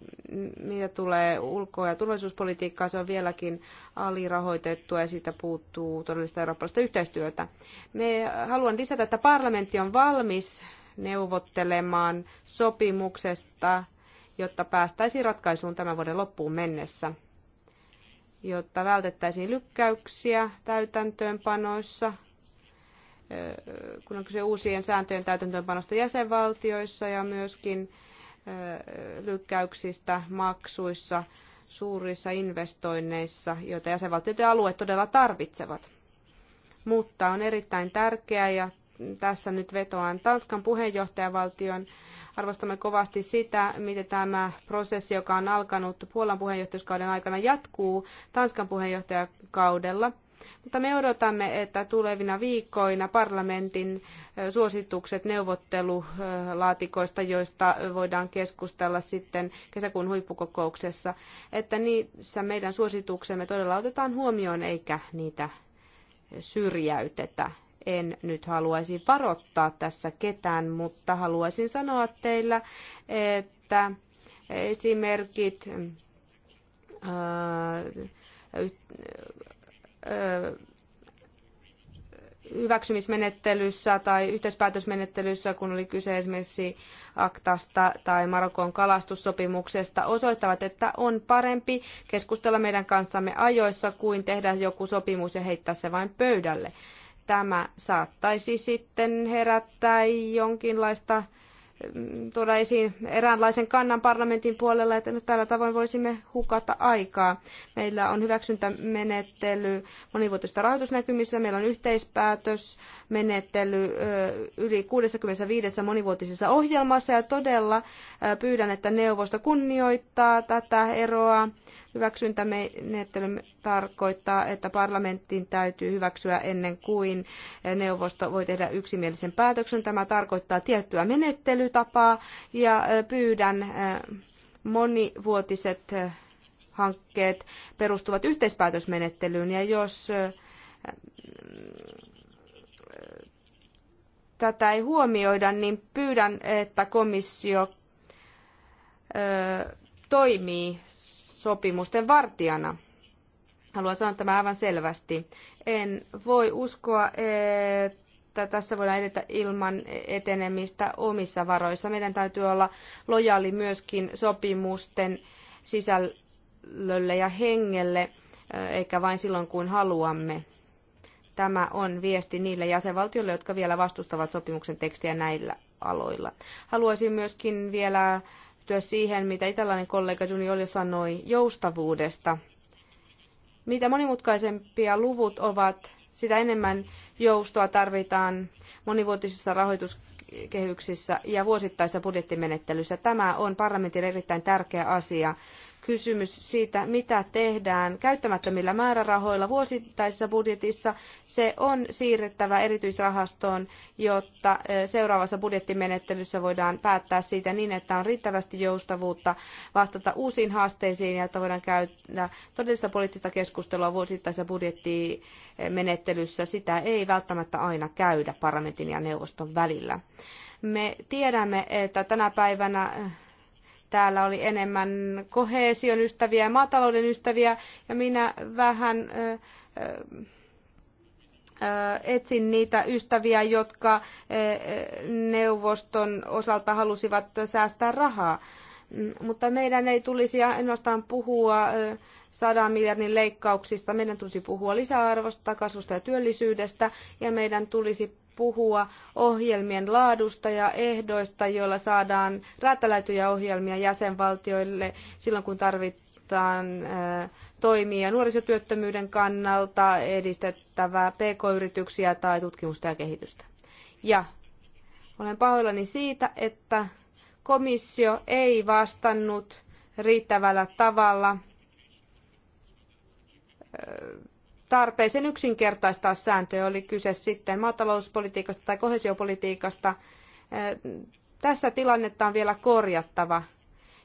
mitä tulee ulko- ja turvallisuuspolitiikkaan, se on vieläkin alirahoitettua ja siitä puuttuu todellista eurooppalaista yhteistyötä. Me haluan lisätä, että parlamentti on valmis neuvottelemaan sopimuksesta, jotta päästäisiin ratkaisuun tämän vuoden loppuun mennessä jotta vältettäisiin lykkäyksiä täytäntöönpanoissa kun on kyse uusien sääntöjen täytäntöönpanosta jäsenvaltioissa ja myöskin lykkäyksistä maksuissa suurissa investoinneissa, joita jäsenvaltiot ja alueet todella tarvitsevat. Mutta on erittäin tärkeää ja tässä nyt vetoan Tanskan puheenjohtajavaltion. Arvostamme kovasti sitä, miten tämä prosessi, joka on alkanut Puolan puheenjohtajuuskauden aikana, jatkuu Tanskan puheenjohtajakaudella – mutta me odotamme, että tulevina viikkoina parlamentin suositukset neuvottelulaatikoista, joista voidaan keskustella sitten kesäkuun huippukokouksessa, että niissä meidän suosituksemme todella otetaan huomioon eikä niitä syrjäytetä. En nyt haluaisi varoittaa tässä ketään, mutta haluaisin sanoa teillä, että esimerkit hyväksymismenettelyssä tai yhteispäätösmenettelyssä, kun oli kyse esimerkiksi Aktasta tai Marokon kalastussopimuksesta, osoittavat, että on parempi keskustella meidän kanssamme ajoissa kuin tehdä joku sopimus ja heittää se vain pöydälle. Tämä saattaisi sitten herättää jonkinlaista tuoda esiin eräänlaisen kannan parlamentin puolella, että tällä tavoin voisimme hukata aikaa. Meillä on hyväksyntämenettely monivuotisista rahoitusnäkymissä, meillä on yhteispäätösmenettely yli 65 monivuotisessa ohjelmassa ja todella pyydän, että neuvosto kunnioittaa tätä eroa Hyväksyntämenettely tarkoittaa, että parlamenttiin täytyy hyväksyä ennen kuin neuvosto voi tehdä yksimielisen päätöksen. Tämä tarkoittaa tiettyä menettelytapaa ja pyydän monivuotiset hankkeet perustuvat yhteispäätösmenettelyyn ja jos tätä ei huomioida, niin pyydän, että komissio toimii sopimusten vartijana. Haluan sanoa tämä aivan selvästi. En voi uskoa, että tässä voidaan edetä ilman etenemistä omissa varoissa. Meidän täytyy olla lojaali myöskin sopimusten sisällölle ja hengelle, eikä vain silloin kun haluamme. Tämä on viesti niille jäsenvaltioille, jotka vielä vastustavat sopimuksen tekstiä näillä aloilla. Haluaisin myöskin vielä yhtyä siihen, mitä italainen kollega Junioli sanoi joustavuudesta. Mitä monimutkaisempia luvut ovat, sitä enemmän joustoa tarvitaan monivuotisissa rahoituskehyksissä ja vuosittaisessa budjettimenettelyssä. Tämä on parlamentin erittäin tärkeä asia kysymys siitä, mitä tehdään käyttämättömillä määrärahoilla vuosittaisessa budjetissa. Se on siirrettävä erityisrahastoon, jotta seuraavassa budjettimenettelyssä voidaan päättää siitä niin, että on riittävästi joustavuutta vastata uusiin haasteisiin ja että voidaan käydä todellista poliittista keskustelua vuosittaisessa budjettimenettelyssä. Sitä ei välttämättä aina käydä parlamentin ja neuvoston välillä. Me tiedämme, että tänä päivänä Täällä oli enemmän kohesion ystäviä ja maatalouden ystäviä, ja minä vähän etsin niitä ystäviä, jotka neuvoston osalta halusivat säästää rahaa. Mutta meidän ei tulisi ainoastaan puhua sadan miljardin leikkauksista, meidän tulisi puhua lisäarvosta, kasvusta ja työllisyydestä, ja meidän tulisi puhua ohjelmien laadusta ja ehdoista, joilla saadaan räätälöityjä ohjelmia jäsenvaltioille silloin, kun tarvitaan äh, toimia nuorisotyöttömyyden kannalta, edistettävää pk-yrityksiä tai tutkimusta ja kehitystä. Ja olen pahoillani siitä, että komissio ei vastannut riittävällä tavalla äh, tarpeeseen yksinkertaistaa sääntöjä, oli kyse sitten maatalouspolitiikasta tai kohesiopolitiikasta. Tässä tilannetta on vielä korjattava.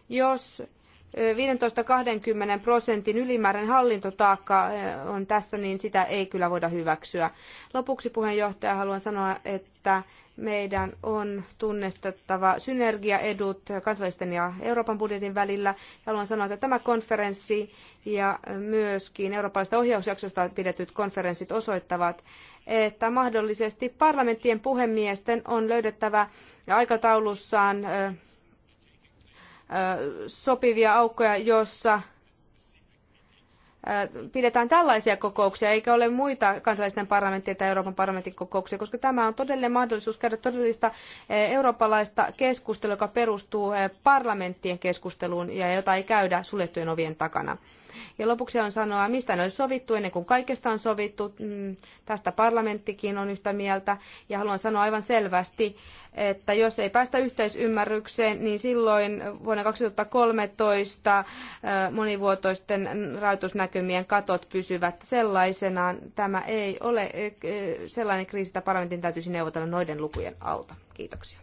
Jos viisitoista kaksikymmentä prosentin ylimääräinen hallintotaakka eh, on tässä, niin sitä ei kyllä voida hyväksyä. Lopuksi puheenjohtaja haluan sanoa, että meidän on tunnistettava synergiaedut kansallisten ja Euroopan budjetin välillä. Haluan sanoa, että tämä konferenssi ja myöskin eurooppalaisesta ohjausjaksosta pidetyt konferenssit osoittavat, että mahdollisesti parlamenttien puhemiesten on löydettävä aikataulussaan eh, sopivia aukkoja, jossa pidetään tällaisia kokouksia, eikä ole muita kansallisten parlamenttien tai Euroopan parlamentin kokouksia, koska tämä on todellinen mahdollisuus käydä todellista eurooppalaista keskustelua, joka perustuu parlamenttien keskusteluun ja jota ei käydä suljettujen ovien takana. Ja lopuksi on sanoa, mistä ne on sovittu ennen kuin kaikesta on sovittu. Mm, tästä parlamenttikin on yhtä mieltä. Ja haluan sanoa aivan selvästi, että jos ei päästä yhteisymmärrykseen, niin silloin vuonna 2013 monivuotoisten rahoitusnäkymien katot pysyvät sellaisenaan. Tämä ei ole sellainen kriisi, että parlamentin täytyisi neuvotella noiden lukujen alta. Kiitoksia.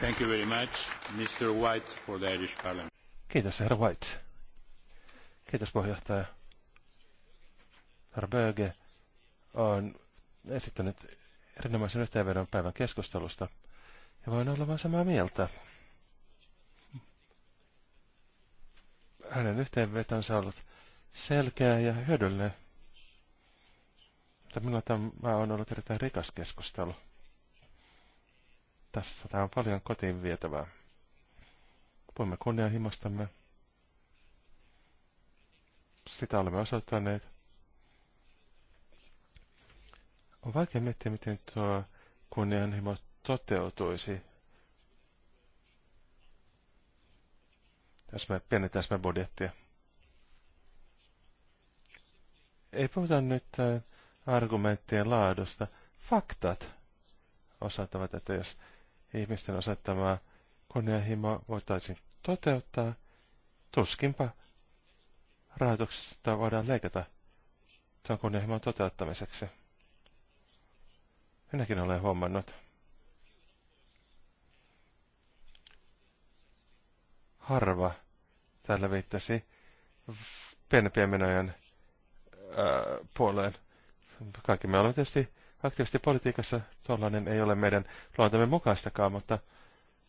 Thank you very much, Mr. White for the Irish Parliament. Kiitos, herra White. Kiitos puheenjohtaja. Böge on esittänyt erinomaisen yhteenvedon päivän keskustelusta. Ja voin olla vain samaa mieltä. Hänen yhteenvetonsa on ollut selkeä ja hyödyllinen. Mutta minulla tämä on ollut erittäin rikas keskustelu. Tässä tämä on paljon kotiin vietävää. Puhumme kunnianhimostamme sitä olemme osoittaneet. On vaikea miettiä, miten tuo kunnianhimo toteutuisi. Tässä me pienetään budjettia. Ei puhuta nyt äh, argumenttien laadusta. Faktat osoittavat, että jos ihmisten osoittamaa kunnianhimoa voitaisiin toteuttaa, tuskinpa rahoituksesta voidaan leikata tuon kunnianhimon toteuttamiseksi. Minäkin olen huomannut. Harva täällä viittasi pienempien menojen ää, puoleen. Kaikki me olemme tietysti aktiivisesti politiikassa. Tuollainen ei ole meidän luontamme mukaistakaan, mutta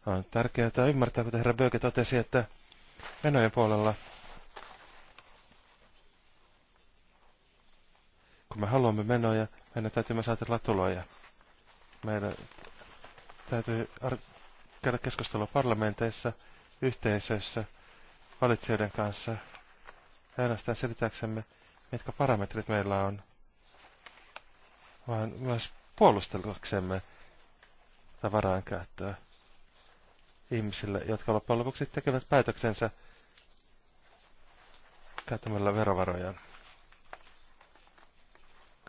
on tärkeää ymmärtää, kuten herra Böke totesi, että menojen puolella – kun me haluamme menoja, meidän täytyy myös ajatella tuloja. Meidän täytyy käydä keskustelua parlamenteissa, yhteisöissä, valitsijoiden kanssa. ainoastaan selitäksemme, mitkä parametrit meillä on, vaan myös puolustellaksemme tavaraan käyttöä ihmisille, jotka loppujen lopuksi tekevät päätöksensä käyttämällä verovarojaan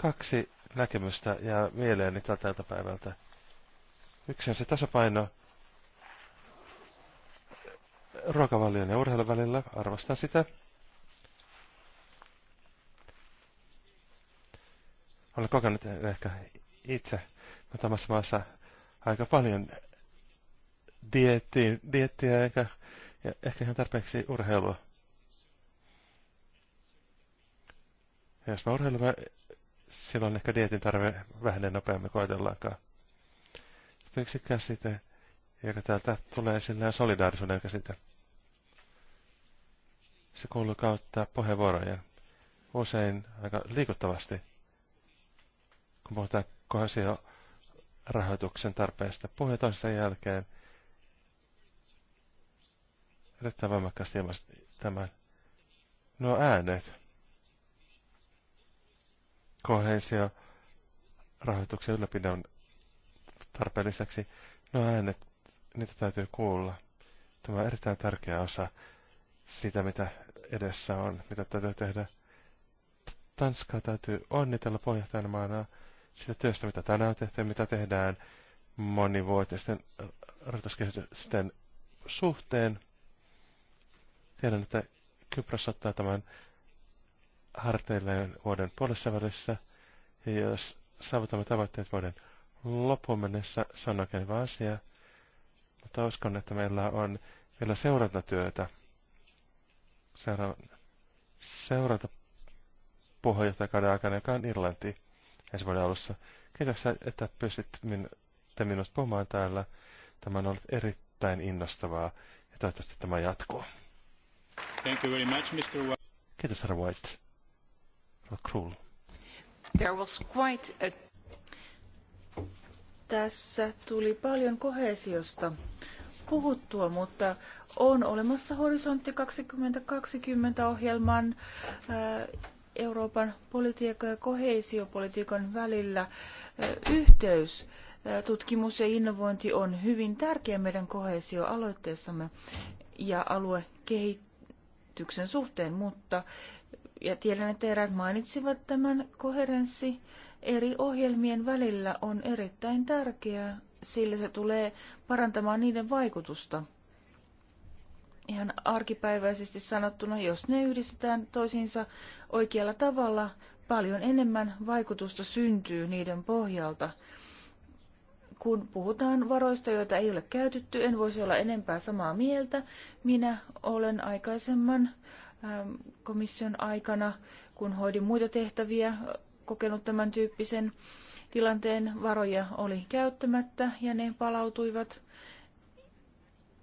kaksi näkemystä ja mieleeni tältä iltapäivältä. Yksi on se tasapaino ruokavalion ja urheilun välillä. Arvostan sitä. Olen kokenut ehkä itse mutta maassa aika paljon diettiä eikä, ja ehkä ihan tarpeeksi urheilua. Ja jos me urheilemme silloin ehkä dietin tarve vähenee nopeammin kuin ajatellaankaan. Sitten yksi käsite, joka täältä tulee esille, on solidaarisuuden käsite. Se kuuluu kautta puheenvuorojen. Usein aika liikuttavasti, kun puhutaan kohasio rahoituksen tarpeesta puheen toisensa jälkeen. Erittäin voimakkaasti ilmaista tämän. Nuo äänet kohesio rahoituksen ylläpidon tarpeen lisäksi. No äänet, niitä täytyy kuulla. Tämä on erittäin tärkeä osa sitä, mitä edessä on, mitä täytyy tehdä. Tanskaa täytyy onnitella maana sitä työstä, mitä tänään tehtiin, mitä tehdään monivuotisten rahoituskehitysten suhteen. Tiedän, että Kypros ottaa tämän harteilleen vuoden puolessa välissä. Ja jos saavutamme tavoitteet vuoden loppuun mennessä, se on oikein hyvä asia. Mutta uskon, että meillä on vielä seurantatyötä. Seura- seuranta puheenjohtajakauden aikana, joka on Irlanti ensi vuoden alussa. Kiitos, että pystyt min- te minut puhumaan täällä. Tämä on ollut erittäin innostavaa ja toivottavasti tämä jatkuu. Thank you very much, Mr. White. Kiitos, herra White. Tässä tuli paljon kohesiosta puhuttua, mutta on olemassa Horisontti 2020 ohjelman äh, Euroopan politiikan ja kohesiopolitiikan välillä äh, yhteys. Äh, tutkimus ja innovointi on hyvin tärkeä meidän kohesioaloitteessamme ja aluekehityksen suhteen, mutta ja tiedän, että eräät mainitsivat tämän, koherenssi eri ohjelmien välillä on erittäin tärkeää, sillä se tulee parantamaan niiden vaikutusta. Ihan arkipäiväisesti sanottuna, jos ne yhdistetään toisiinsa oikealla tavalla, paljon enemmän vaikutusta syntyy niiden pohjalta. Kun puhutaan varoista, joita ei ole käytetty, en voisi olla enempää samaa mieltä. Minä olen aikaisemman Ähm, komission aikana, kun hoidin muita tehtäviä, kokenut tämän tyyppisen tilanteen. Varoja oli käyttämättä ja ne palautuivat.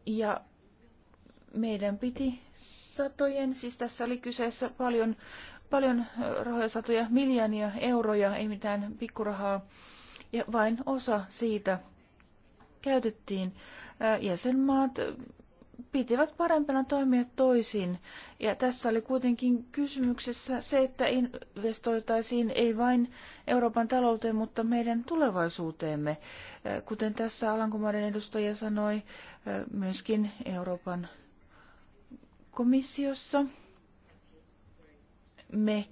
Ja meidän piti satojen, siis tässä oli kyseessä paljon, paljon rahoja, satoja miljoonia euroja, ei mitään pikkurahaa, ja vain osa siitä käytettiin. Jäsenmaat pitivät parempana toimia toisin. Ja tässä oli kuitenkin kysymyksessä se, että investoitaisiin ei vain Euroopan talouteen, mutta meidän tulevaisuuteemme. Kuten tässä Alankomaiden edustaja sanoi, myöskin Euroopan komissiossa me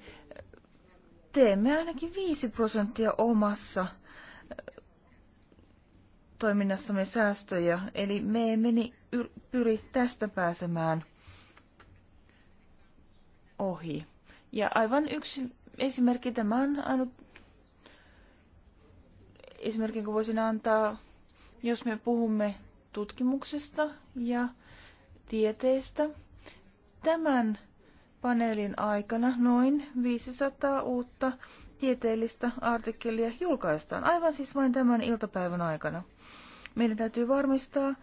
teemme ainakin 5 prosenttia omassa toiminnassamme säästöjä, eli me emme pyri tästä pääsemään ohi. Ja aivan yksi esimerkki, tämä on ainut esimerkki, kun voisin antaa, jos me puhumme tutkimuksesta ja tieteestä. Tämän paneelin aikana noin 500 uutta tieteellistä artikkelia julkaistaan, aivan siis vain tämän iltapäivän aikana. Meidän täytyy varmistaa,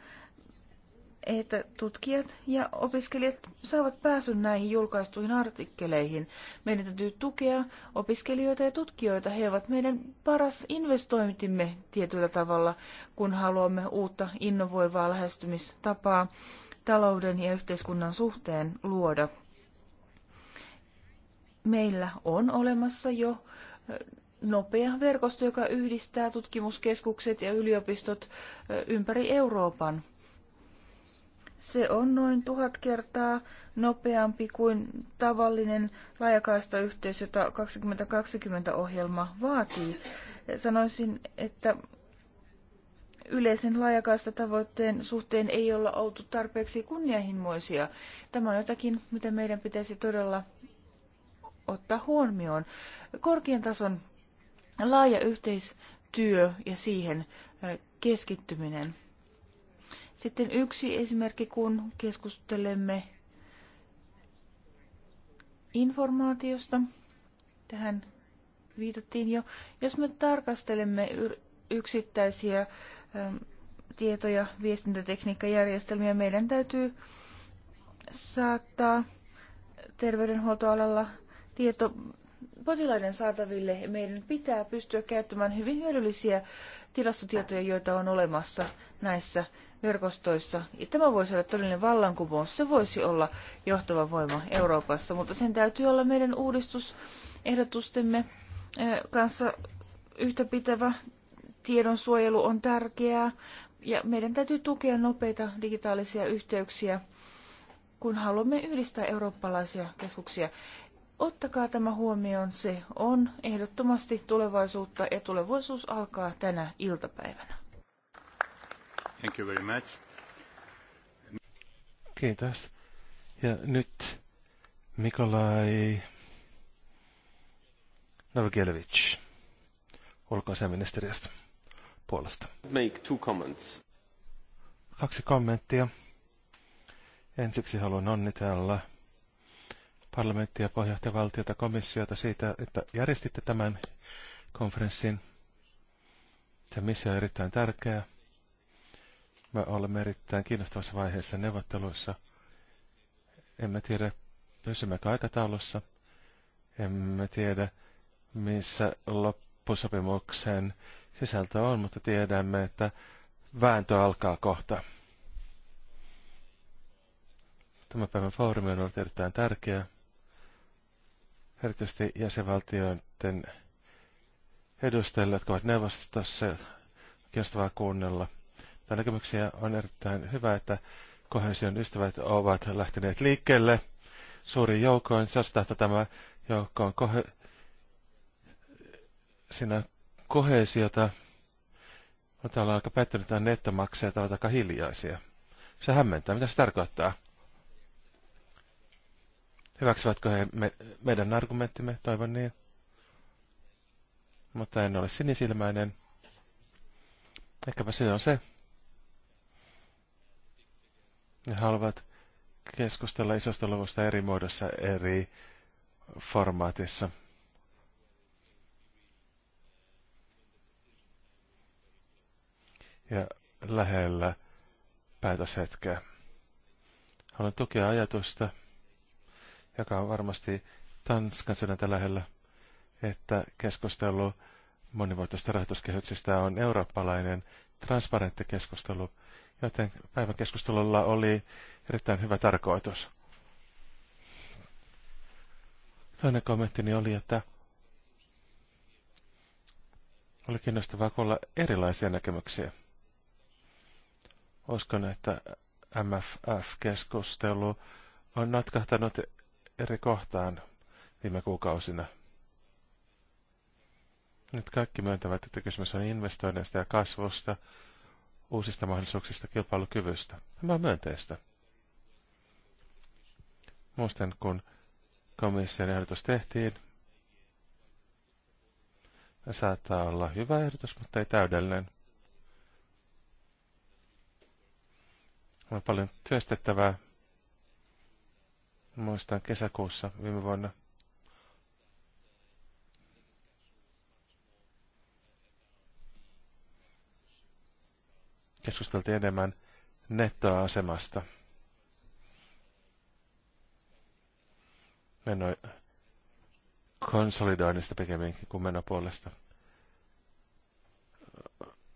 että tutkijat ja opiskelijat saavat pääsyn näihin julkaistuihin artikkeleihin. Meidän täytyy tukea opiskelijoita ja tutkijoita. He ovat meidän paras investointimme tietyllä tavalla, kun haluamme uutta innovoivaa lähestymistapaa talouden ja yhteiskunnan suhteen luoda. Meillä on olemassa jo nopea verkosto, joka yhdistää tutkimuskeskukset ja yliopistot ympäri Euroopan. Se on noin tuhat kertaa nopeampi kuin tavallinen laajakaistayhteys, jota 2020-ohjelma vaatii. Sanoisin, että yleisen laajakaistatavoitteen suhteen ei olla oltu tarpeeksi kunnianhimoisia. Tämä on jotakin, mitä meidän pitäisi todella ottaa huomioon. Korkean tason laaja yhteistyö ja siihen keskittyminen. Sitten yksi esimerkki, kun keskustelemme informaatiosta. Tähän viitattiin jo. Jos me tarkastelemme yksittäisiä ähm, tietoja viestintätekniikkajärjestelmiä, meidän täytyy saattaa terveydenhuoltoalalla tieto potilaiden saataville. Meidän pitää pystyä käyttämään hyvin hyödyllisiä tilastotietoja, joita on olemassa näissä verkostoissa. Tämä voisi olla todellinen vallankumous, se voisi olla johtava voima Euroopassa, mutta sen täytyy olla meidän uudistusehdotustemme eh, kanssa yhtäpitävä. Tiedon suojelu on tärkeää ja meidän täytyy tukea nopeita digitaalisia yhteyksiä, kun haluamme yhdistää eurooppalaisia keskuksia. Ottakaa tämä huomioon, se on ehdottomasti tulevaisuutta ja tulevaisuus alkaa tänä iltapäivänä. Thank you very much. Kiitos. Ja nyt Mikolai Navgelevich ulkoasiaministeriöstä puolesta. Make two comments. Kaksi kommenttia. Ensiksi haluan onnitella parlamenttia, pohjohtajavaltiota, komissiota siitä, että järjestitte tämän konferenssin. Se missio on erittäin tärkeä. Me olemme erittäin kiinnostavassa vaiheessa neuvotteluissa. Emme tiedä, pysymmekö aikataulussa. Emme tiedä, missä loppusopimuksen sisältö on, mutta tiedämme, että vääntö alkaa kohta. Tämän päivän foorumi on ollut erittäin tärkeä, erityisesti jäsenvaltioiden edustajille, jotka ovat neuvostossa, kestävää kuunnella – tai näkemyksiä. On erittäin hyvä, että kohesion ystävät ovat lähteneet liikkeelle suurin joukoin. Se että tämä joukko on kohe... siinä kohesiota. Mutta ollaan aika pettynyt, että nettomaksajat ovat aika hiljaisia. Se hämmentää. Mitä se tarkoittaa? Hyväksyvätkö he me, meidän argumenttimme? Toivon niin. Mutta en ole sinisilmäinen. Ehkäpä se on se. Ne haluavat keskustella isosta luvusta eri muodossa, eri formaatissa. Ja lähellä päätöshetkeä. Haluan tukea ajatusta, joka on varmasti Tanskan sydäntä lähellä, että keskustelu monivuotoista rahoituskehyksistä on eurooppalainen transparentti keskustelu – Joten päivän keskustelulla oli erittäin hyvä tarkoitus. Toinen kommenttini oli, että oli kiinnostavaa kuulla erilaisia näkemyksiä. Uskon, että MFF-keskustelu on natkahtanut eri kohtaan viime kuukausina. Nyt kaikki myöntävät, että kysymys on investoinneista ja kasvusta – uusista mahdollisuuksista kilpailukyvystä. Tämä on myönteistä. Muistan, kun komission ehdotus tehtiin, saattaa olla hyvä ehdotus, mutta ei täydellinen. On paljon työstettävää. Muistan kesäkuussa viime vuonna – keskusteltiin enemmän nettoasemasta. Meno konsolidoinnista pikemminkin kuin menopuolesta.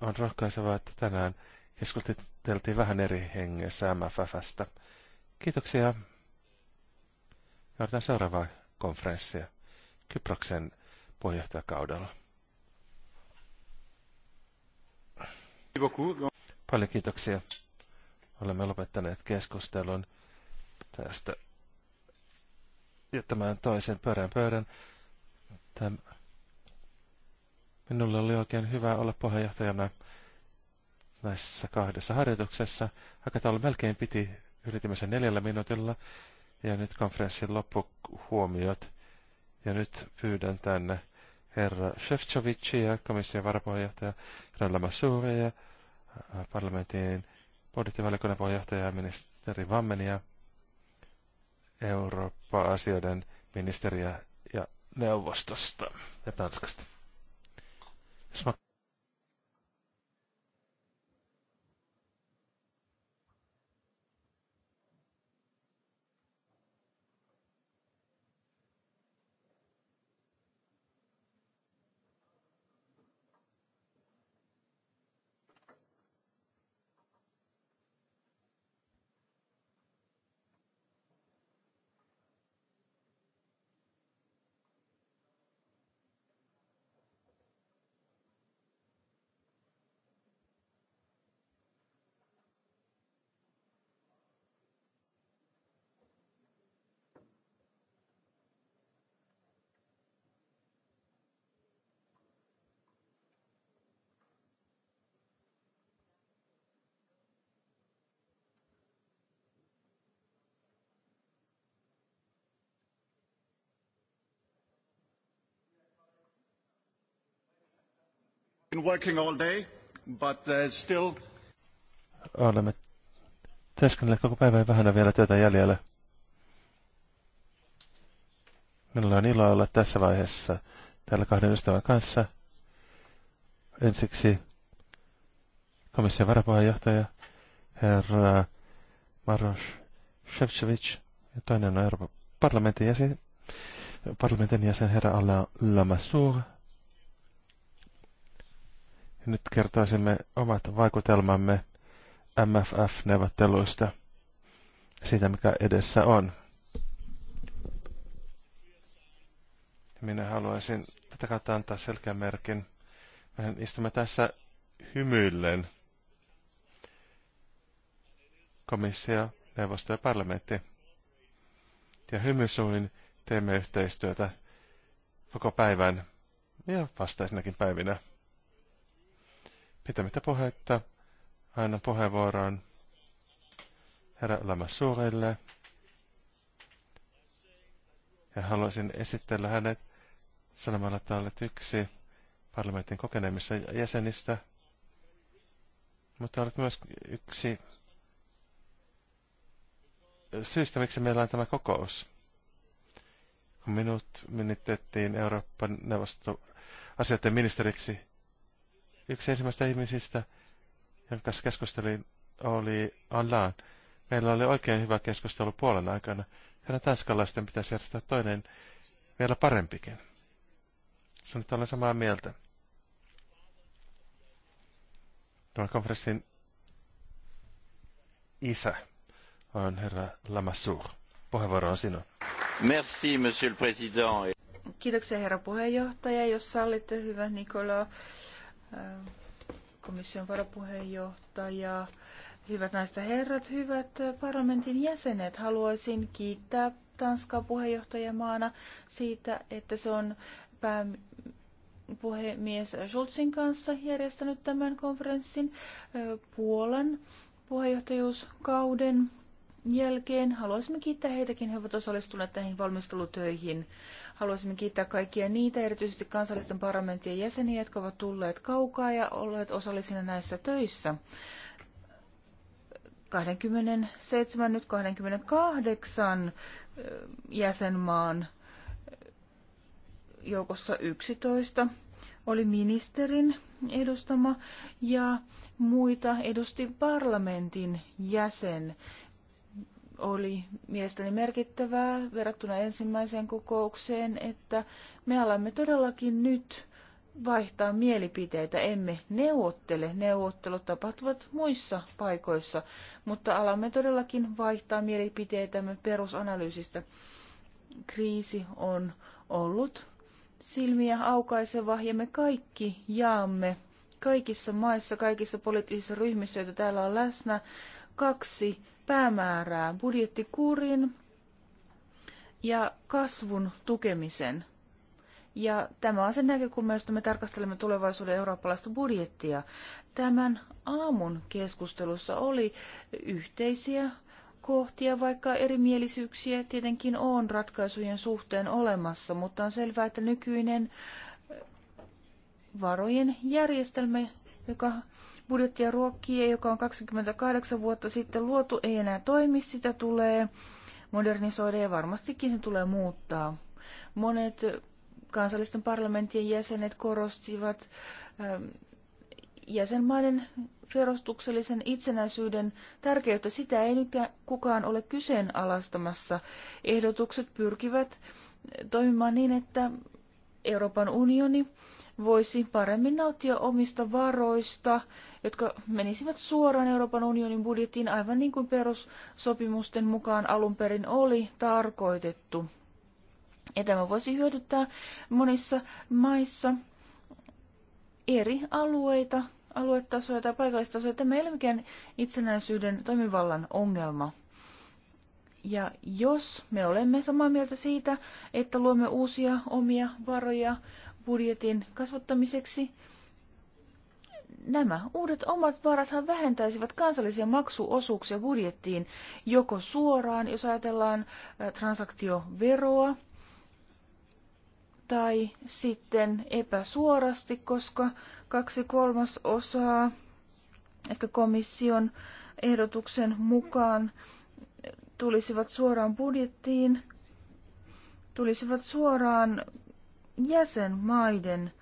On rohkaisevaa, että tänään keskusteltiin vähän eri hengessä MFFstä. Kiitoksia. Joudutaan seuraavaa konferenssia Kyproksen puheenjohtajakaudella. Paljon kiitoksia. Olemme lopettaneet keskustelun tästä jättämään toisen pöydän pöydän. Minulle oli oikein hyvä olla puheenjohtajana näissä kahdessa harjoituksessa. Aikataulu melkein piti ylitimme sen neljällä minuutilla. Ja nyt konferenssin loppuhuomiot. Ja nyt pyydän tänne herra Shevchovicia, komission varapuheenjohtaja, Ralla Masuveja, Äh, parlamentin budjettivaliokunnan puheenjohtaja ja ministeri Vammenia, Eurooppa-asioiden ministeriä ja neuvostosta ja Tanskasta. Jos mä been working all day, but uh, still... Olemme työskennelleet koko päivän vähän vielä työtä jäljellä. Minulla on ilo olla tässä vaiheessa täällä kahden ystävän kanssa. Ensiksi komission varapuheenjohtaja herra Maros Shevchevic ja toinen on Euroopan parlamentin jäsen, parlamentin jäsen herra Alain Lamassoure. Nyt kertoisimme omat vaikutelmamme MFF-neuvotteluista, siitä mikä edessä on. Minä haluaisin tätä kautta antaa selkeän merkin. Mehän istumme tässä hymyillen. Komissio, neuvosto ja parlamentti. Ja hymysuin teemme yhteistyötä koko päivän ja vastaisinakin päivinä pitämättä puhetta annan puheenvuoron herra suurelle Ja haluaisin esitellä hänet sanomalla, että olet yksi parlamentin kokeneimmista jäsenistä, mutta olet myös yksi syystä, miksi meillä on tämä kokous. Kun minut minitettiin Euroopan neuvosto asioiden ministeriksi, Yksi ensimmäistä ihmisistä, jonka kanssa keskustelin, oli Allaan. Meillä oli oikein hyvä keskustelu puolen aikana. Hänen tanskalaisten pitäisi järjestää toinen vielä parempikin. Sanoin, nyt olen samaa mieltä. Tämän konferenssin isä on herra Lamassur. Puheenvuoro on sinun. Merci, monsieur le président. Kiitoksia herra puheenjohtaja. Jos sallitte, hyvä Nikola komission varapuheenjohtaja, hyvät naiset ja herrat, hyvät parlamentin jäsenet. Haluaisin kiittää Tanskaa puheenjohtajamaana siitä, että se on pääministeri puhemies Schulzin kanssa järjestänyt tämän konferenssin Puolan puheenjohtajuuskauden jälkeen. Haluaisimme kiittää heitäkin, he ovat osallistuneet näihin valmistelutöihin. Haluaisimme kiittää kaikkia niitä, erityisesti kansallisten parlamenttien jäseniä, jotka ovat tulleet kaukaa ja olleet osallisina näissä töissä. 27, nyt 28 jäsenmaan joukossa 11 oli ministerin edustama ja muita edusti parlamentin jäsen oli mielestäni merkittävää verrattuna ensimmäiseen kokoukseen, että me alamme todellakin nyt vaihtaa mielipiteitä, emme neuvottele. Neuvottelut tapahtuvat muissa paikoissa, mutta alamme todellakin vaihtaa mielipiteitämme perusanalyysistä. Kriisi on ollut silmiä aukaiseva ja me kaikki jaamme kaikissa maissa, kaikissa poliittisissa ryhmissä, joita täällä on läsnä, kaksi päämäärää, budjettikurin ja kasvun tukemisen. Ja tämä on se näkökulma, josta me tarkastelemme tulevaisuuden eurooppalaista budjettia. Tämän aamun keskustelussa oli yhteisiä kohtia, vaikka erimielisyyksiä tietenkin on ratkaisujen suhteen olemassa, mutta on selvää, että nykyinen varojen järjestelmä, joka budjettia ruokkia, joka on 28 vuotta sitten luotu, ei enää toimi. Sitä tulee modernisoida ja varmastikin se tulee muuttaa. Monet kansallisten parlamenttien jäsenet korostivat ähm, jäsenmaiden perustuksellisen itsenäisyyden tärkeyttä. Sitä ei nyt kukaan ole kyseenalaistamassa. Ehdotukset pyrkivät toimimaan niin, että Euroopan unioni voisi paremmin nauttia omista varoista jotka menisivät suoraan Euroopan unionin budjettiin aivan niin kuin perussopimusten mukaan alun perin oli tarkoitettu. Ja tämä voisi hyödyttää monissa maissa eri alueita, aluetasoja tai paikallistasoja. Tämä ei ole mikään itsenäisyyden toimivallan ongelma. Ja jos me olemme samaa mieltä siitä, että luomme uusia omia varoja budjetin kasvattamiseksi, nämä uudet omat varathan vähentäisivät kansallisia maksuosuuksia budjettiin joko suoraan, jos ajatellaan transaktioveroa, tai sitten epäsuorasti, koska kaksi kolmasosaa, ehkä komission ehdotuksen mukaan tulisivat suoraan budjettiin, tulisivat suoraan jäsenmaiden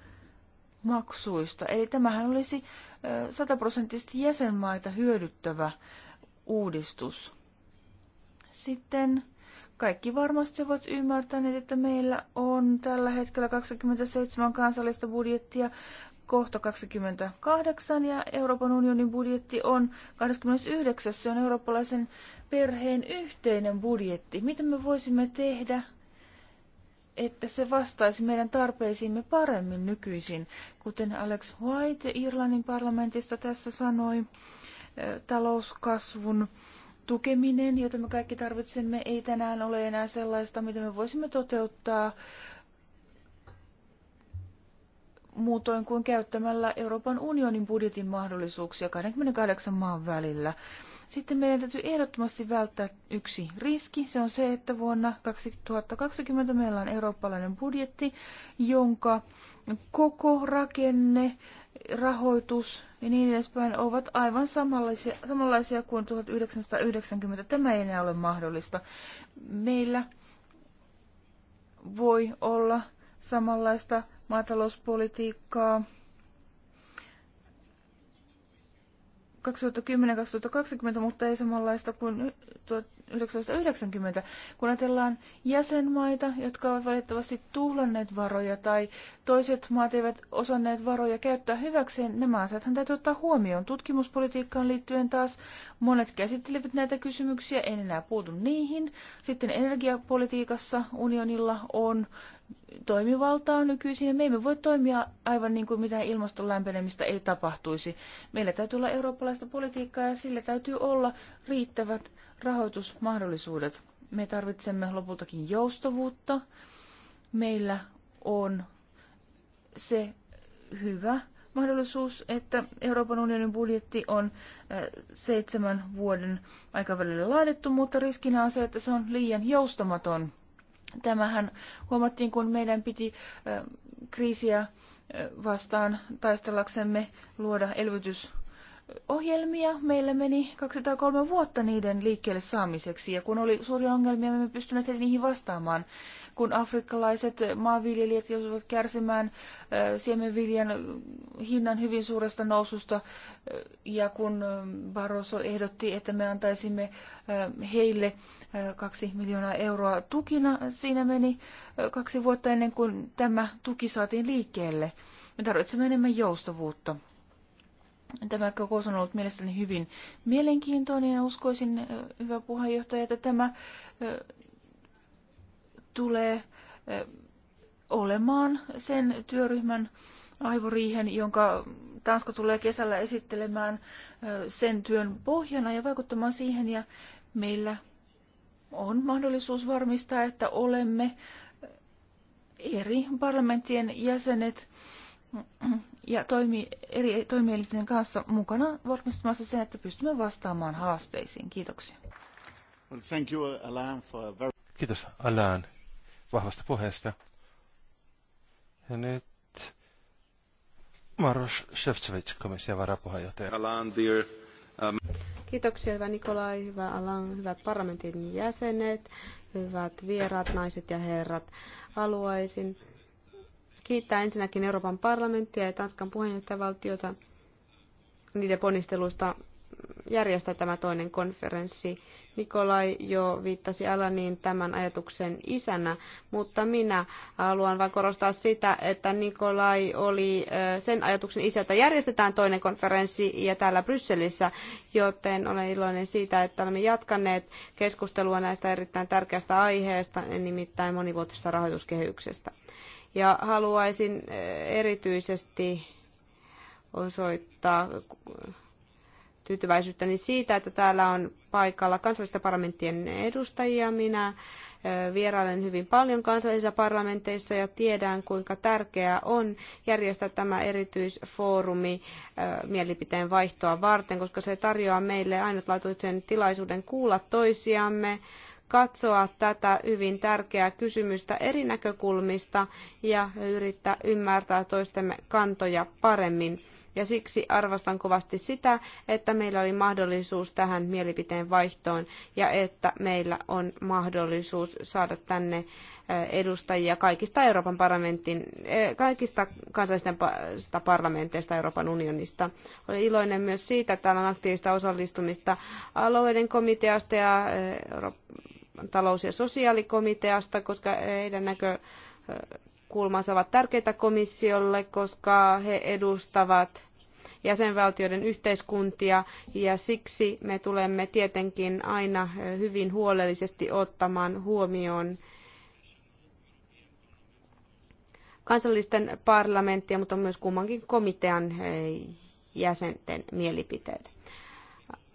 maksuista. Eli tämähän olisi sataprosenttisesti jäsenmaita hyödyttävä uudistus. Sitten kaikki varmasti ovat ymmärtäneet, että meillä on tällä hetkellä 27 kansallista budjettia, kohta 28 ja Euroopan unionin budjetti on 29. Se on eurooppalaisen perheen yhteinen budjetti. Mitä me voisimme tehdä että se vastaisi meidän tarpeisiimme paremmin nykyisin. Kuten Alex White Irlannin parlamentista tässä sanoi, talouskasvun tukeminen, jota me kaikki tarvitsemme, ei tänään ole enää sellaista, mitä me voisimme toteuttaa muutoin kuin käyttämällä Euroopan unionin budjetin mahdollisuuksia 28 maan välillä. Sitten meidän täytyy ehdottomasti välttää yksi riski. Se on se, että vuonna 2020 meillä on eurooppalainen budjetti, jonka koko rakenne, rahoitus ja niin edespäin ovat aivan samanlaisia, samanlaisia kuin 1990. Tämä ei enää ole mahdollista. Meillä voi olla samanlaista maatalouspolitiikkaa, 2010-2020, mutta ei samanlaista kuin 1990. Kun ajatellaan jäsenmaita, jotka ovat valitettavasti tuhlanneet varoja tai toiset maat eivät osanneet varoja käyttää hyväkseen, nämä asiathan täytyy ottaa huomioon. Tutkimuspolitiikkaan liittyen taas monet käsittelevät näitä kysymyksiä, en enää puutu niihin. Sitten energiapolitiikassa unionilla on toimivaltaa nykyisin ja me emme voi toimia aivan niin kuin mitään ilmaston lämpenemistä ei tapahtuisi. Meillä täytyy olla eurooppalaista politiikkaa ja sillä täytyy olla riittävät rahoitusmahdollisuudet. Me tarvitsemme lopultakin joustavuutta. Meillä on se hyvä mahdollisuus, että Euroopan unionin budjetti on äh, seitsemän vuoden aikavälillä laadittu, mutta riskinä on se, että se on liian joustamaton Tämähän huomattiin, kun meidän piti kriisiä vastaan taistellaksemme luoda elvytys ohjelmia. Meillä meni 203 vuotta niiden liikkeelle saamiseksi ja kun oli suuria ongelmia, me emme pystyneet heti niihin vastaamaan. Kun afrikkalaiset maanviljelijät joutuivat kärsimään siemenviljan hinnan hyvin suuresta noususta ja kun Barroso ehdotti, että me antaisimme heille kaksi miljoonaa euroa tukina, siinä meni kaksi vuotta ennen kuin tämä tuki saatiin liikkeelle. Me tarvitsemme enemmän joustavuutta. Tämä kokous on ollut mielestäni hyvin mielenkiintoinen ja uskoisin, hyvä puheenjohtaja, että tämä tulee olemaan sen työryhmän aivoriihen, jonka Tanska tulee kesällä esittelemään sen työn pohjana ja vaikuttamaan siihen. Ja meillä on mahdollisuus varmistaa, että olemme eri parlamenttien jäsenet ja toimii eri toimielinten kanssa mukana varmistamassa sen, että pystymme vastaamaan haasteisiin. Kiitoksia. Well, thank you, Alain, for very... Kiitos Alain vahvasta puheesta. Ja nyt Maros Shevtsevich, komission varapuheenjohtaja. Alain, dear, um... Kiitoksia, hyvä Nikolai, hyvä Alan, hyvät parlamentin jäsenet, hyvät vieraat, naiset ja herrat. Haluaisin kiittää ensinnäkin Euroopan parlamenttia ja Tanskan puheenjohtajavaltiota niiden ponnisteluista järjestää tämä toinen konferenssi. Nikolai jo viittasi Alaniin tämän ajatuksen isänä, mutta minä haluan vain korostaa sitä, että Nikolai oli sen ajatuksen isä, että järjestetään toinen konferenssi ja täällä Brysselissä, joten olen iloinen siitä, että olemme jatkaneet keskustelua näistä erittäin tärkeästä aiheesta, nimittäin monivuotisesta rahoituskehyksestä. Ja haluaisin eh, erityisesti osoittaa tyytyväisyyttäni siitä, että täällä on paikalla kansallisten parlamenttien edustajia. Minä eh, vierailen hyvin paljon kansallisissa parlamenteissa ja tiedän, kuinka tärkeää on järjestää tämä erityisfoorumi eh, mielipiteen vaihtoa varten, koska se tarjoaa meille ainutlaatuisen tilaisuuden kuulla toisiamme, katsoa tätä hyvin tärkeää kysymystä eri näkökulmista ja yrittää ymmärtää toistemme kantoja paremmin. Ja siksi arvostan kovasti sitä, että meillä oli mahdollisuus tähän mielipiteen vaihtoon ja että meillä on mahdollisuus saada tänne eh, edustajia kaikista Euroopan parlamentin, eh, kaikista kansallisista parlamenteista Euroopan unionista. Olen iloinen myös siitä, että täällä on aktiivista osallistumista alueiden komiteasta ja eh, Euroopan talous- ja sosiaalikomiteasta, koska heidän näkökulmansa ovat tärkeitä komissiolle, koska he edustavat jäsenvaltioiden yhteiskuntia ja siksi me tulemme tietenkin aina hyvin huolellisesti ottamaan huomioon kansallisten parlamenttien, mutta myös kummankin komitean eh, jäsenten mielipiteet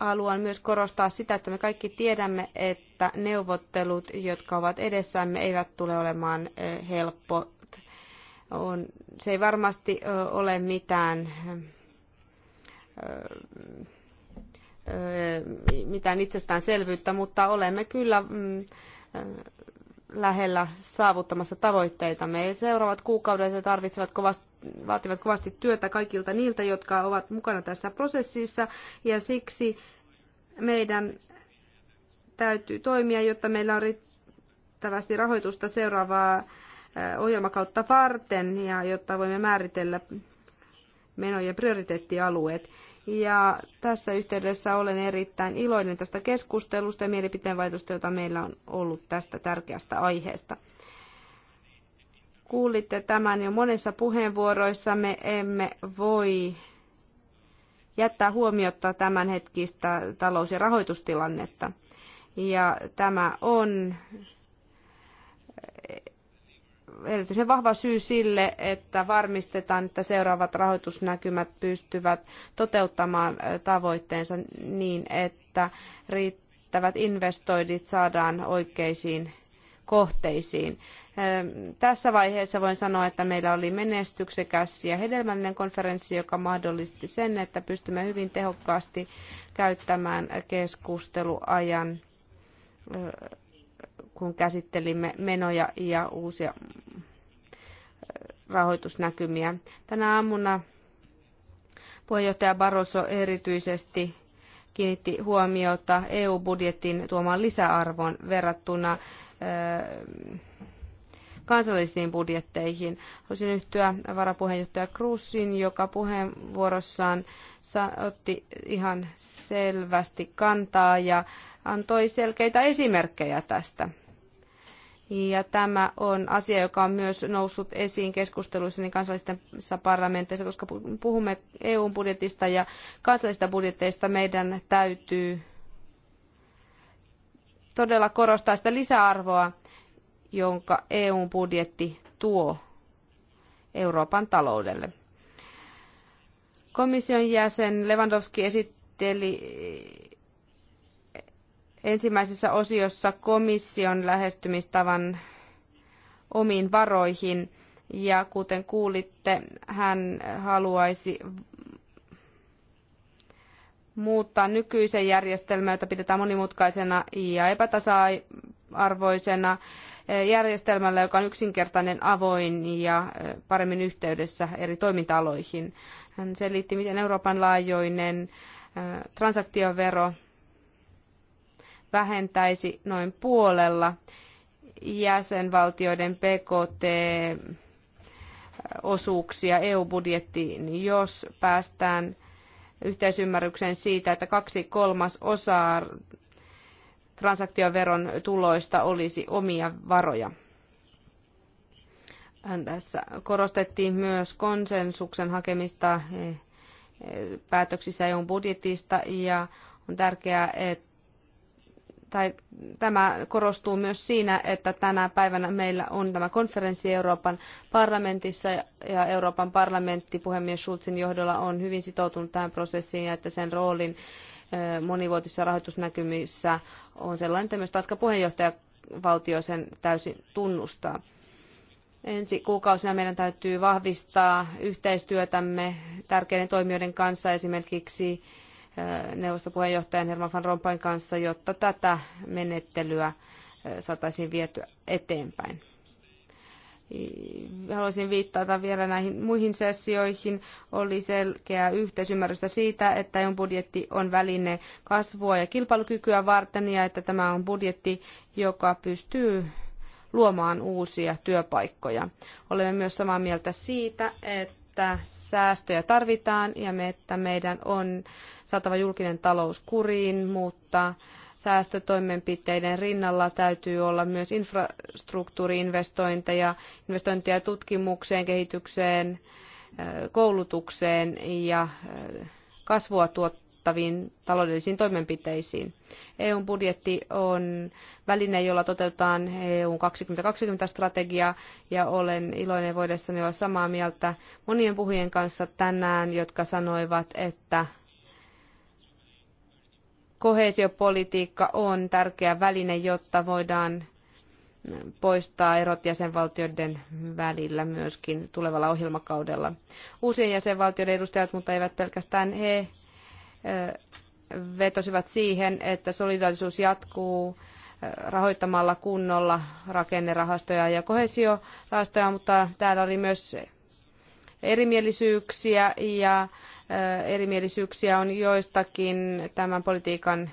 haluan myös korostaa sitä, että me kaikki tiedämme, että neuvottelut, jotka ovat edessämme, eivät tule olemaan helppo. On, se ei varmasti ole mitään, mitään itsestäänselvyyttä, mutta olemme kyllä mm, lähellä saavuttamassa tavoitteitamme. Seuraavat kuukaudet tarvitsevat kovasti, vaativat kovasti työtä kaikilta niiltä, jotka ovat mukana tässä prosessissa, ja siksi meidän täytyy toimia, jotta meillä on riittävästi rahoitusta seuraavaa ohjelmakautta varten, ja jotta voimme määritellä menojen prioriteettialueet. Ja tässä yhteydessä olen erittäin iloinen tästä keskustelusta ja mielipiteenvaihdosta, jota meillä on ollut tästä tärkeästä aiheesta. Kuulitte tämän jo monessa puheenvuoroissa. Me emme voi jättää huomiota tämänhetkistä talous- ja rahoitustilannetta. Ja tämä on erityisen vahva syy sille, että varmistetaan, että seuraavat rahoitusnäkymät pystyvät toteuttamaan tavoitteensa niin, että riittävät investoidit saadaan oikeisiin kohteisiin. Tässä vaiheessa voin sanoa, että meillä oli menestyksekäs ja hedelmällinen konferenssi, joka mahdollisti sen, että pystymme hyvin tehokkaasti käyttämään keskusteluajan kun käsittelimme menoja ja uusia äh, rahoitusnäkymiä. Tänä aamuna puheenjohtaja Barroso erityisesti kiinnitti huomiota EU-budjetin tuomaan lisäarvoon verrattuna äh, kansallisiin budjetteihin. Haluaisin yhtyä varapuheenjohtaja Krussin, joka puheenvuorossaan otti ihan selvästi kantaa ja antoi selkeitä esimerkkejä tästä. Ja tämä on asia, joka on myös noussut esiin keskusteluissa niin kansallisissa parlamenteissa, koska puhumme EU-budjetista ja kansallisista budjeteista meidän täytyy todella korostaa sitä lisäarvoa, jonka EU-budjetti tuo Euroopan taloudelle. Komission jäsen Lewandowski esitteli ensimmäisessä osiossa komission lähestymistavan omiin varoihin. Ja kuten kuulitte, hän haluaisi muuttaa nykyisen järjestelmän, jota pidetään monimutkaisena ja epätasa-arvoisena eh, järjestelmällä, joka on yksinkertainen, avoin ja eh, paremmin yhteydessä eri toiminta-aloihin. Hän selitti, miten Euroopan laajoinen eh, transaktiovero vähentäisi noin puolella jäsenvaltioiden PKT eh, osuuksia EU-budjettiin, jos päästään yhteisymmärrykseen siitä, että kaksi kolmasosaa transaktioveron tuloista olisi omia varoja. Tässä korostettiin myös konsensuksen hakemista eh, eh, päätöksissä EUn budjetista ja on tärkeää, että tai tämä korostuu myös siinä, että tänä päivänä meillä on tämä konferenssi Euroopan parlamentissa ja Euroopan parlamentti puhemies Schulzin johdolla on hyvin sitoutunut tähän prosessiin ja että sen roolin monivuotisissa rahoitusnäkymissä on sellainen, että myös Tanskan puheenjohtajavaltio sen täysin tunnustaa. Ensi kuukausina meidän täytyy vahvistaa yhteistyötämme tärkeiden toimijoiden kanssa, esimerkiksi neuvostopuheenjohtajan Herman van Rompuyn kanssa, jotta tätä menettelyä saataisiin vietyä eteenpäin. Haluaisin viittata vielä näihin muihin sessioihin. Oli selkeää yhteisymmärrystä siitä, että EUn budjetti on väline kasvua ja kilpailukykyä varten ja että tämä on budjetti, joka pystyy luomaan uusia työpaikkoja. Olemme myös samaa mieltä siitä, että että säästöjä tarvitaan ja me, että meidän on saatava julkinen talous kuriin, mutta säästötoimenpiteiden rinnalla täytyy olla myös infrastruktuuriinvestointeja, investointeja tutkimukseen, kehitykseen, koulutukseen ja kasvua vaikuttaviin taloudellisiin toimenpiteisiin. EUn budjetti on väline, jolla toteutetaan EUn 2020-strategiaa ja olen iloinen voidessani olla samaa mieltä monien puhujien kanssa tänään, jotka sanoivat, että koheesiopolitiikka on tärkeä väline, jotta voidaan poistaa erot jäsenvaltioiden välillä myöskin tulevalla ohjelmakaudella. Uusien jäsenvaltioiden edustajat, mutta eivät pelkästään he, vetosivat siihen, että solidaarisuus jatkuu rahoittamalla kunnolla rakennerahastoja ja kohesiorahastoja, mutta täällä oli myös erimielisyyksiä ja erimielisyyksiä on joistakin tämän politiikan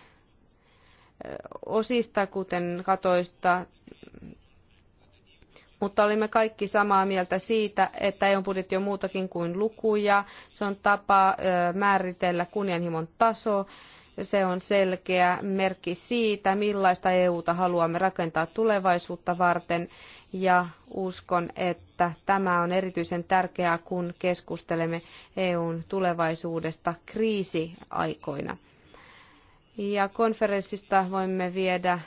osista, kuten katoista mutta olimme kaikki samaa mieltä siitä, että EU-budjetti on muutakin kuin lukuja. Se on tapa määritellä kunnianhimon taso. Se on selkeä merkki siitä, millaista EUta haluamme rakentaa tulevaisuutta varten. Ja uskon, että tämä on erityisen tärkeää, kun keskustelemme EUn tulevaisuudesta kriisiaikoina. Ja konferenssista voimme viedä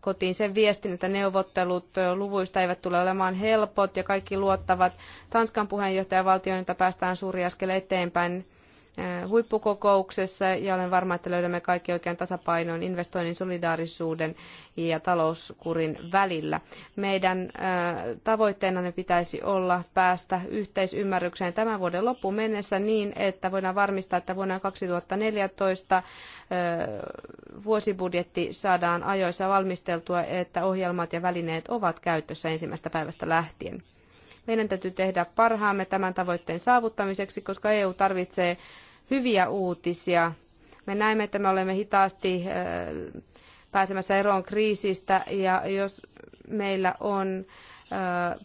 kotiin sen viestin, että neuvottelut luvuista eivät tule olemaan helpot ja kaikki luottavat Tanskan puheenjohtajavaltioon, että päästään suuri askel eteenpäin Äh, huippukokouksessa ja olen varma, että löydämme kaikki oikean tasapainon investoinnin, solidaarisuuden ja talouskurin välillä. Meidän äh, tavoitteenamme pitäisi olla päästä yhteisymmärrykseen tämän vuoden loppuun mennessä niin, että voidaan varmistaa, että vuonna 2014 äh, vuosibudjetti saadaan ajoissa valmisteltua, että ohjelmat ja välineet ovat käytössä ensimmäistä päivästä lähtien. Meidän täytyy tehdä parhaamme tämän tavoitteen saavuttamiseksi, koska EU tarvitsee hyviä uutisia. Me näemme, että me olemme hitaasti pääsemässä eroon kriisistä ja jos meillä on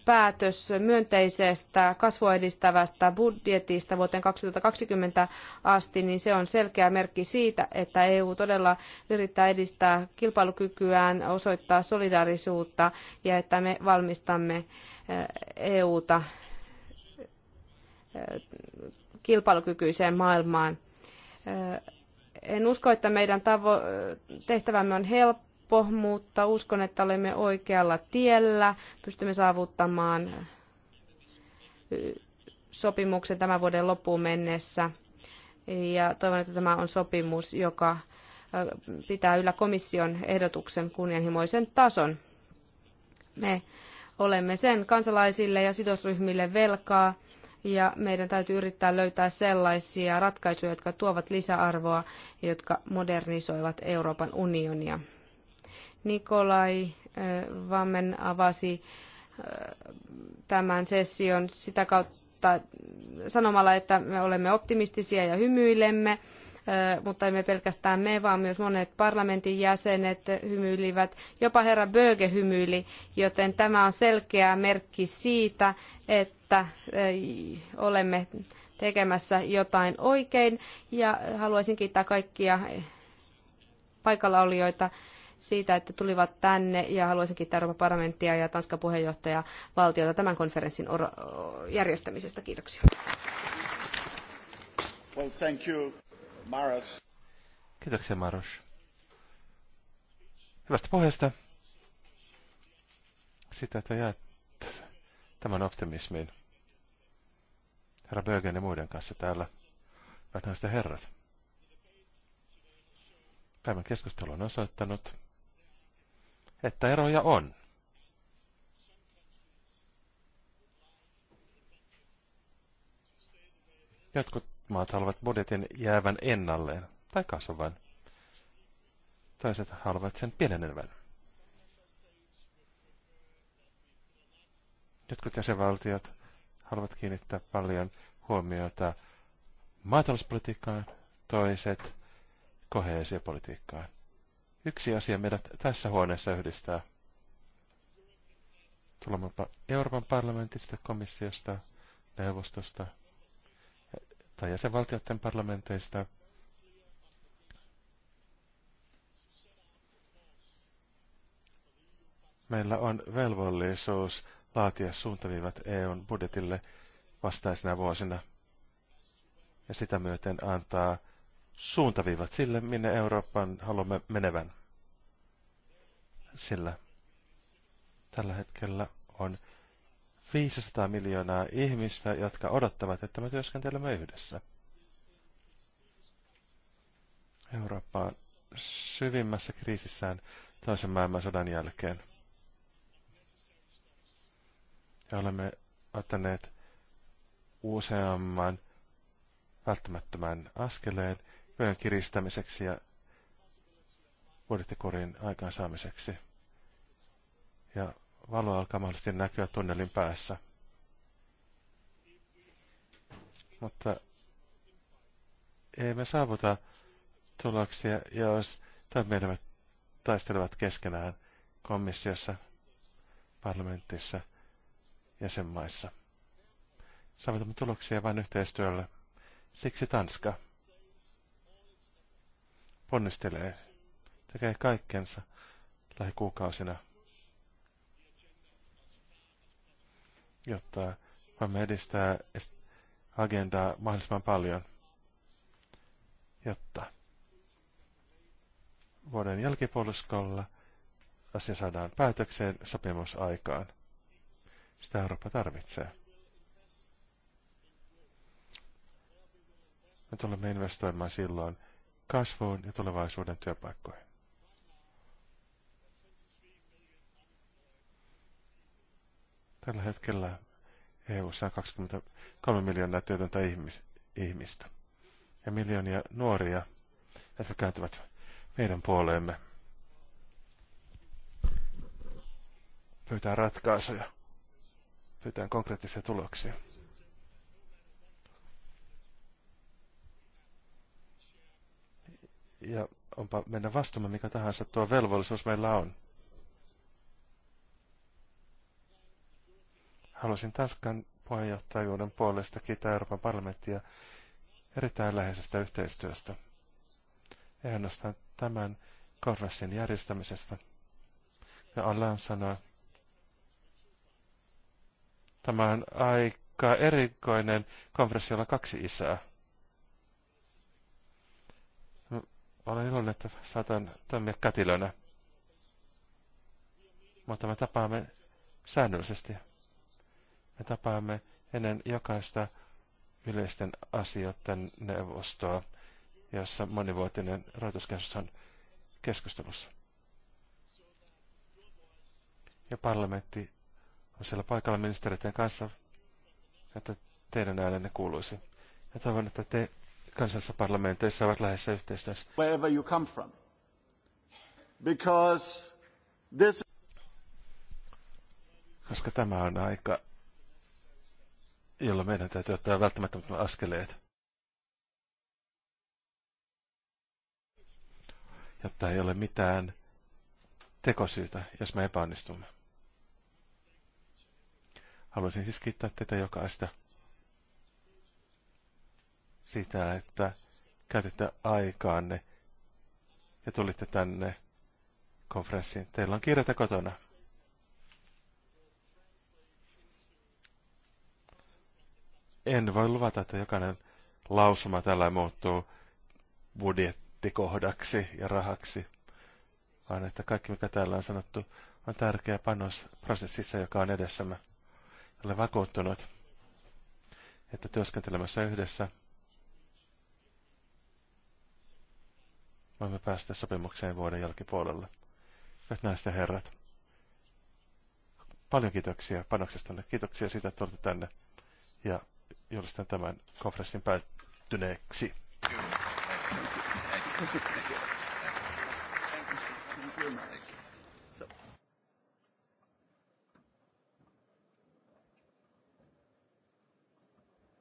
päätös myönteisestä kasvua edistävästä budjetista vuoteen 2020 asti, niin se on selkeä merkki siitä, että EU todella yrittää edistää kilpailukykyään, osoittaa solidaarisuutta ja että me valmistamme EUta kilpailukykyiseen maailmaan. En usko, että meidän tavo- tehtävämme on helppo, mutta uskon, että olemme oikealla tiellä. Pystymme saavuttamaan sopimuksen tämän vuoden loppuun mennessä. Ja toivon, että tämä on sopimus, joka pitää yllä komission ehdotuksen kunnianhimoisen tason. Me olemme sen kansalaisille ja sidosryhmille velkaa ja meidän täytyy yrittää löytää sellaisia ratkaisuja, jotka tuovat lisäarvoa ja jotka modernisoivat Euroopan unionia. Nikolai Vammen avasi tämän session sitä kautta sanomalla, että me olemme optimistisia ja hymyilemme mutta emme pelkästään me, vaan myös monet parlamentin jäsenet hymyilivät. Jopa herra Böge hymyili, joten tämä on selkeä merkki siitä, että että olemme tekemässä jotain oikein ja haluaisin kiittää kaikkia paikallaolijoita siitä, että tulivat tänne ja haluaisin kiittää Euroopan parlamenttia ja Tanskan puheenjohtaja valtiota tämän konferenssin järjestämisestä. Kiitoksia. Well, thank you, Maros. Kiitoksia, Maros. Hyvästä puheesta. Sitä, että jäät tämän optimismiin herra Bögen ja muiden kanssa täällä. Hyvät naiset ja herrat. Päivän keskustelu on osoittanut, että eroja on. Jotkut maat haluavat budjetin jäävän ennalleen tai kasvavan. Toiset haluavat sen pienenevän. Jotkut jäsenvaltiot haluavat kiinnittää paljon huomiota maatalouspolitiikkaan, toiset koheesiopolitiikkaan. Yksi asia meidät tässä huoneessa yhdistää. Tulemme Euroopan parlamentista, komissiosta, neuvostosta tai jäsenvaltioiden parlamenteista. Meillä on velvollisuus laatia suuntaviivat EUn budjetille vastaisina vuosina ja sitä myöten antaa suuntaviivat sille, minne Euroopan haluamme menevän. Sillä tällä hetkellä on 500 miljoonaa ihmistä, jotka odottavat, että me työskentelemme yhdessä. Eurooppa on syvimmässä kriisissään toisen maailmansodan jälkeen ja olemme ottaneet useamman välttämättömän askeleen vyön kiristämiseksi ja budjettikorin aikaansaamiseksi. Ja valo alkaa mahdollisesti näkyä tunnelin päässä. Mutta ei me saavuta tuloksia, jos toimielimet taistelevat keskenään komissiossa, parlamentissa – jäsenmaissa. Saavutamme tuloksia vain yhteistyöllä. Siksi Tanska ponnistelee, tekee kaikkensa lähikuukausina, jotta voimme edistää agendaa mahdollisimman paljon, jotta vuoden jälkipuoliskolla asia saadaan päätökseen sopimusaikaan. Sitä Eurooppa tarvitsee. Me tulemme investoimaan silloin kasvuun ja tulevaisuuden työpaikkoihin. Tällä hetkellä EU on 23 miljoonaa työtöntä ihmistä ja miljoonia nuoria, jotka kääntyvät meidän puoleemme. Pyytää ratkaisuja pyytään konkreettisia tuloksia. Ja onpa mennä vastuumme mikä tahansa tuo velvollisuus meillä on. Haluaisin Tanskan puheenjohtajuuden puolesta kiittää Euroopan parlamenttia erittäin läheisestä yhteistyöstä. Ei ainoastaan tämän konferenssin järjestämisestä. Ja Allan sanoi, Tämä on aika erikoinen konferenssi, jolla kaksi isää. Olen iloinen, että saatan toimia kätilönä. Mutta me tapaamme säännöllisesti. Me tapaamme ennen jokaista yleisten asioiden neuvostoa, jossa monivuotinen rahoituskeskus on keskustelussa. Ja parlamentti on siellä paikalla ministeriöiden kanssa, että teidän äänenne kuuluisi. Ja toivon, että te kansallisissa parlamenteissa ovat lähes yhteistyössä. Wherever you come from. Because this... Koska tämä on aika, jolla meidän täytyy ottaa välttämättömät askeleet. Jotta ei ole mitään tekosyytä, jos me epäonnistumme. Haluaisin siis kiittää teitä jokaista sitä, että käytitte aikaanne ja tulitte tänne konferenssiin. Teillä on kirjata kotona. En voi luvata, että jokainen lausuma tällä muuttuu budjettikohdaksi ja rahaksi, vaan että kaikki, mikä täällä on sanottu, on tärkeä panos prosessissa, joka on edessämme. Olen vakuuttunut, että työskentelemässä yhdessä voimme päästä sopimukseen vuoden jälkipuolella. Hyvät naiset ja herrat, paljon kiitoksia panoksestanne. Kiitoksia siitä, että olette tänne ja julistan tämän konferenssin päättyneeksi. Thank you. Thank you. Thank you. Thank you. Thank you. Thank you.